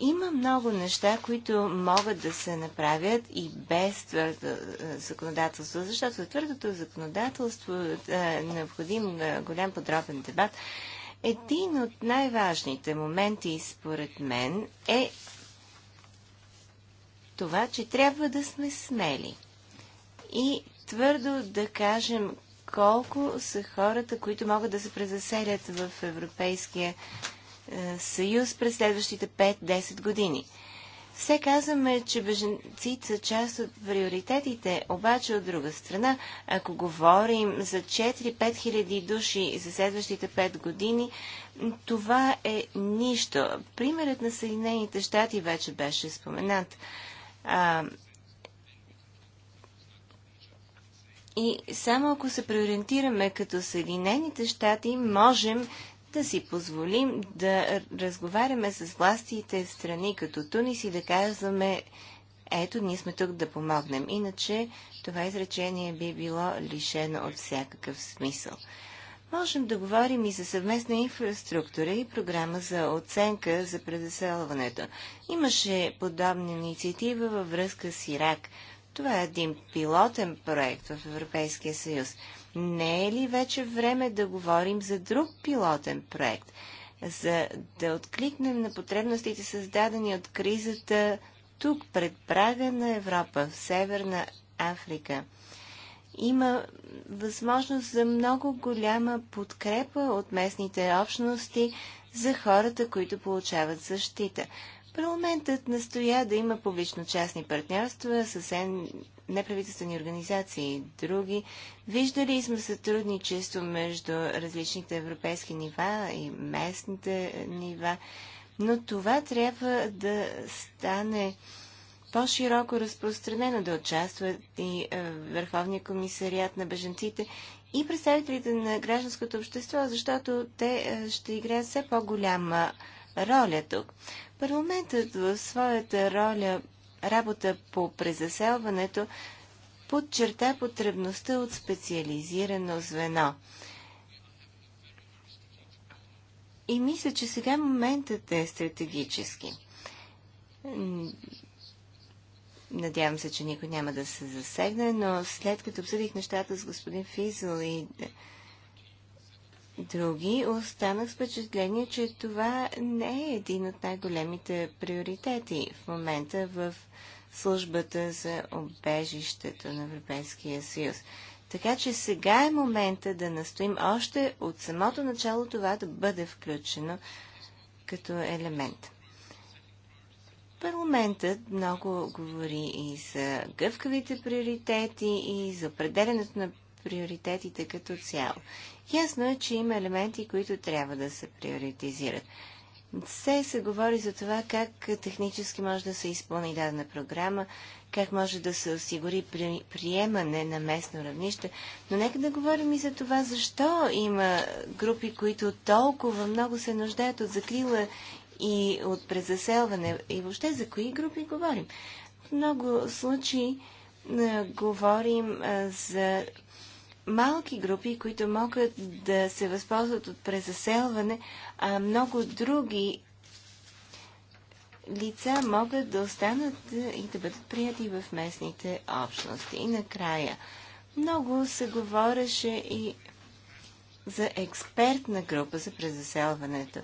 Има много неща, които могат да се направят и без твърдо е, законодателство, защото твърдото законодателство е необходим е, голям подробен дебат. Един от най-важните моменти, според мен, е това, че трябва да сме смели и твърдо да кажем колко са хората, които могат да се презаселят в Европейския е, съюз през следващите 5-10 години. Все казваме, че беженците са част от приоритетите, обаче от друга страна, ако говорим за 4-5 хиляди души за следващите 5 години, това е нищо. Примерът на Съединените щати вече беше споменат. И само ако се преориентираме като Съединените щати, можем да си позволим да разговаряме с властите страни като Тунис и да казваме ето, ние сме тук да помогнем. Иначе това изречение би било лишено от всякакъв смисъл. Можем да говорим и за съвместна инфраструктура и програма за оценка за презаселването. Имаше подобна инициатива във връзка с Ирак – това е един пилотен проект в Европейския съюз. Не е ли вече време да говорим за друг пилотен проект, за да откликнем на потребностите, създадени от кризата тук, пред прага на Европа, в Северна Африка? Има възможност за много голяма подкрепа от местните общности за хората, които получават защита. Парламентът настоя да има публично-частни партньорства с неправителствени организации и други. Виждали сме сътрудничество между различните европейски нива и местните нива, но това трябва да стане по-широко разпространено, да участват и е, Върховния комисариат на беженците и представителите на гражданското общество, защото те е, ще играят все по-голяма роля тук. Парламентът в своята роля, работа по презаселването, подчерта потребността от специализирано звено. И мисля, че сега моментът е стратегически. Надявам се, че никой няма да се засегне, но след като обсъдих нещата с господин Физел и други, останах с впечатление, че това не е един от най-големите приоритети в момента в службата за обежището на Европейския съюз. Така че сега е момента да настоим още от самото начало това да бъде включено като елемент. Парламентът много говори и за гъвкавите приоритети, и за определенето на приоритетите като цяло. Ясно е, че има елементи, които трябва да се приоритизират. Все се говори за това как технически може да се изпълни дадена програма, как може да се осигури при, приемане на местно равнище, но нека да говорим и за това защо има групи, които толкова много се нуждаят от закрила и от презаселване и въобще за кои групи говорим. В много случаи а, говорим а, за малки групи, които могат да се възползват от презаселване, а много други лица могат да останат и да бъдат прияти в местните общности. И накрая, много се говореше и за експертна група за презаселването.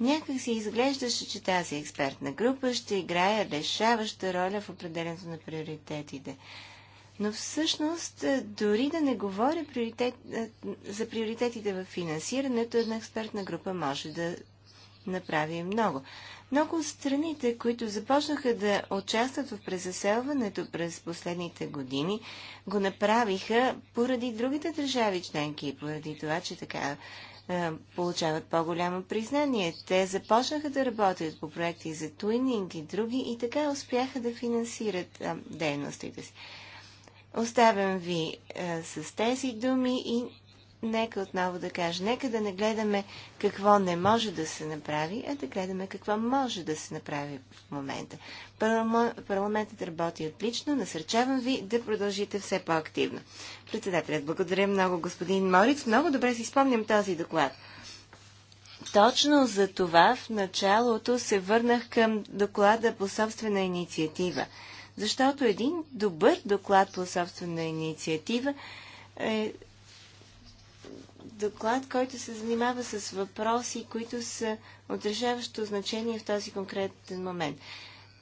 Някак си изглеждаше, че тази експертна група ще играе решаваща роля в определенето на приоритетите. Но всъщност, е, дори да не говоря приоритет, е, за приоритетите в финансирането, една експертна група може да направи много. Много от страните, които започнаха да участват в презаселването през последните години, го направиха поради другите държави членки и поради това, че така е, получават по-голямо признание. Те започнаха да работят по проекти за туининг и други и така успяха да финансират дейностите си. Оставям ви а, е, с тези думи и нека отново да кажа, нека да не гледаме какво не може да се направи, а да гледаме какво може да се направи в момента. Парламентът работи отлично, насърчавам ви да продължите все по-активно. Председателят, благодаря много господин Мориц, много добре си спомням този доклад. Точно за това в началото се върнах към доклада по собствена инициатива – защото един добър доклад по собствена инициатива е доклад, който се занимава с въпроси, които са от решаващо значение в този конкретен момент.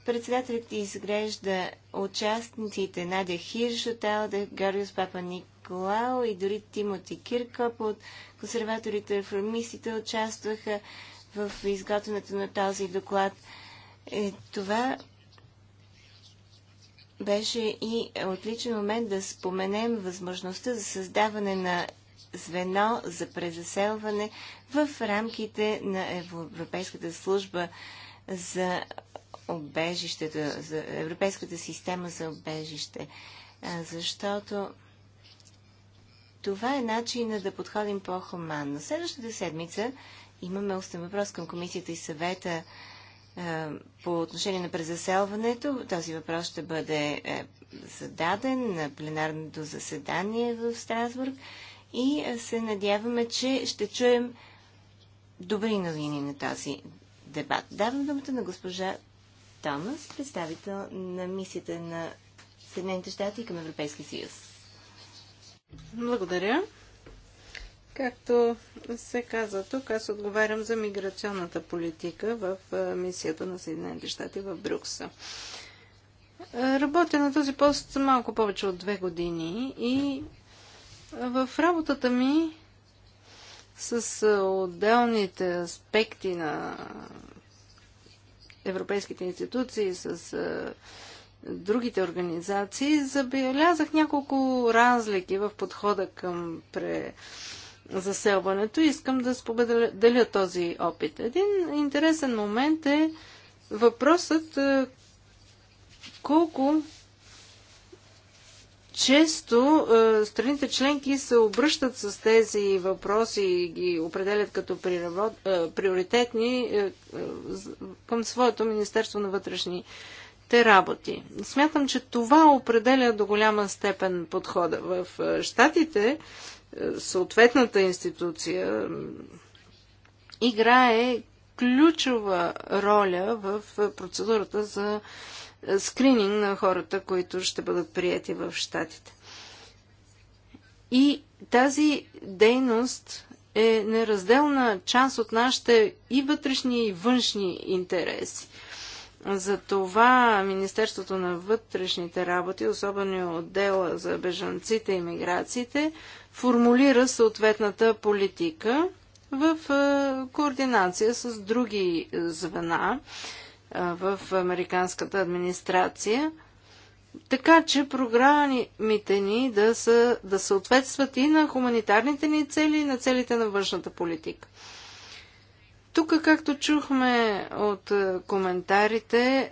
Председателят изглежда участниците Надя Хирш от Алде, Гариус Папа Николао и дори Тимоти Киркоп от консерваторите реформистите участваха в изготвянето на този доклад. Е, това беше и отличен момент да споменем възможността за създаване на звено за презаселване в рамките на Европейската служба за обежището, за Европейската система за обежище. Защото това е начина да подходим по-хуманно. Следващата седмица имаме устен въпрос към комисията и съвета е, по отношение на презаселването, този въпрос ще бъде е, зададен на пленарното заседание в Страсбург и е, се надяваме, че ще чуем добри новини на този дебат. Давам думата на госпожа Томас, представител на мисията на Съединените щати към Европейския съюз. Благодаря. Както се казва тук, аз отговарям за миграционната политика в мисията на Съединените щати в Брюксел. Работя на този пост малко повече от две години и в работата ми с отделните аспекти на европейските институции, с другите организации, забелязах няколко разлики в подхода към пре заселването. Искам да споделя този опит. Един интересен момент е въпросът е, колко често е, страните членки се обръщат с тези въпроси и ги определят като е, приоритетни към своето Министерство на вътрешните работи. Смятам, че това определя до голяма степен подхода. В Штатите съответната институция играе ключова роля в процедурата за скрининг на хората, които ще бъдат прияти в щатите. И тази дейност е неразделна част от нашите и вътрешни, и външни интереси. Затова Министерството на вътрешните работи, особено отдела за бежанците и миграциите, формулира съответната политика в е, координация с други е, звена е, в американската администрация, така че програмите ни да, са, да съответстват и на хуманитарните ни цели, и на целите на външната политика. Тук, както чухме от коментарите,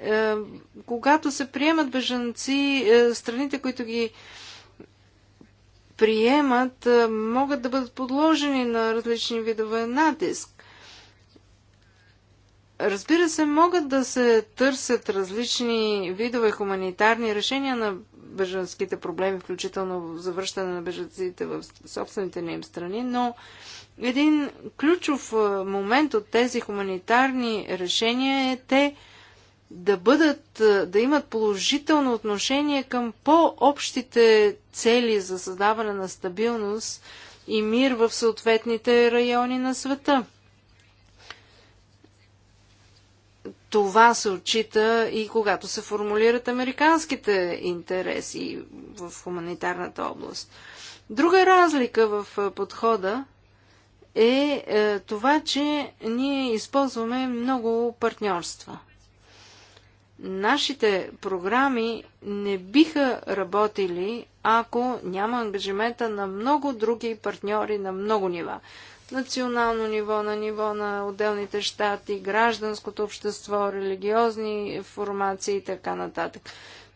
когато се приемат бежанци, страните, които ги приемат, могат да бъдат подложени на различни видове натиск. Разбира се, могат да се търсят различни видове хуманитарни решения на бежанските проблеми, включително завръщане на бежанците в собствените им страни, но един ключов момент от тези хуманитарни решения е те да бъдат, да имат положително отношение към по-общите цели за създаване на стабилност и мир в съответните райони на света. Това се отчита и когато се формулират американските интереси в хуманитарната област. Друга разлика в подхода е, е това, че ние използваме много партньорства – Нашите програми не биха работили, ако няма ангажимента на много други партньори на много нива. Национално ниво, на ниво на отделните щати, гражданското общество, религиозни формации и така нататък.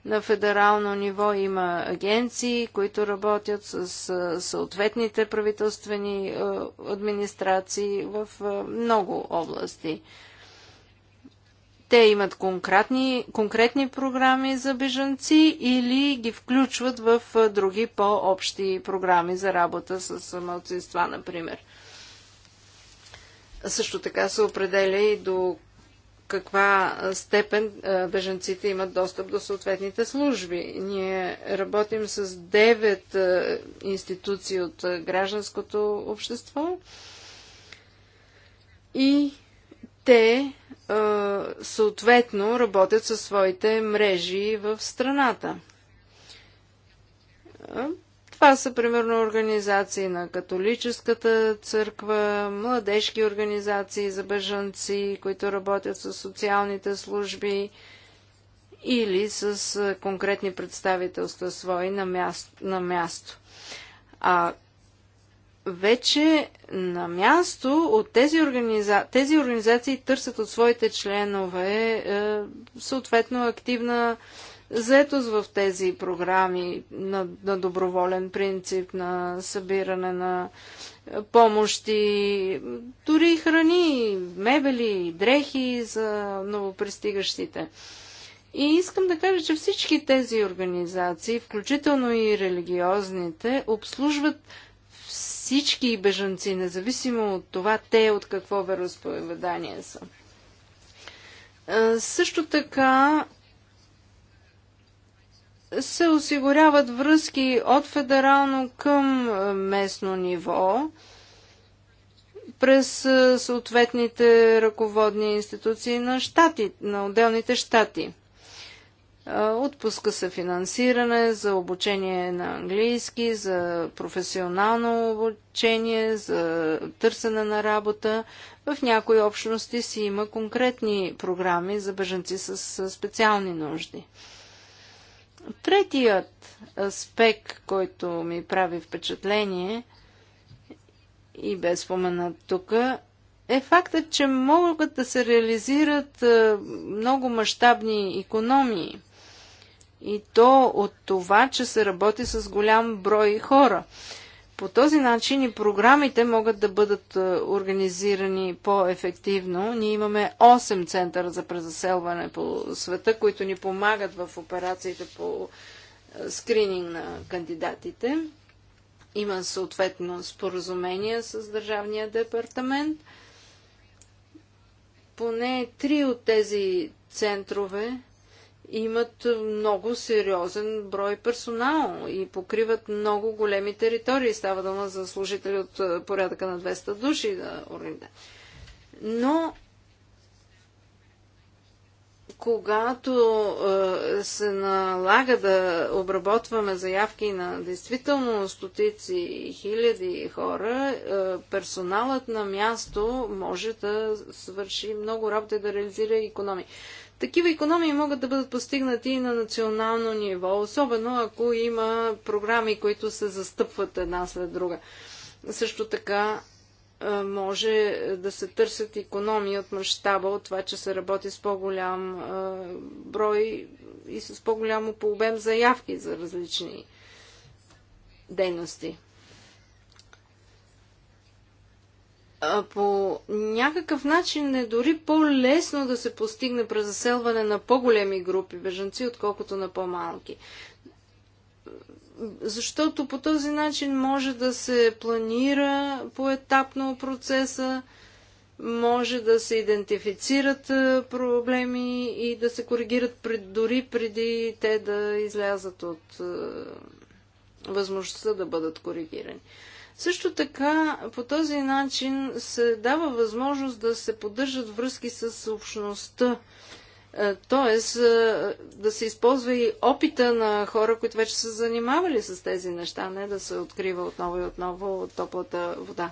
На федерално ниво има агенции, които работят с съответните правителствени е, администрации в е, много области. Те имат конкретни, конкретни програми за бежанци или ги включват в други по-общи програми за работа с младсинства, например. Също така се определя и до каква степен беженците имат достъп до съответните служби. Ние работим с 9 институции от гражданското общество и те съответно работят със своите мрежи в страната. Това са примерно организации на католическата църква, младежки организации за бежанци, които работят с социалните служби или с конкретни представителства свои на място. На място. А вече на място от тези, организа... тези организации търсят от своите членове е, съответно активна заетост в тези програми на, на доброволен принцип, на събиране на е, помощи, дори храни, мебели, дрехи за новопристигащите. И искам да кажа, че всички тези организации, включително и религиозните, обслужват всички бежанци, независимо от това те от какво вероисповедание са. Също така се осигуряват връзки от федерално към местно ниво през съответните ръководни институции на, щати, на отделните щати. Отпуска се финансиране за обучение на английски, за професионално обучение, за търсене на работа. В някои общности си има конкретни програми за бъженци с специални нужди. Третият аспект, който ми прави впечатление и бе споменат тук, е фактът, че могат да се реализират много мащабни економии. И то от това, че се работи с голям брой хора. По този начин и програмите могат да бъдат е, организирани по-ефективно. Ние имаме 8 центъра за презаселване по света, които ни помагат в операциите по е, скрининг на кандидатите. Има съответно споразумение с Държавния департамент. Поне три от тези центрове имат много сериозен брой персонал и покриват много големи територии. Става дума за служители от е, порядъка на 200 души. Но когато е, се налага да обработваме заявки на действително стотици и хиляди хора, е, персоналът на място може да свърши много работа и да реализира економии. Такива економии могат да бъдат постигнати и на национално ниво, особено ако има програми, които се застъпват една след друга. Също така може да се търсят економии от мащаба, от това, че се работи с по-голям брой и с по-голямо по обем заявки за различни дейности. по някакъв начин е дори по-лесно да се постигне през заселване на по-големи групи бежанци, отколкото на по-малки. Защото по този начин може да се планира поетапно процеса, може да се идентифицират проблеми и да се коригират пред, дори преди те да излязат от възможността да бъдат коригирани. Също така, по този начин се дава възможност да се поддържат връзки с общността, т.е. Е, да се използва и опита на хора, които вече са занимавали с тези неща, не да се открива отново и отново от топлата вода.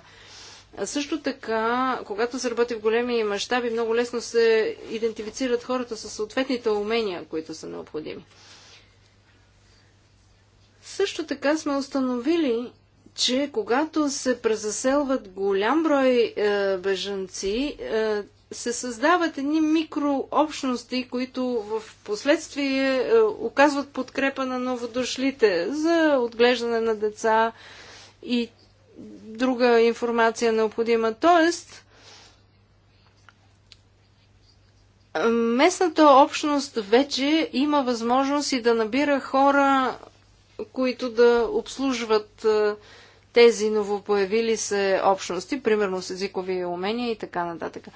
А също така, когато се работи в големи мащаби, много лесно се идентифицират хората с съответните умения, които са необходими. Също така сме установили, че когато се презаселват голям брой е, бежанци, е, се създават едни микрообщности, които в последствие е, оказват подкрепа на новодошлите за отглеждане на деца и друга информация необходима. Тоест, местната общност вече има възможност и да набира хора, които да обслужват е, тези новопоявили се общности, примерно с езикови умения и така нататък.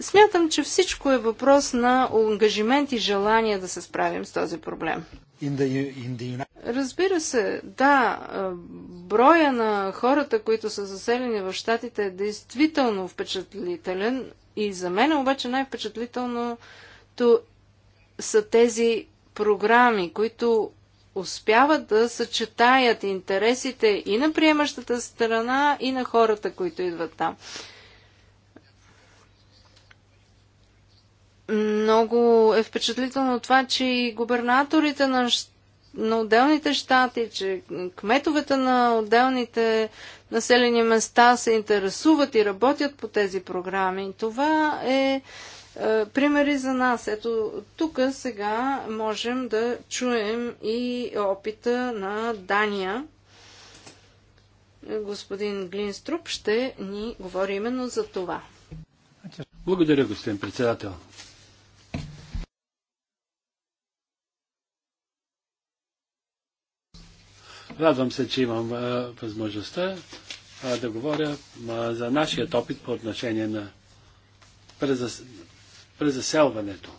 Смятам, че всичко е въпрос на ангажимент и желание да се справим с този проблем. Разбира се, да, е, броя на хората, които са заселени в щатите е действително впечатлителен и за мен обаче най-впечатлителното са тези програми, които успяват да съчетаят интересите и на приемащата страна, и на хората, които идват там. Много е впечатлително това, че и губернаторите на, на отделните щати, че кметовете на отделните населени места се интересуват и работят по тези програми. Това е е, примери за нас. Ето тук сега можем да чуем и опита на Дания. Господин Глинструп ще ни говори именно за това. Благодаря, господин председател. Радвам се, че имам а, е, възможността а, е, да говоря а, за нашият опит по отношение на презас презаселването.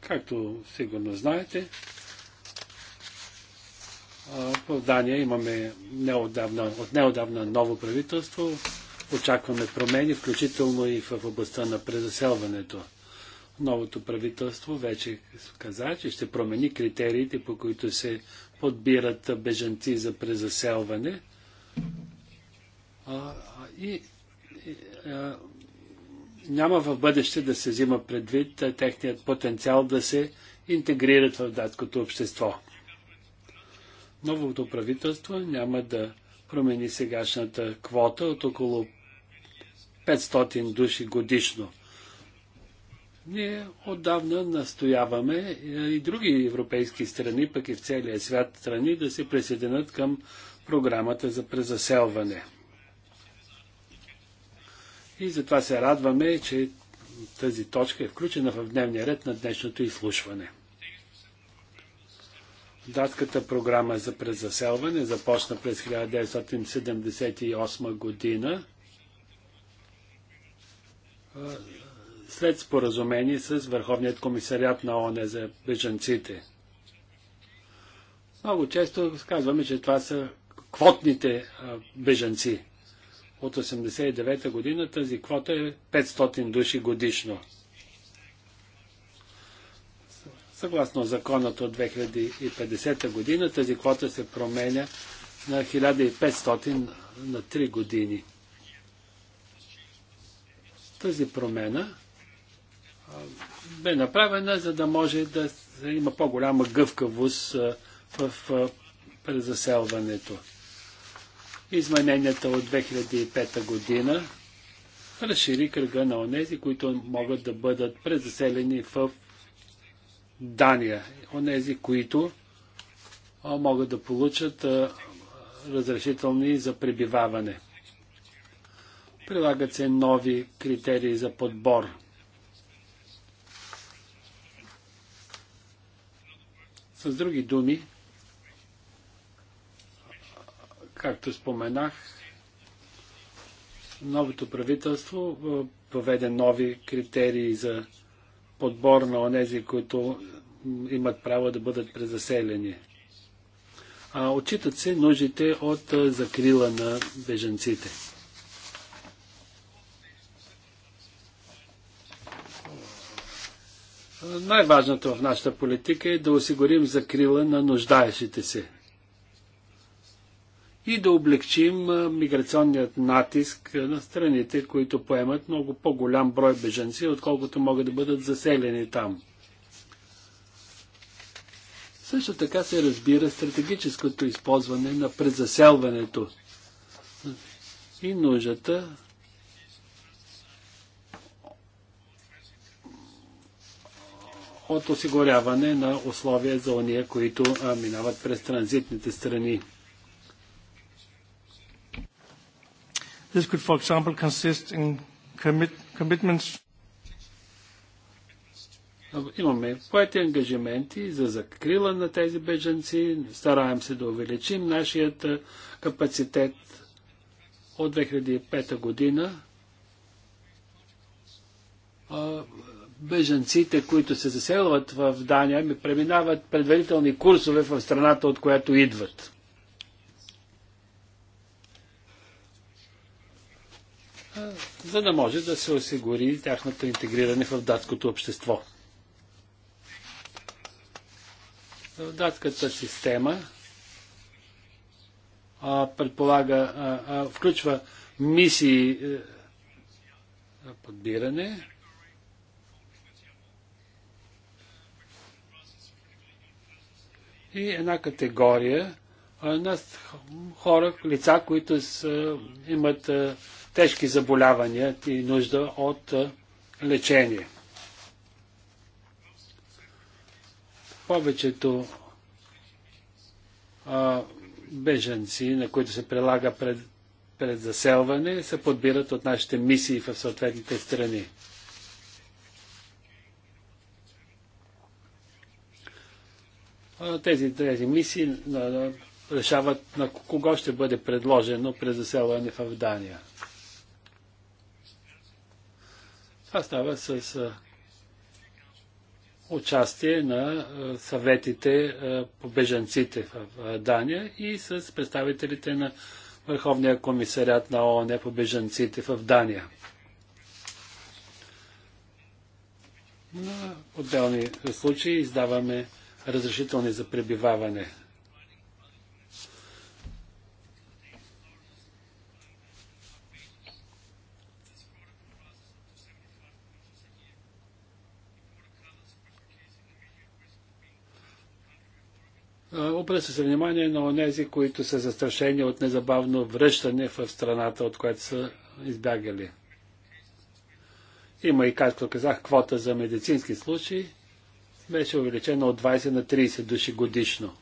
Както сигурно знаете, в Дания имаме неодавна, от неодавна ново правителство. Очакваме промени, включително и в областта на презаселването новото правителство вече каза, че ще промени критериите, по които се подбират бежанци за презаселване. А, и, и а, няма в бъдеще да се взима предвид а, техният потенциал да се интегрират в датското общество. Новото правителство няма да промени сегашната квота от около 500 души годишно – ние отдавна настояваме е, и други европейски страни, пък и в целия свят страни, да се присъединят към програмата за презаселване. И затова се радваме, че тази точка е включена в дневния ред на днешното изслушване. Датската програма за презаселване започна през 1978 година след споразумение с Върховният комисарят на ОНЕ за бежанците. Много често казваме, че това са квотните бежанци. От 1989 година тази квота е 500 души годишно. Съгласно законът от 2050 година тази квота се променя на 1500 на 3 години. Тази промена бе направена, за да може да има по-голяма гъвкавост в презаселването. Измененията от 2005 година разшири кръга на онези, които могат да бъдат презаселени в Дания. Онези, които могат да получат разрешителни за пребиваване. Прилагат се нови критерии за подбор С други думи, както споменах, новото правителство въведе нови критерии за подбор на онези, които имат право да бъдат презаселени. А, отчитат се нуждите от закрила на беженците. Най-важното в нашата политика е да осигурим закрила на нуждаещите се и да облегчим миграционният натиск на страните, които поемат много по-голям брой беженци, отколкото могат да бъдат заселени там. Също така се разбира стратегическото използване на презаселването и нуждата от осигуряване на условия за ония, които а, минават през транзитните страни. This could, for example, consist in commit, commitments Имаме поети ангажименти за закрила на тези беженци. Стараем се да увеличим нашият капацитет от 2005 година бежанците, които се заселват в Дания, ми преминават предварителни курсове в страната, от която идват. За да може да се осигури тяхното интегриране в датското общество. В датската система а, предполага, а, а, включва мисии а, е, подбиране, и една категория на хора, лица, които са, имат тежки заболявания и нужда от лечение. Повечето а, беженци, на които се прилага пред, пред заселване, се подбират от нашите мисии в съответните страни. Тези тези мисии решават на кого ще бъде предложено през заселване в Дания. Това става с участие на съветите по бежанците в Дания и с представителите на Върховния комисарят на ООН по бежанците в Дания. На отделни случаи издаваме разрешителни за пребиваване. Обръща се внимание на онези, които са застрашени от незабавно връщане в страната, от която са избягали. Има и, както казах, квота за медицински случаи – беше увеличена от 20 на 30 души годишно.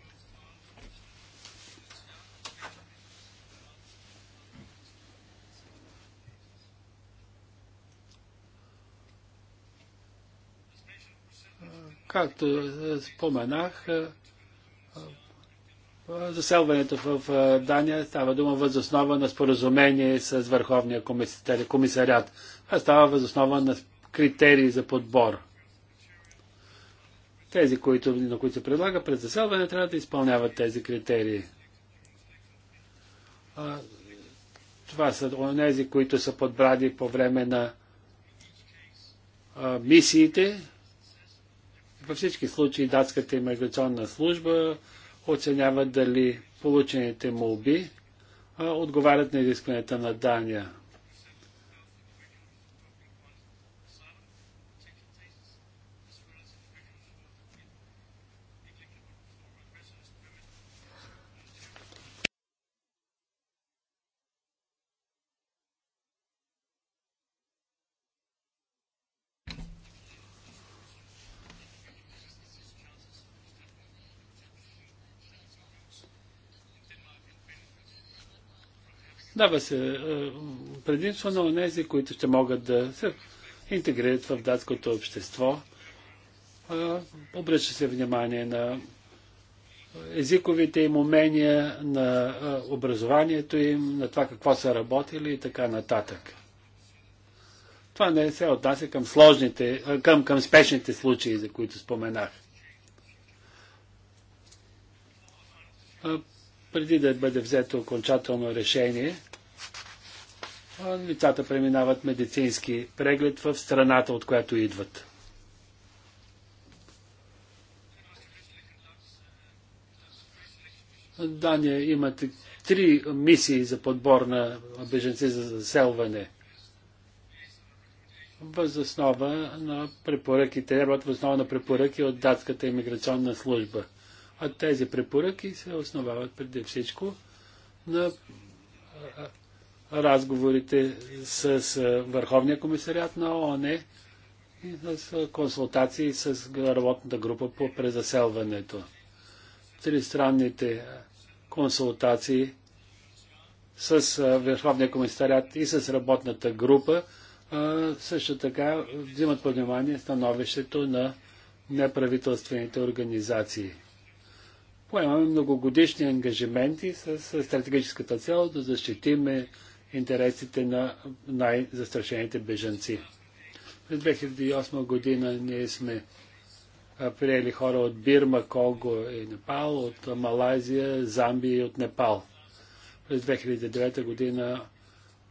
Както е, споменах, е, е, заселването в Дания става дума възоснова на споразумение с Върховния комисариат. А става възоснова на критерии за подбор. Тези, които, на които се предлага през заселване, трябва да изпълняват тези критерии. А, това са тези, които са подбрани по време на а, мисиите. Във всички случаи датската иммиграционна служба оценява дали получените молби а, отговарят на изискванията на Дания. Дава се е, предимство на тези, които ще могат да се интегрират в датското общество. Е, обръща се внимание на езиковите им умения, на е, образованието им, на това какво са работили и така нататък. Това не се отнася към сложните, към, към спешните случаи, за които споменах. преди да бъде взето окончателно решение, лицата преминават медицински преглед в страната, от която идват. Дания има три мисии за подбор на беженци за заселване. Възоснова на препоръките, работят възоснова на препоръки от датската иммиграционна служба. А тези препоръки се основават преди всичко на разговорите с Върховния комисариат на ООН и с консултации с работната група по презаселването. Тристранните консултации с Върховния комисариат и с работната група също така взимат под внимание становището на неправителствените организации. Поемаме многогодишни ангажименти с стратегическата цел да защитиме интересите на най-застрашените бежанци. През 2008 година ние сме приели хора от Бирма, Конго и Непал, от Малайзия, Замбия и от Непал. През 2009 година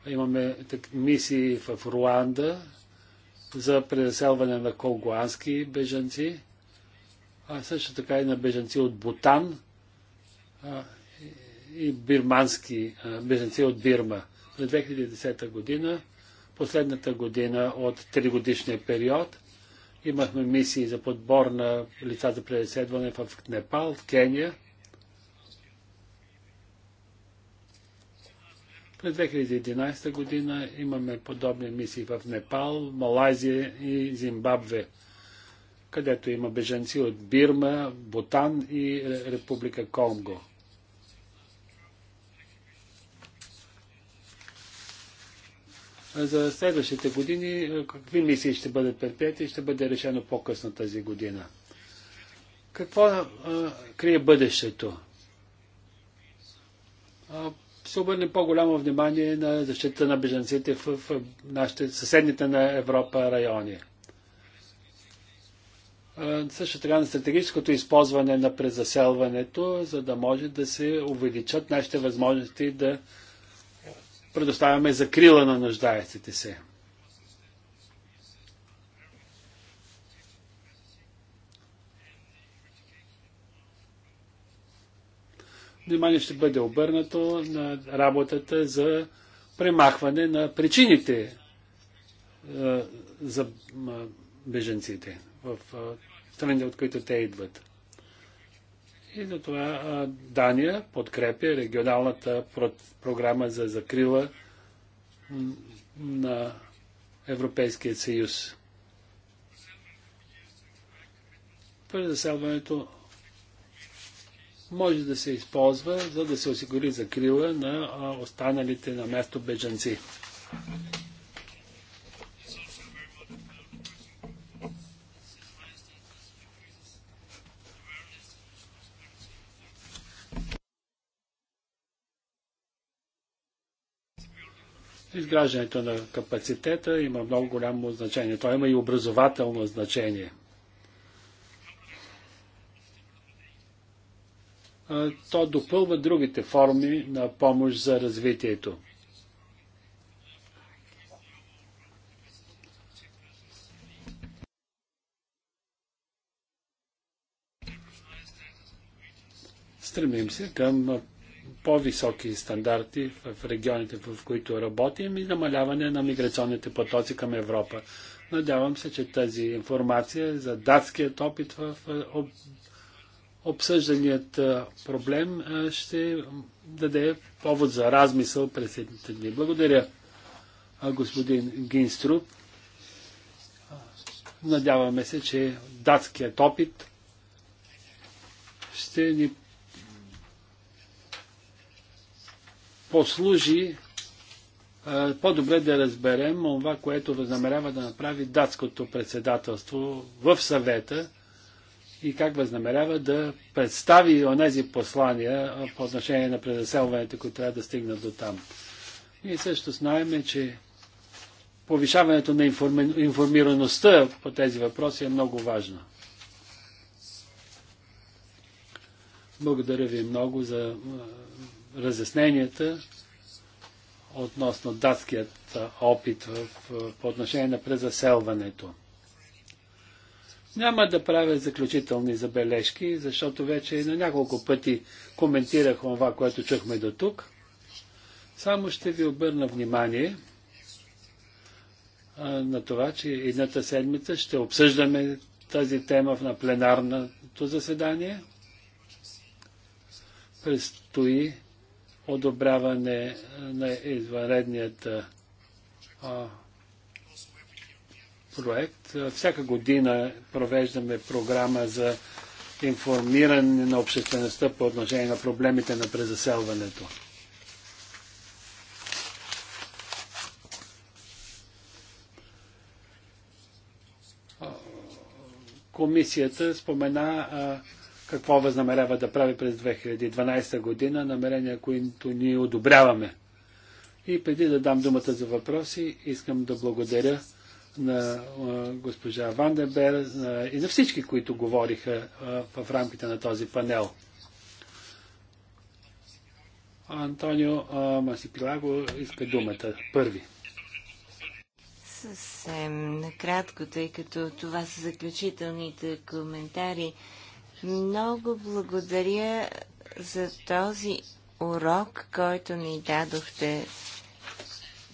имаме мисии в Руанда за преселване на колгоански бежанци, а също така и на бежанци от Бутан а, и бирмански а, бежанци от Бирма за 2010 година, последната година от 3-годишния период. Имахме мисии за подбор на лица за преследване в Непал, в Кения. През 2011 година имаме подобни мисии в Непал, Малайзия и Зимбабве, където има беженци от Бирма, Бутан и Република Конго. за следващите години, какви мисии ще бъдат предприяти, ще бъде решено по-късно тази година. Какво а, крие бъдещето? А, се обърне по-голямо внимание на защита на беженците в, в нашите съседните на Европа райони. А, също така на стратегическото използване на презаселването, за да може да се увеличат нашите възможности да предоставяме закрила на нуждаещите се. Внимание ще бъде обърнато на работата за премахване на причините е, за беженците в е, страните, от които те идват. И за това Дания подкрепя регионалната програма за закрила на Европейския съюз. Презаселването може да се използва, за да се осигури закрила на останалите на място бежанци. изграждането на капацитета има много голямо значение. Той има и образователно значение. То допълва другите форми на помощ за развитието. Стремим се към по-високи стандарти в регионите, в които работим и намаляване на миграционните потоци към Европа. Надявам се, че тази информация за датският опит в обсъжданият проблем ще даде повод за размисъл през следните дни. Благодаря, господин Гинструп. Надяваме се, че датският опит ще ни послужи е, по-добре да разберем това, което възнамерява да направи датското председателство в съвета и как възнамерява да представи онези послания по отношение на презаселването, които трябва да стигнат до там. Ние също знаем, че повишаването на информи... информираността по тези въпроси е много важно. Благодаря ви много за разясненията относно датският опит в, по отношение на презаселването. Няма да правя заключителни забележки, защото вече на няколко пъти коментирах това, което чухме до тук. Само ще ви обърна внимание а, на това, че едната седмица ще обсъждаме тази тема на пленарното заседание. Предстои одобряване на извънредният а, проект. Всяка година провеждаме програма за информиране на обществеността по отношение на проблемите на презаселването. Комисията спомена а, какво възнамерява да прави през 2012 година, намерения, които ние одобряваме. И преди да дам думата за въпроси, искам да благодаря на госпожа Вандебер и на всички, които говориха в рамките на този панел. Антонио Масипилаго иска думата първи. Съвсем накратко, тъй като това са заключителните коментари. Много благодаря за този урок, който ни дадохте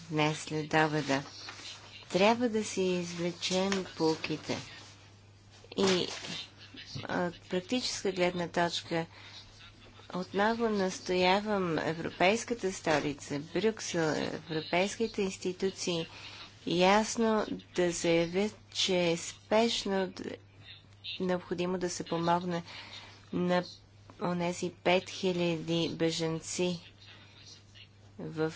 днес след обеда. Трябва да си извлечем полките. И от практическа гледна точка отново настоявам Европейската столица, Брюксел, европейските институции ясно да заявят, че е спешно необходимо да се помогне на онези 5000 беженци в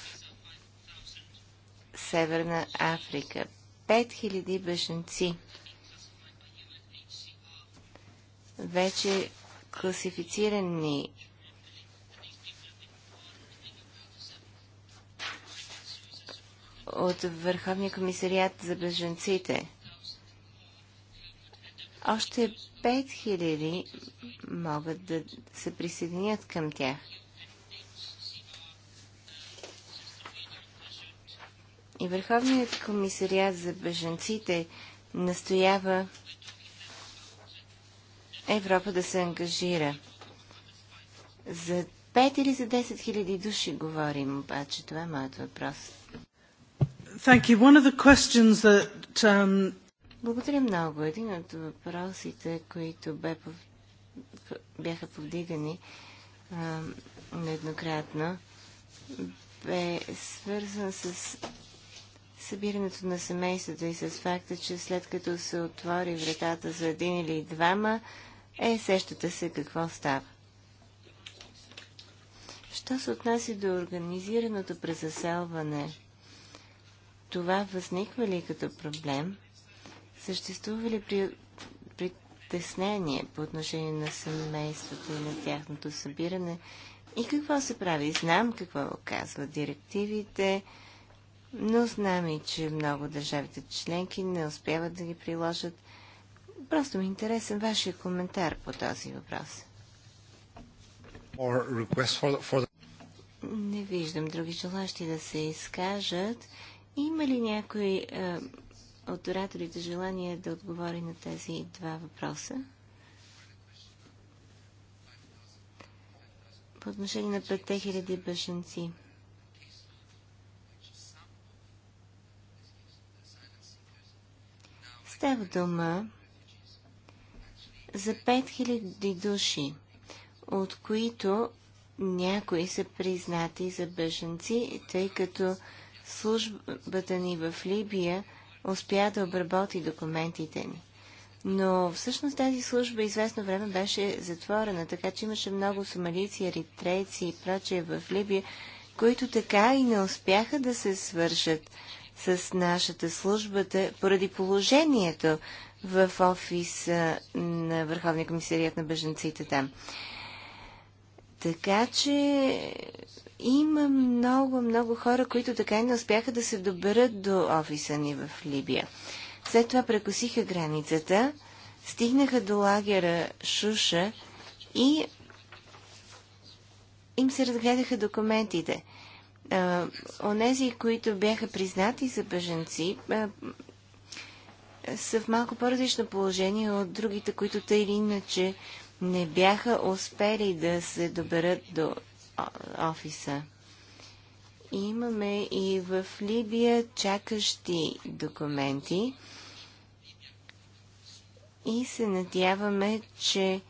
Северна Африка. 5000 беженци вече класифицирани от Върховния комисариат за беженците – още 5000 могат да се присъединят към тях. И Върховният комисариат за беженците настоява Европа да се ангажира. За 5 или за 10 хиляди души говорим, обаче това е моят въпрос. Thank you. One of the questions that um, благодаря много. Един от въпросите, които бе, бяха повдигани а, нееднократно, бе свързан с събирането на семейството и с факта, че след като се отвори вратата за един или двама, е, сещате се какво става. Що се отнася до организираното презаселване, това възниква ли като проблем – Съществува ли при притеснение по отношение на семейството и на тяхното събиране? И какво се прави? Знам какво казват директивите, но знам и, че много държавите членки не успяват да ги приложат. Просто ми е интересен вашия коментар по този въпрос. Не виждам други желащи да се изкажат. Има ли някой е, от ораторите желание да отговори на тези два въпроса? По отношение на 5000 бежанци. Става дума за 5000 души, от които някои са признати за бежанци, тъй като службата ни в Либия – успя да обработи документите ни. Но всъщност тази служба известно време беше затворена, така че имаше много сомалийци, еритрейци и прочие в Либия, които така и не успяха да се свършат с нашата служба поради положението в офиса на Върховния комисарият на беженците там. Така че има много, много хора, които така и не успяха да се доберат до офиса ни в Либия. След това прекосиха границата, стигнаха до лагера Шуша и им се разгледаха документите. онези, които бяха признати за беженци, са в малко по-различно положение от другите, които тъй или иначе не бяха успели да се доберат до офиса. Имаме и в Либия чакащи документи и се надяваме, че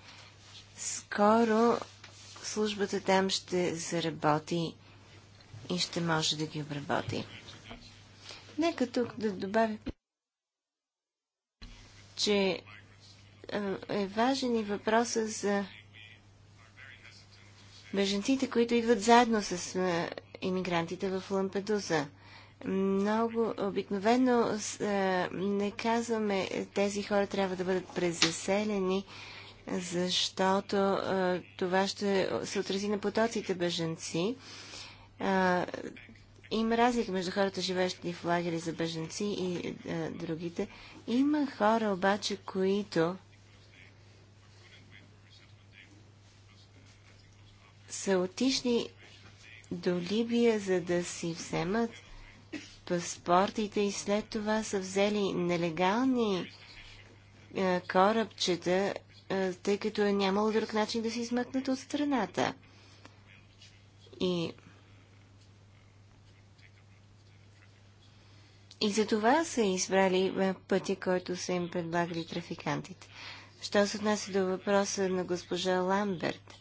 скоро службата там ще заработи и ще може да ги обработи. Нека тук да добавя, че е, е важен и въпроса за беженците, които идват заедно с е, иммигрантите в Лампедуза. Много обикновено е, не казваме, е, тези хора трябва да бъдат презаселени, защото това ще се отрази на потоците беженци. Има разлика между хората, живеещи в лагери за беженци и другите. Има хора обаче, които са отишли до Либия, за да си вземат паспортите и след това са взели нелегални е, корабчета, е, тъй като е нямало друг начин да се измъкнат от страната. И И за това са избрали е, пътя, който са им предлагали трафикантите. Що се отнася до въпроса на госпожа Ламберт?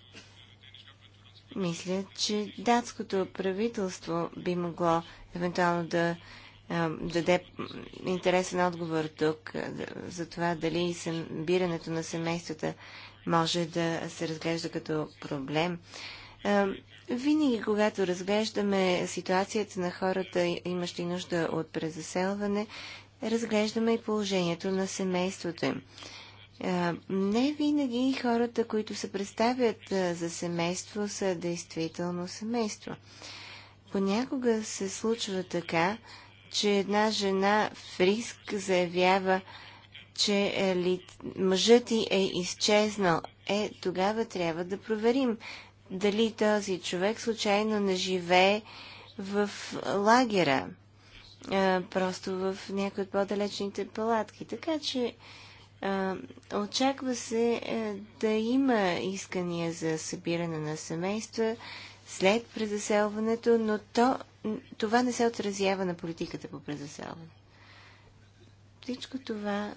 Мисля, че датското правителство би могло евентуално да даде интересен отговор тук за това дали събирането на семействата може да се разглежда като проблем. Винаги, когато разглеждаме ситуацията на хората, имащи нужда от презаселване, разглеждаме и положението на семейството им. Е, не винаги хората, които се представят е, за семейство, са действително семейство. Понякога се случва така, че една жена в риск заявява, че е ли... мъжът ти е изчезнал. Е, тогава трябва да проверим дали този човек случайно не живее в е, лагера, просто в някои от по-далечните палатки. Така че Очаква се е, да има искания за събиране на семейства след презаселването, но то, това не се отразява на политиката по презаселване. Всичко това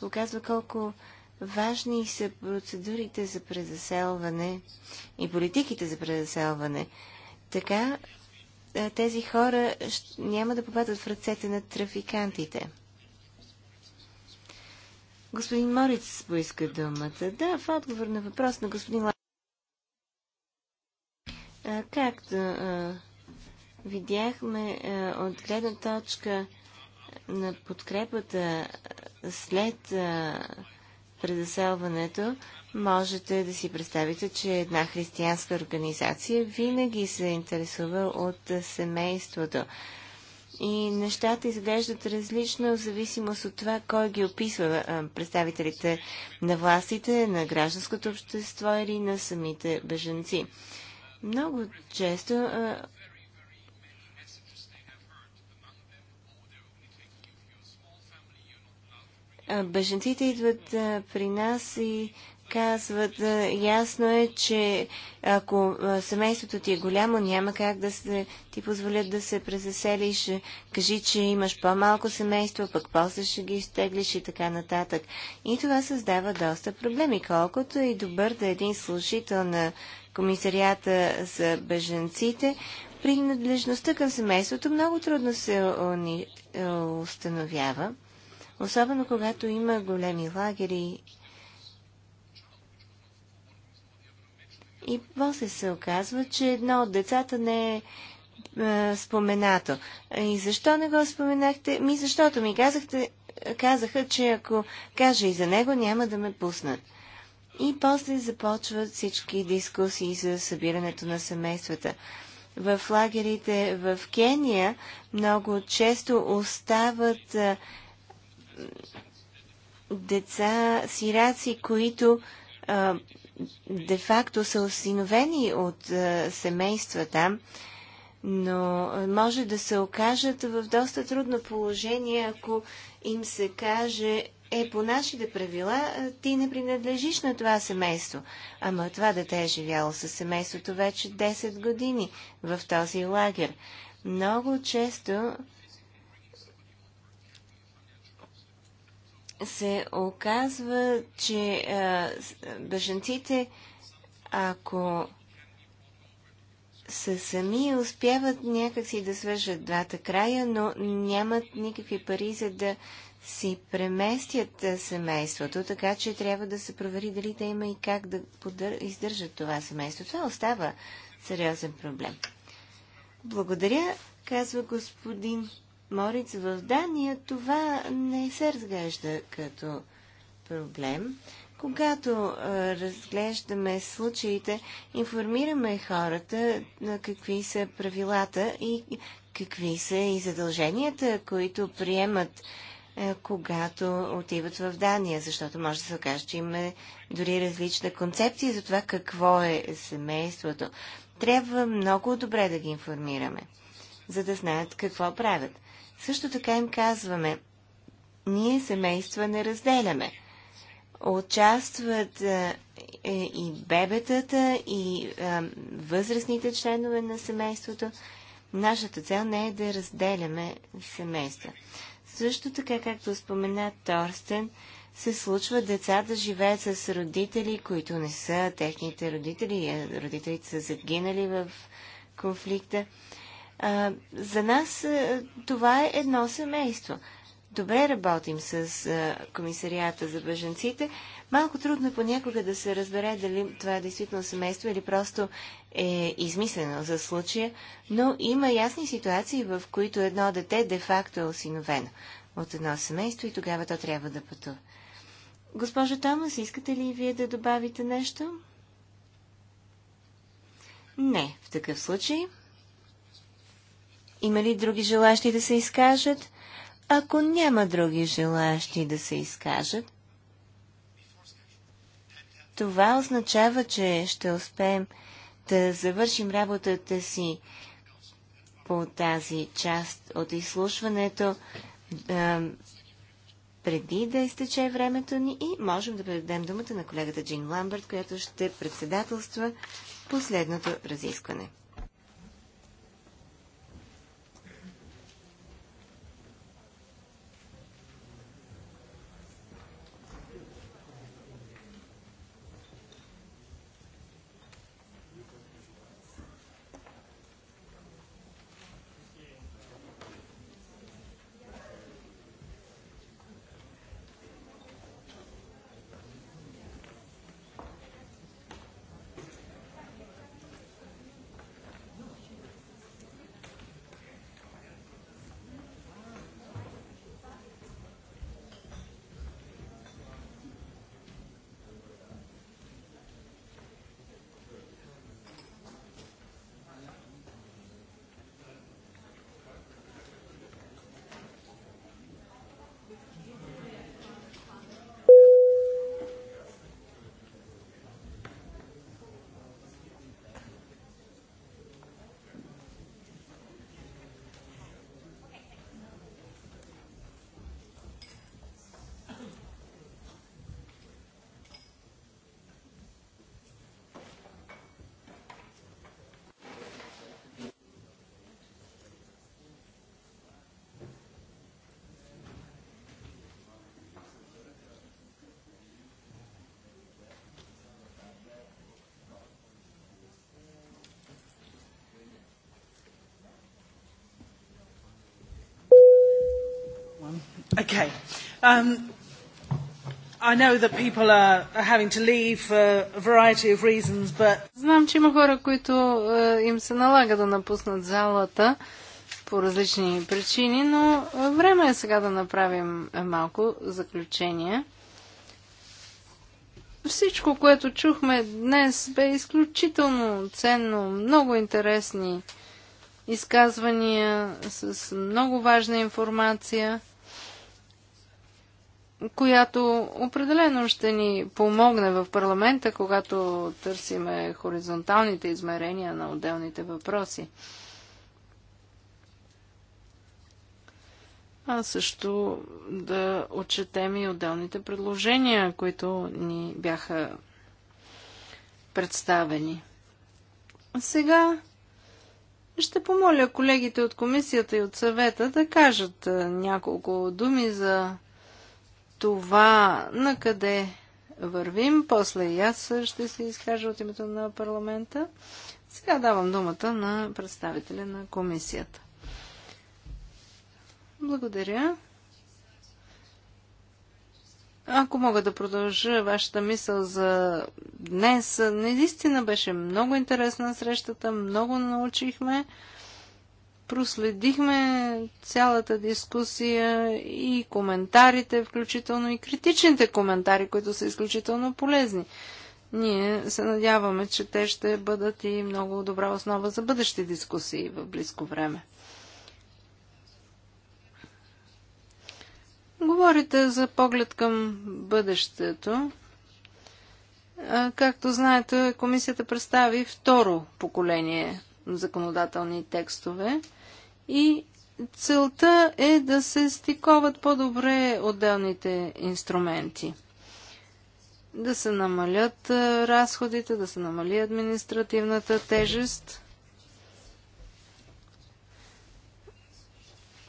показва колко важни са процедурите за презаселване и политиките за презаселване. Така е, тези хора няма да попадат в ръцете на трафикантите – Господин Морец, поиска думата. Да, в отговор на въпрос на господин Ла... Както а, видяхме а, от гледна точка на подкрепата след а, можете да си представите, че една християнска организация винаги се интересува от семейството. И нещата изглеждат различно в зависимост от това, кой ги описва представителите на властите, на гражданското общество или на самите беженци. Много често а, а, беженците идват а, при нас и казват ясно е, че ако семейството ти е голямо, няма как да се, ти позволят да се презаселиш. Кажи, че имаш по-малко семейство, пък после ще ги изтеглиш и така нататък. И това създава доста проблеми. Колкото и добър да е един служител на комисарията за беженците, принадлежността към семейството много трудно се е, установява. Особено когато има големи лагери И после се оказва, че едно от децата не е, е споменато. И защо не го споменахте? Ми защото ми казахте, казаха, че ако кажа и за него, няма да ме пуснат. И после започват всички дискусии за събирането на семействата. В лагерите в Кения много често остават е, деца, сираци, които е, де-факто са осиновени от а, е, семейства там, но може да се окажат в доста трудно положение, ако им се каже е, по нашите правила е, ти не принадлежиш на това семейство. Ама това дете е живяло със семейството вече 10 години в този лагер. Много често се оказва, че а, бежанците, ако са сами, успяват някакси да свържат двата края, но нямат никакви пари за да си преместят семейството, така че трябва да се провери дали те има и как да подър... издържат това семейство. Това остава сериозен проблем. Благодаря, казва господин Мориц в Дания, това не се разглежда като проблем. Когато а, разглеждаме случаите, информираме хората на какви са правилата и какви са и задълженията, които приемат а, когато отиват в Дания, защото може да се окаже, че има дори различна концепция за това какво е семейството. Трябва много добре да ги информираме, за да знаят какво правят. Също така им казваме, ние семейства не разделяме. Участват е, и бебетата, и възрастните членове на семейството. Нашата цел не е да разделяме семейства. Също така, както спомена Торстен, се случва деца да живеят с родители, които не са техните родители, родителите са загинали в конфликта. А, за нас а, това е едно семейство. Добре работим с а, комисарията за бъженците. Малко трудно е понякога да се разбере дали това е действително семейство или просто е измислено за случая, но има ясни ситуации, в които едно дете де-факто е осиновено от едно семейство и тогава то трябва да пътува. Госпожо Томас, искате ли вие да добавите нещо? Не, в такъв случай има ли други желащи да се изкажат? Ако няма други желащи да се изкажат, това означава, че ще успеем да завършим работата си по тази част от изслушването а, преди да изтече времето ни и можем да предадем думата на колегата Джин Ламберт, която ще председателства последното разискване. Okay. Um, I know that people are, are having to leave for a variety of reasons, but... Знам, че има хора, които е, им се налага да напуснат залата по различни причини, но е, време е сега да направим е, малко заключение. Всичко, което чухме днес, бе изключително ценно, много интересни изказвания с много важна информация – която определено ще ни помогне в парламента, когато търсиме хоризонталните измерения на отделните въпроси. а също да отчетем и отделните предложения, които ни бяха представени. Сега ще помоля колегите от комисията и от съвета да кажат няколко думи за това на къде вървим. После и аз ще се изкажа от името на парламента. Сега давам думата на представителя на комисията. Благодаря. Ако мога да продължа вашата мисъл за днес, наистина беше много интересна срещата, много научихме проследихме цялата дискусия и коментарите, включително и критичните коментари, които са изключително полезни. Ние се надяваме, че те ще бъдат и много добра основа за бъдещи дискусии в близко време. Говорите за поглед към бъдещето. Както знаете, комисията представи второ поколение законодателни текстове и целта е да се стиковат по-добре отделните инструменти. Да се намалят разходите, да се намали административната тежест.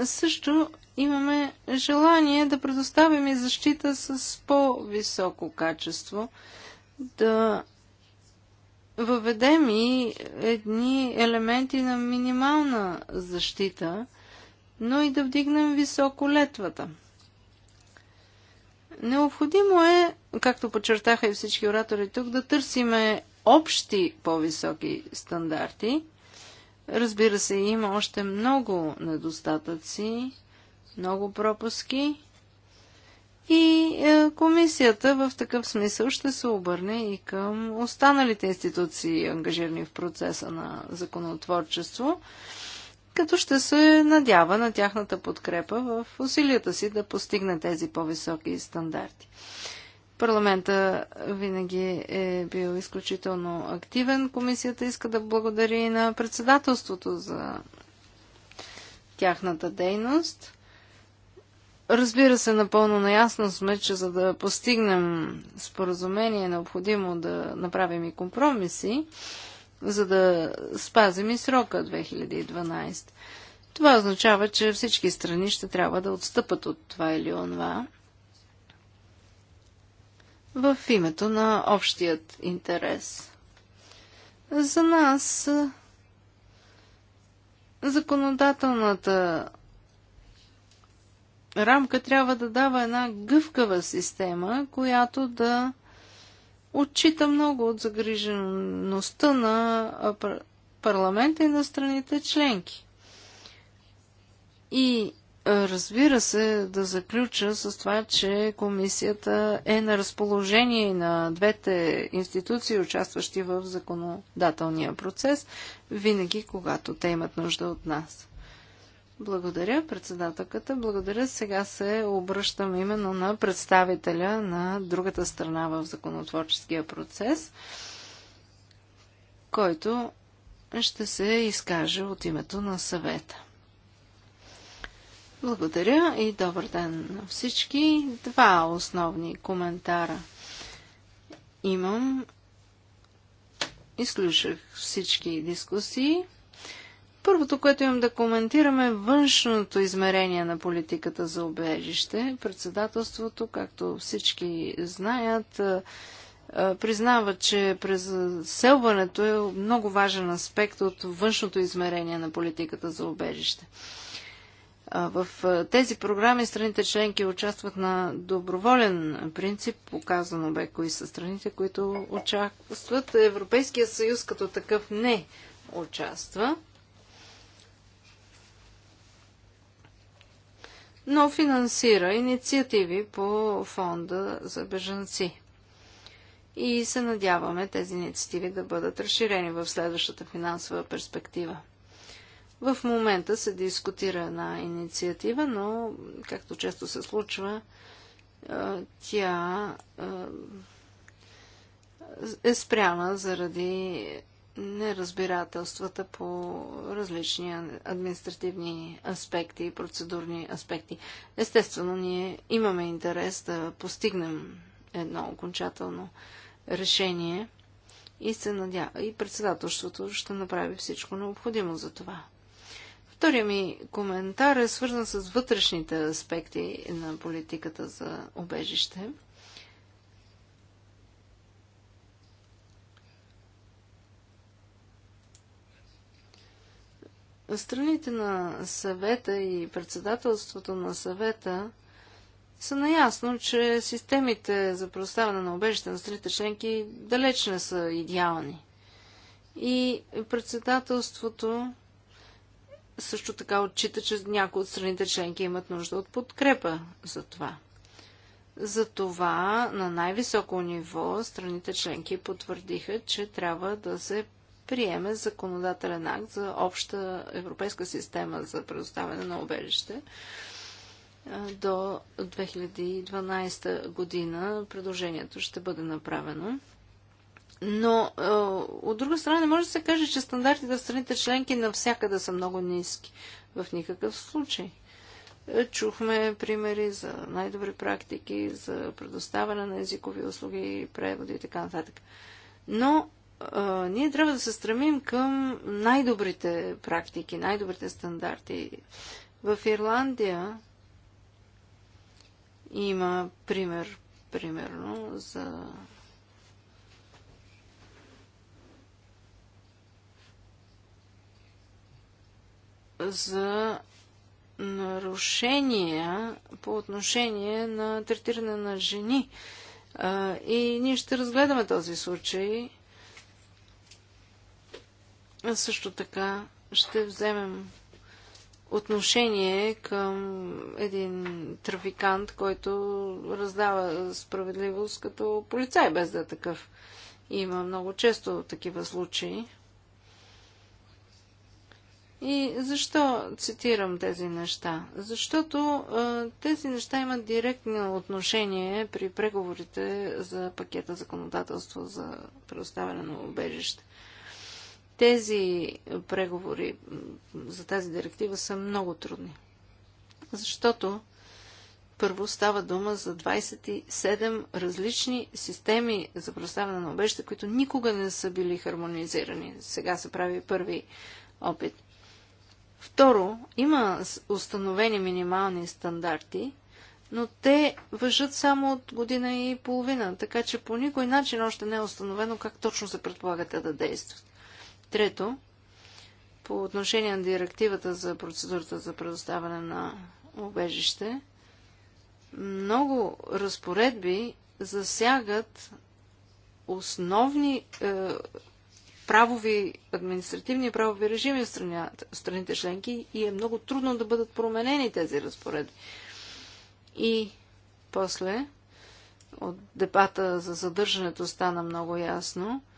Също имаме желание да предоставим и защита с по-високо качество, да въведем и едни елементи на минимална защита, но и да вдигнем високо летвата. Необходимо е, както подчертаха и всички оратори тук, да търсиме общи по-високи стандарти. Разбира се, има още много недостатъци, много пропуски. И е, комисията в такъв смисъл ще се обърне и към останалите институции, ангажирани в процеса на законотворчество, като ще се надява на тяхната подкрепа в усилията си да постигне тези по-високи стандарти. Парламента винаги е бил изключително активен. Комисията иска да благодари на председателството за тяхната дейност – Разбира се, напълно наясно сме, че за да постигнем споразумение е необходимо да направим и компромиси, за да спазим и срока 2012. Това означава, че всички страни ще трябва да отстъпат от това или онова в името на общият интерес. За нас законодателната рамка трябва да дава една гъвкава система, която да отчита много от загрижеността на парламента и на страните членки. И разбира се, да заключа с това, че комисията е на разположение на двете институции, участващи в законодателния процес, винаги когато те имат нужда от нас. Благодаря, председателката. Благодаря. Сега се обръщам именно на представителя на другата страна в законотворческия процес, който ще се изкаже от името на съвета. Благодаря и добър ден на всички. Два основни коментара имам. Изслушах всички дискусии. Първото, което имам да коментираме е външното измерение на политиката за обежище. Председателството, както всички знаят, признава, че през селването е много важен аспект от външното измерение на политиката за обежище. В тези програми страните членки участват на доброволен принцип, показано бе кои са страните, които участват. Европейския съюз като такъв не участва. но финансира инициативи по фонда за бежанци. И се надяваме тези инициативи да бъдат разширени в следващата финансова перспектива. В момента се дискутира една инициатива, но, както често се случва, тя е спряна заради неразбирателствата по различни административни аспекти и процедурни аспекти. Естествено, ние имаме интерес да постигнем едно окончателно решение и се надява. И председателството ще направи всичко необходимо за това. Втория ми коментар е свързан с вътрешните аспекти на политиката за обежище. Страните на съвета и председателството на съвета са наясно, че системите за предоставяне на обежище на страните членки далеч не са идеални. И председателството също така отчита, че някои от страните членки имат нужда от подкрепа за това. Затова на най-високо ниво страните членки потвърдиха, че трябва да се приеме законодателен акт за обща европейска система за предоставяне на обежище до 2012 година. Предложението ще бъде направено. Но от друга страна не може да се каже, че стандартите в страните членки навсякъде са много ниски. В никакъв случай. Е, чухме примери за най-добри практики, за предоставяне на езикови услуги, преводи и така нататък. Но а, ние трябва да се стремим към най-добрите практики, най-добрите стандарти. В Ирландия има пример, примерно, за за нарушения по отношение на третиране на жени. А, и ние ще разгледаме този случай също така ще вземем отношение към един трафикант, който раздава справедливост като полицай, без да е такъв. Има много често такива случаи. И защо цитирам тези неща? Защото а, тези неща имат директно отношение при преговорите за пакета законодателство за предоставяне на убежище. Тези преговори за тази директива са много трудни. Защото първо става дума за 27 различни системи за представяне на обеща, които никога не са били хармонизирани. Сега се прави първи опит. Второ, има установени минимални стандарти, но те въжат само от година и половина, така че по никой начин още не е установено как точно се предполагате да действат. Трето, по отношение на директивата за процедурата за предоставяне на убежище, много разпоредби засягат основни е, правови, административни правови режими в, в страните членки и е много трудно да бъдат променени тези разпоредби. И после от дебата за задържането стана много ясно –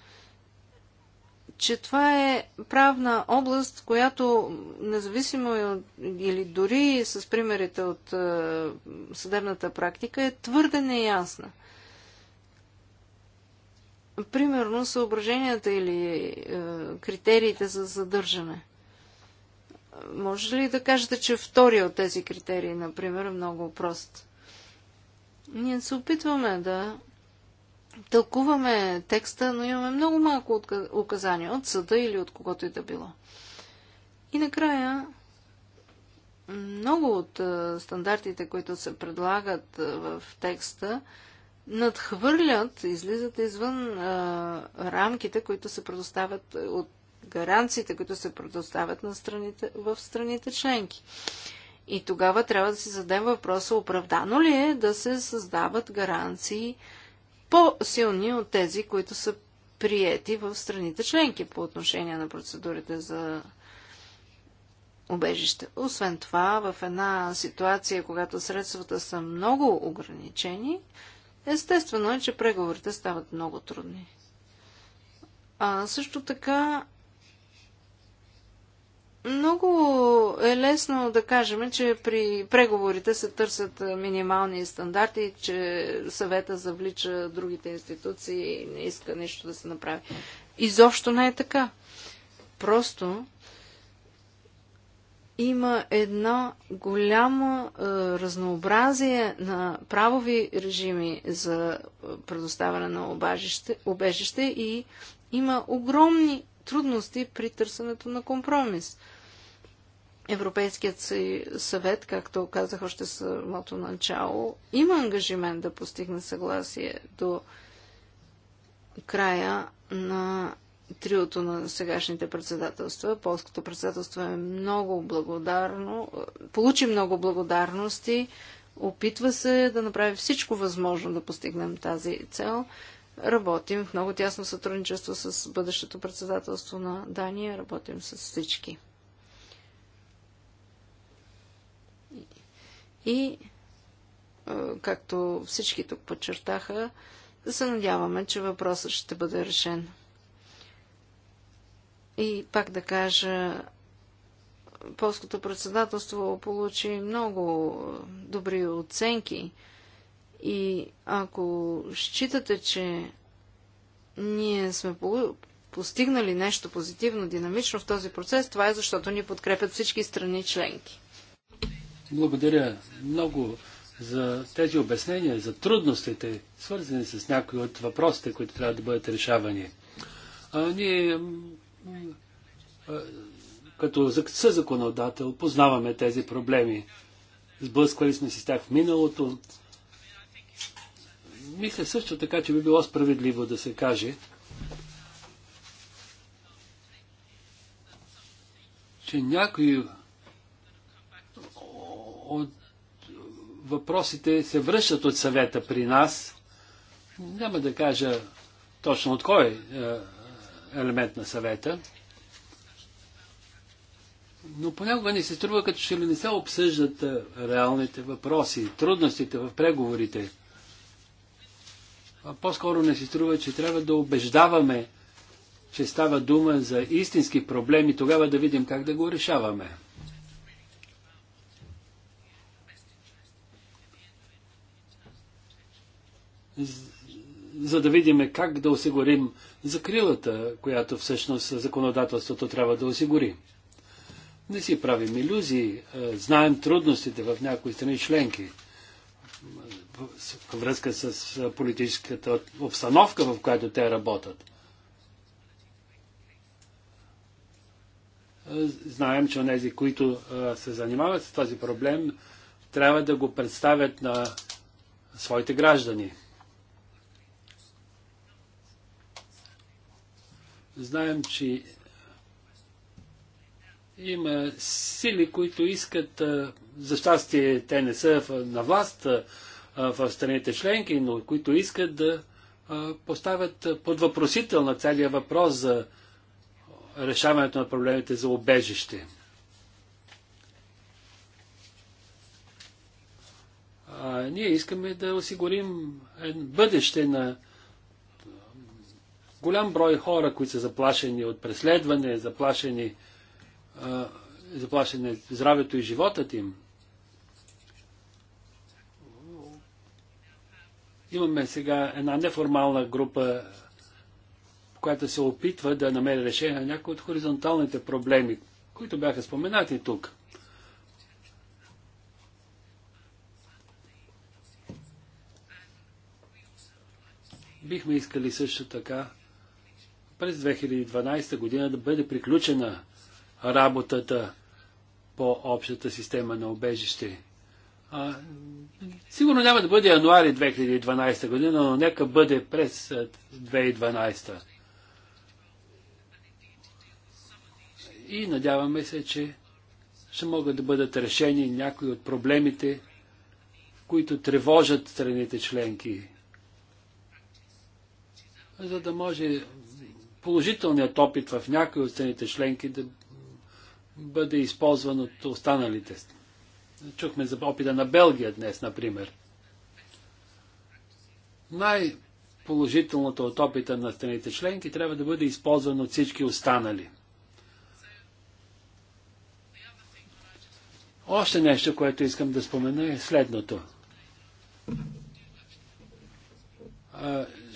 че това е правна област, която независимо или дори с примерите от е, съдебната практика е твърде неясна. Примерно съображенията или е, критериите за задържане. Може ли да кажете, че втория от тези критерии, например, е много прост? Ние се опитваме да тълкуваме текста, но имаме много малко указания от съда или от когото и да било. И накрая, много от стандартите, които се предлагат в текста, надхвърлят, излизат извън а, рамките, които се предоставят от гаранциите, които се предоставят на страните, в страните членки. И тогава трябва да си зададем въпроса, оправдано ли е да се създават гаранции по-силни от тези, които са приети в страните членки по отношение на процедурите за убежище. Освен това, в една ситуация, когато средствата са много ограничени, естествено е, че преговорите стават много трудни. А също така много е лесно да кажем, че при преговорите се търсят минимални стандарти, че съвета завлича другите институции и не иска нещо да се направи. Изобщо не е така. Просто има едно голямо е, разнообразие на правови режими за предоставяне на обежище, обежище и има огромни трудности при търсенето на компромис. Европейският съвет, както казах още самото начало, има ангажимент да постигне съгласие до края на триото на сегашните председателства. Полското председателство е много благодарно, получи много благодарности, опитва се да направи всичко възможно да постигнем тази цел. Работим в много тясно сътрудничество с бъдещото председателство на Дания. Работим с всички. И, както всички тук подчертаха, да се надяваме, че въпросът ще бъде решен. И пак да кажа, полското председателство получи много добри оценки и ако считате, че ние сме постигнали нещо позитивно, динамично в този процес, това е защото ни подкрепят всички страни членки. Благодаря много за тези обяснения, за трудностите, свързани с някои от въпросите, които трябва да бъдат решавани. А, ние, като съзаконодател, познаваме тези проблеми. Сблъсквали сме се с тях в миналото, мисля също така, че би било справедливо да се каже, че някои от въпросите се връщат от съвета при нас. Няма да кажа точно от кой е елемент на съвета. Но понякога ни се струва, като че ли не се обсъждат е, реалните въпроси, трудностите в преговорите по-скоро не се струва, че трябва да убеждаваме, че става дума за истински проблеми, тогава да видим как да го решаваме. За да видим как да осигурим закрилата, която всъщност законодателството трябва да осигури. Не си правим иллюзии, знаем трудностите в някои страни членки – във връзка с политическата обстановка, в която те работят. Знаем, че онези, които се занимават с този проблем, трябва да го представят на своите граждани. Знаем, че има сили, които искат, за щастие те не са на власт, в страните членки, но които искат да поставят под въпросител на целия въпрос за решаването на проблемите за обежище. А ние искаме да осигурим бъдеще на голям брой хора, които са заплашени от преследване, заплашени, заплашени здравето и животът им. Имаме сега една неформална група, която се опитва да намери решение на някои от хоризонталните проблеми, които бяха споменати тук. Бихме искали също така през 2012 година да бъде приключена работата по общата система на обежище. А, сигурно няма да бъде януари 2012 година, но нека бъде през 2012. И надяваме се, че ще могат да бъдат решени някои от проблемите, които тревожат страните членки, за да може положителният опит в някои от страните членки да бъде използван от останалите страни. Чухме за опита на Белгия днес, например. Най-положителното от опита на страните членки трябва да бъде използвано от всички останали. Още нещо, което искам да спомена е следното.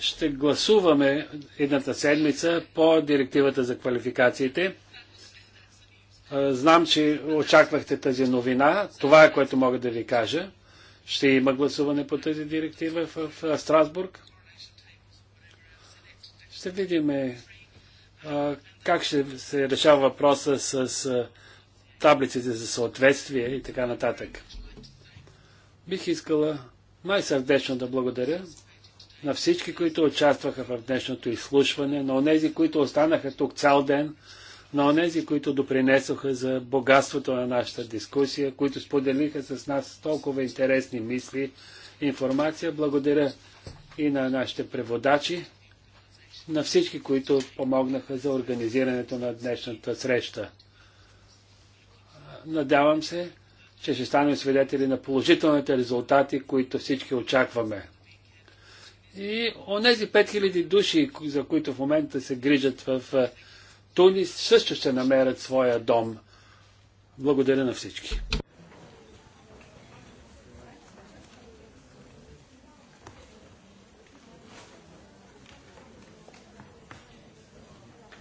Ще гласуваме едната седмица по директивата за квалификациите Знам, че очаквахте тази новина. Това е което мога да ви кажа. Ще има гласуване по тази директива в, Страсбург. Ще видим е, как ще се решава въпроса с, таблиците за съответствие и така нататък. Бих искала най-сърдечно да благодаря на всички, които участваха в днешното изслушване, на тези, които останаха тук цял ден, на онези, които допринесоха за богатството на нашата дискусия, които споделиха с нас толкова интересни мисли, информация. Благодаря и на нашите преводачи, на всички, които помогнаха за организирането на днешната среща. Надявам се, че ще станем свидетели на положителните резултати, които всички очакваме. И онези 5000 души, за които в момента се грижат в Тунис също ще намерят своя дом. Благодаря на всички.